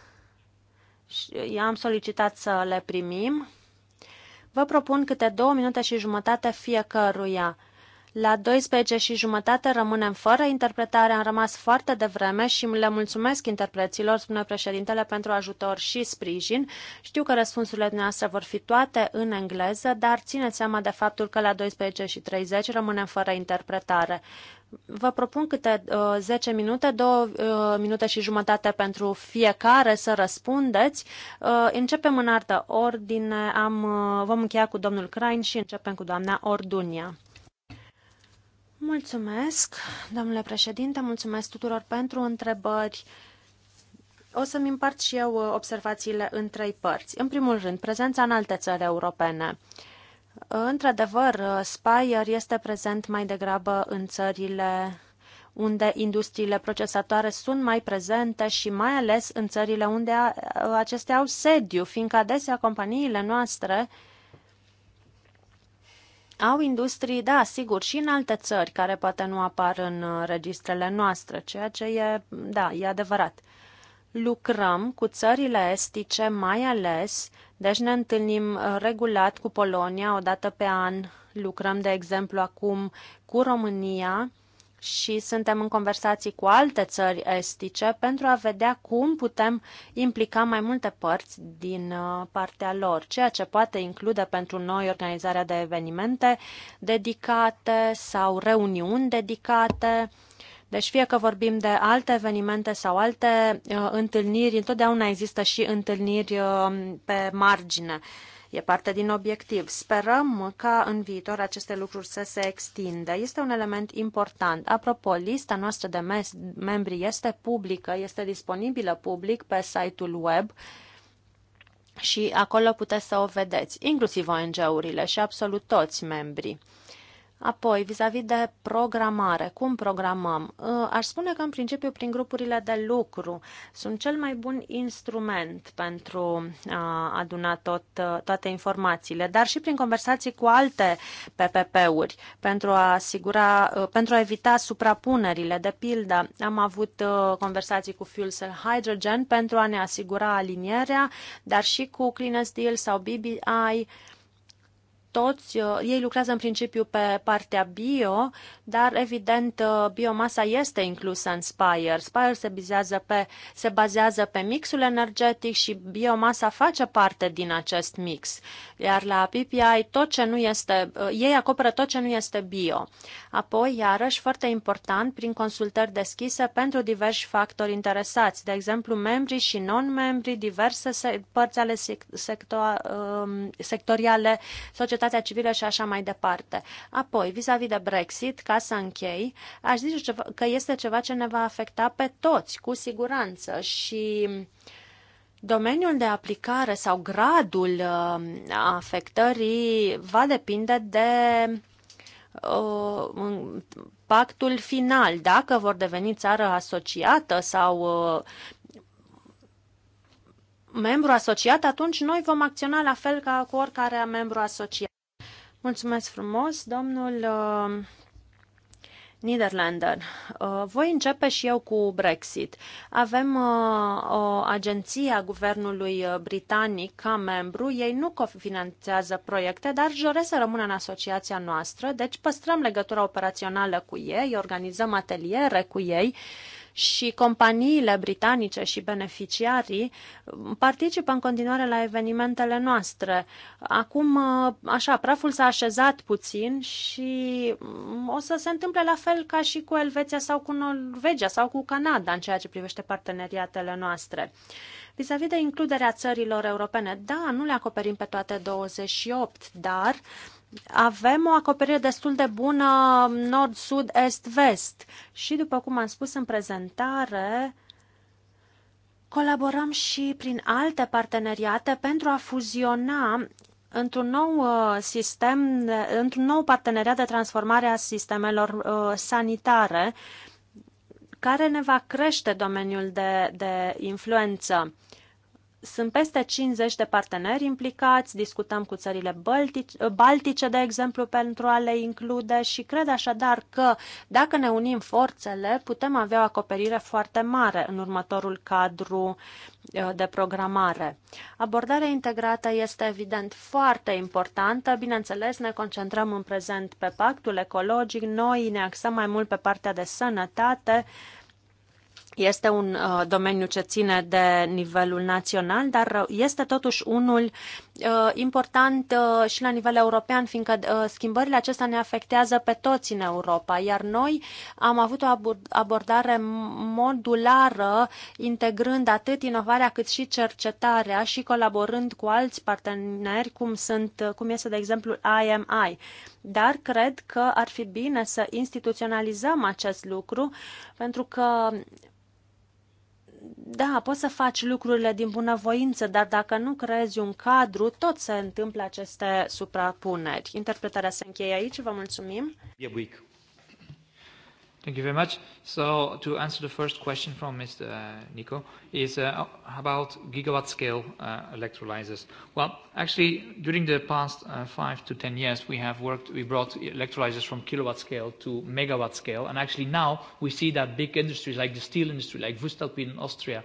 Uh, i-am solicitat să le primim. Vă propun câte două minute și jumătate fiecăruia. La 12 și jumătate rămânem fără interpretare, am rămas foarte devreme și le mulțumesc interpreților, spune președintele, pentru ajutor și sprijin. Știu că răspunsurile noastre vor fi toate în engleză, dar țineți seama de faptul că la 12 și 30 rămânem fără interpretare. Vă propun câte uh, 10 minute, 2 uh, minute și jumătate pentru fiecare să răspundeți. Uh, începem în artă ordine, am, uh, vom încheia cu domnul Crain și începem cu doamna Ordunia. Mulțumesc, domnule președinte, mulțumesc tuturor pentru întrebări. O să-mi împart și eu uh, observațiile în trei părți. În primul rând, prezența în alte țări europene. Într-adevăr, uh, Spire este prezent mai degrabă în țările unde industriile procesatoare sunt mai prezente și mai ales în țările unde acestea au sediu, fiindcă adesea companiile noastre uh, au industrii, da, sigur, și în alte țări care poate nu apar în uh, registrele noastre, ceea ce e, da, e adevărat. Lucrăm cu țările estice mai ales, deci ne întâlnim uh, regulat cu Polonia o dată pe an, lucrăm, de exemplu, acum cu România, și suntem în conversații cu alte țări estice pentru a vedea cum putem implica mai multe părți din uh, partea lor, ceea ce poate include pentru noi organizarea de evenimente dedicate sau reuniuni dedicate. Deci fie că vorbim de alte evenimente sau alte uh, întâlniri, întotdeauna există și întâlniri uh, pe margine. Uh, E parte din obiectiv. Sperăm ca în viitor aceste lucruri să se extindă. Este un element important. Apropo, lista noastră de membri este publică, este disponibilă public pe site-ul web și acolo puteți să o vedeți, inclusiv ONG-urile și absolut toți membrii. Apoi, vis-a-vis -vis de programare, cum programăm? Ă, aș spune că, în principiu, prin grupurile de lucru sunt cel mai bun instrument pentru a aduna tot, toate informațiile, dar și prin conversații cu alte PPP-uri, pentru a, asigura, ă, pentru a evita suprapunerile. De pildă, am avut ă, conversații cu Fuel Cell Hydrogen pentru a ne asigura alinierea, dar și cu Clean Steel sau BBI, toți, uh, ei lucrează în principiu pe partea bio, dar evident uh, biomasa este inclusă în Spire. Spire se, bizează pe, se bazează pe mixul energetic și biomasa face parte din acest mix. Iar la PPI tot ce nu este, uh, ei acoperă tot ce nu este bio. Apoi, iarăși, foarte important, prin consultări deschise pentru diversi factori interesați, de exemplu, membri și non-membri, diverse se, părți ale sector, um, sectoriale, societatea civilă și așa mai departe. Apoi, vis-a-vis -vis de Brexit, ca să închei, aș zice că este ceva ce ne va afecta pe toți, cu siguranță și uh, Domeniul de aplicare sau gradul uh, afectării va depinde de uh, pactul final, dacă vor deveni țară asociată sau uh, membru asociat, atunci noi vom acționa la fel ca cu oricare membru asociat. Mulțumesc frumos, domnul Niederlander. Uh, voi începe și eu cu Brexit. Avem uh, o agenție a guvernului uh, britanic ca membru. Ei nu cofinanțează proiecte, dar își doresc să rămână în asociația noastră, deci păstrăm legătura operațională cu ei, organizăm ateliere cu ei și companiile britanice și beneficiarii participă în continuare la evenimentele noastre. Acum, uh, așa, praful s-a așezat puțin și mm, o să se întâmple la fel ca și cu Elveția sau cu Norvegia sau cu Canada în ceea ce privește parteneriatele noastre. Vis-a-vis -vis de includerea țărilor europene, da, nu le acoperim pe toate 28, dar uh, avem o acoperire destul de bună nord, sud, est, vest. Și, după cum am spus în prezentare, colaborăm și prin alte parteneriate pentru a fuziona într-un nou uh, sistem, într-un nou parteneriat de transformare a sistemelor uh, sanitare, care ne va crește domeniul de, de influență. Sunt peste 50 de parteneri implicați, discutăm cu țările baltice, de exemplu, pentru a le include și cred așadar că dacă ne unim forțele, putem avea o acoperire foarte mare în următorul cadru uh, de programare. Abordarea integrată este evident foarte importantă. Bineînțeles, ne concentrăm în prezent pe pactul ecologic, noi ne axăm mai mult pe partea de sănătate, este un uh, domeniu ce ține de nivelul național, dar uh, este totuși unul uh, important și la nivel european, fiindcă schimbările acestea ne afectează pe toți în Europa, iar noi am avut o abordare modulară, integrând atât inovarea cât și cercetarea și colaborând cu alți parteneri, cum, sunt, cum este, de exemplu, IMI. Dar cred că ar fi bine să instituționalizăm acest lucru, pentru că da, poți să faci lucrurile din bunăvoință, dar dacă nu creezi un cadru, tot se întâmplă aceste suprapuneri. Interpretarea se încheie aici, vă mulțumim. E buic. Thank you very much. So to answer the first question from Mr. Uh, Nico is uh, oh, about gigawatt scale uh, electrolyzers. Well, actually, during the past uh, five to ten years, we have worked, we brought electrolyzers from kilowatt scale to megawatt scale. And actually now we see that big industries like the steel industry, like Voestalpine in Austria,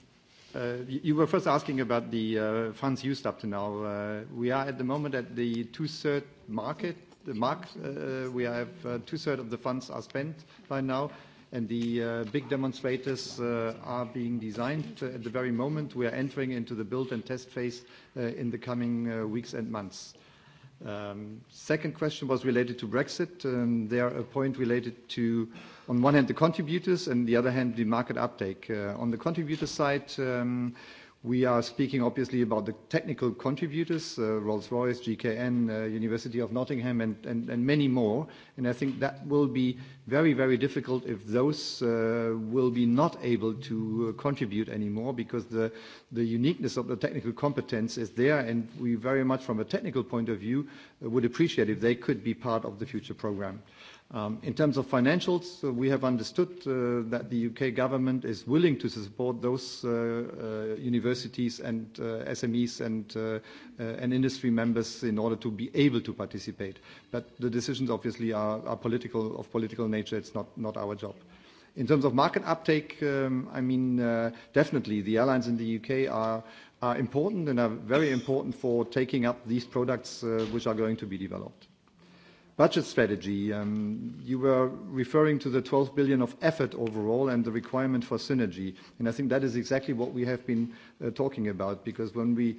Uh, you were first asking about the uh, funds used up to now. Uh, we are at the moment at the two-third market. The mark, uh, we have uh, two-third of the funds are spent by now, and the uh, big demonstrators are being designed at the very moment. We are entering into the build and test phase in the coming weeks and months. Um, second question was related to Brexit. Um, there, a point related to on one hand, the contributors, and the other hand, the market uptake. Uh, on the contributor side, um, we are speaking obviously about the technical contributors, uh, Rolls-Royce, GKN, uh, University of Nottingham, and, and, and many more. And I think that will be very, very difficult if those uh, will be not able to uh, contribute anymore because the, the uniqueness of the technical competence is there, and we very much from a technical point of view uh, would appreciate if they could be part of the future program. Um, in terms of financials, uh, we have understood uh, that the U.K. government is willing to support those uh, uh universities and uh, SMEs and, and industry members in order to be able to participate. But the decisions obviously are, are political, of political nature. It's not, not our job. In terms of market uptake, um, I mean, definitely the airlines in the U.K. are, are important and are very important for taking up these products, which are going to be developed budget strategy, um, you were referring to the 12 billion of effort overall and the requirement for synergy. And I think that is exactly what we have been uh, talking about, because when we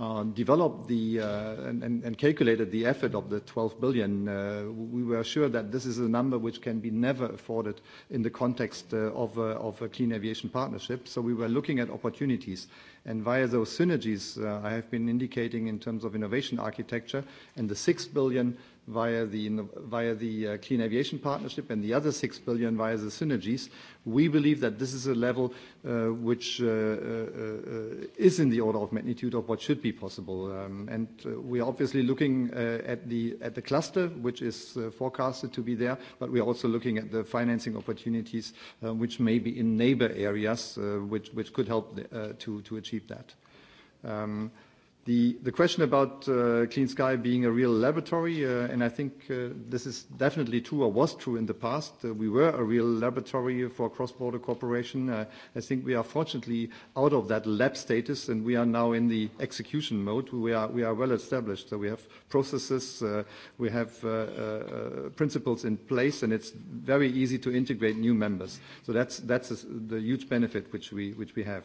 uh, developed the uh, and, and, and calculated the effort of the 12 billion, uh, we were sure that this is a number which can be never afforded in the context uh, of, uh, of a Clean Aviation Partnership. So we were looking at opportunities. And via those synergies, I have been indicating in terms of innovation architecture and the 6 billion via the, via the uh, Clean Aviation Partnership and the other 6 billion via the synergies, we believe that this is a level uh, which uh, uh, uh is in the order of magnitude of what should be possible. Um, and uh, we are obviously looking at the, at the cluster, which is forecasted to be there, but we are also looking at the financing opportunities, which may be in neighbor areas, which, which could help the, to, to achieve that. Um, The, question about uh, Clean Sky being a real laboratory, uh, and I think uh, this is definitely true or was true in the past. We were a real laboratory for cross-border cooperation. I think we are fortunately out of that lab status, and we are now in the execution mode. We are, well established. So we have processes, we have principles in place, and it's very easy to integrate new members. So that's, the huge benefit which we have.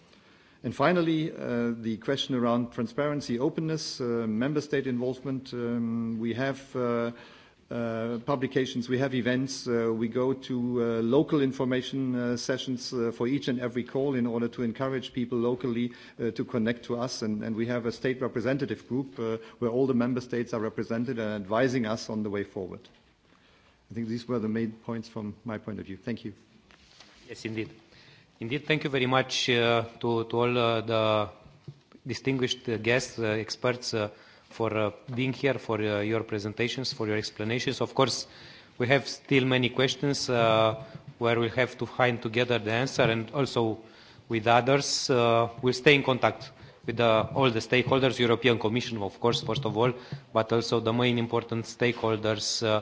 And finally, uh, the question around transparency, openness, uh, member state involvement. Um, we have uh, uh, publications, we have events, uh, we go to uh, local information uh, sessions uh, for each and every call in order to encourage people locally uh, to connect to us. And, and we have a state representative group uh, where all the member states are represented and advising us on the way forward. I think these were the main points from my point of view. Thank you. Yes, indeed. Indeed, thank you very much uh, to, to all uh, the distinguished guests, uh, experts, uh, for uh, being here, for uh, your presentations, for your explanations. Of course, we have still many questions uh, where we'll have to find together the answer and also with others. Uh, we'll stay in contact with the, all the stakeholders, European Commission, of course, first of all, but also the main important stakeholders uh,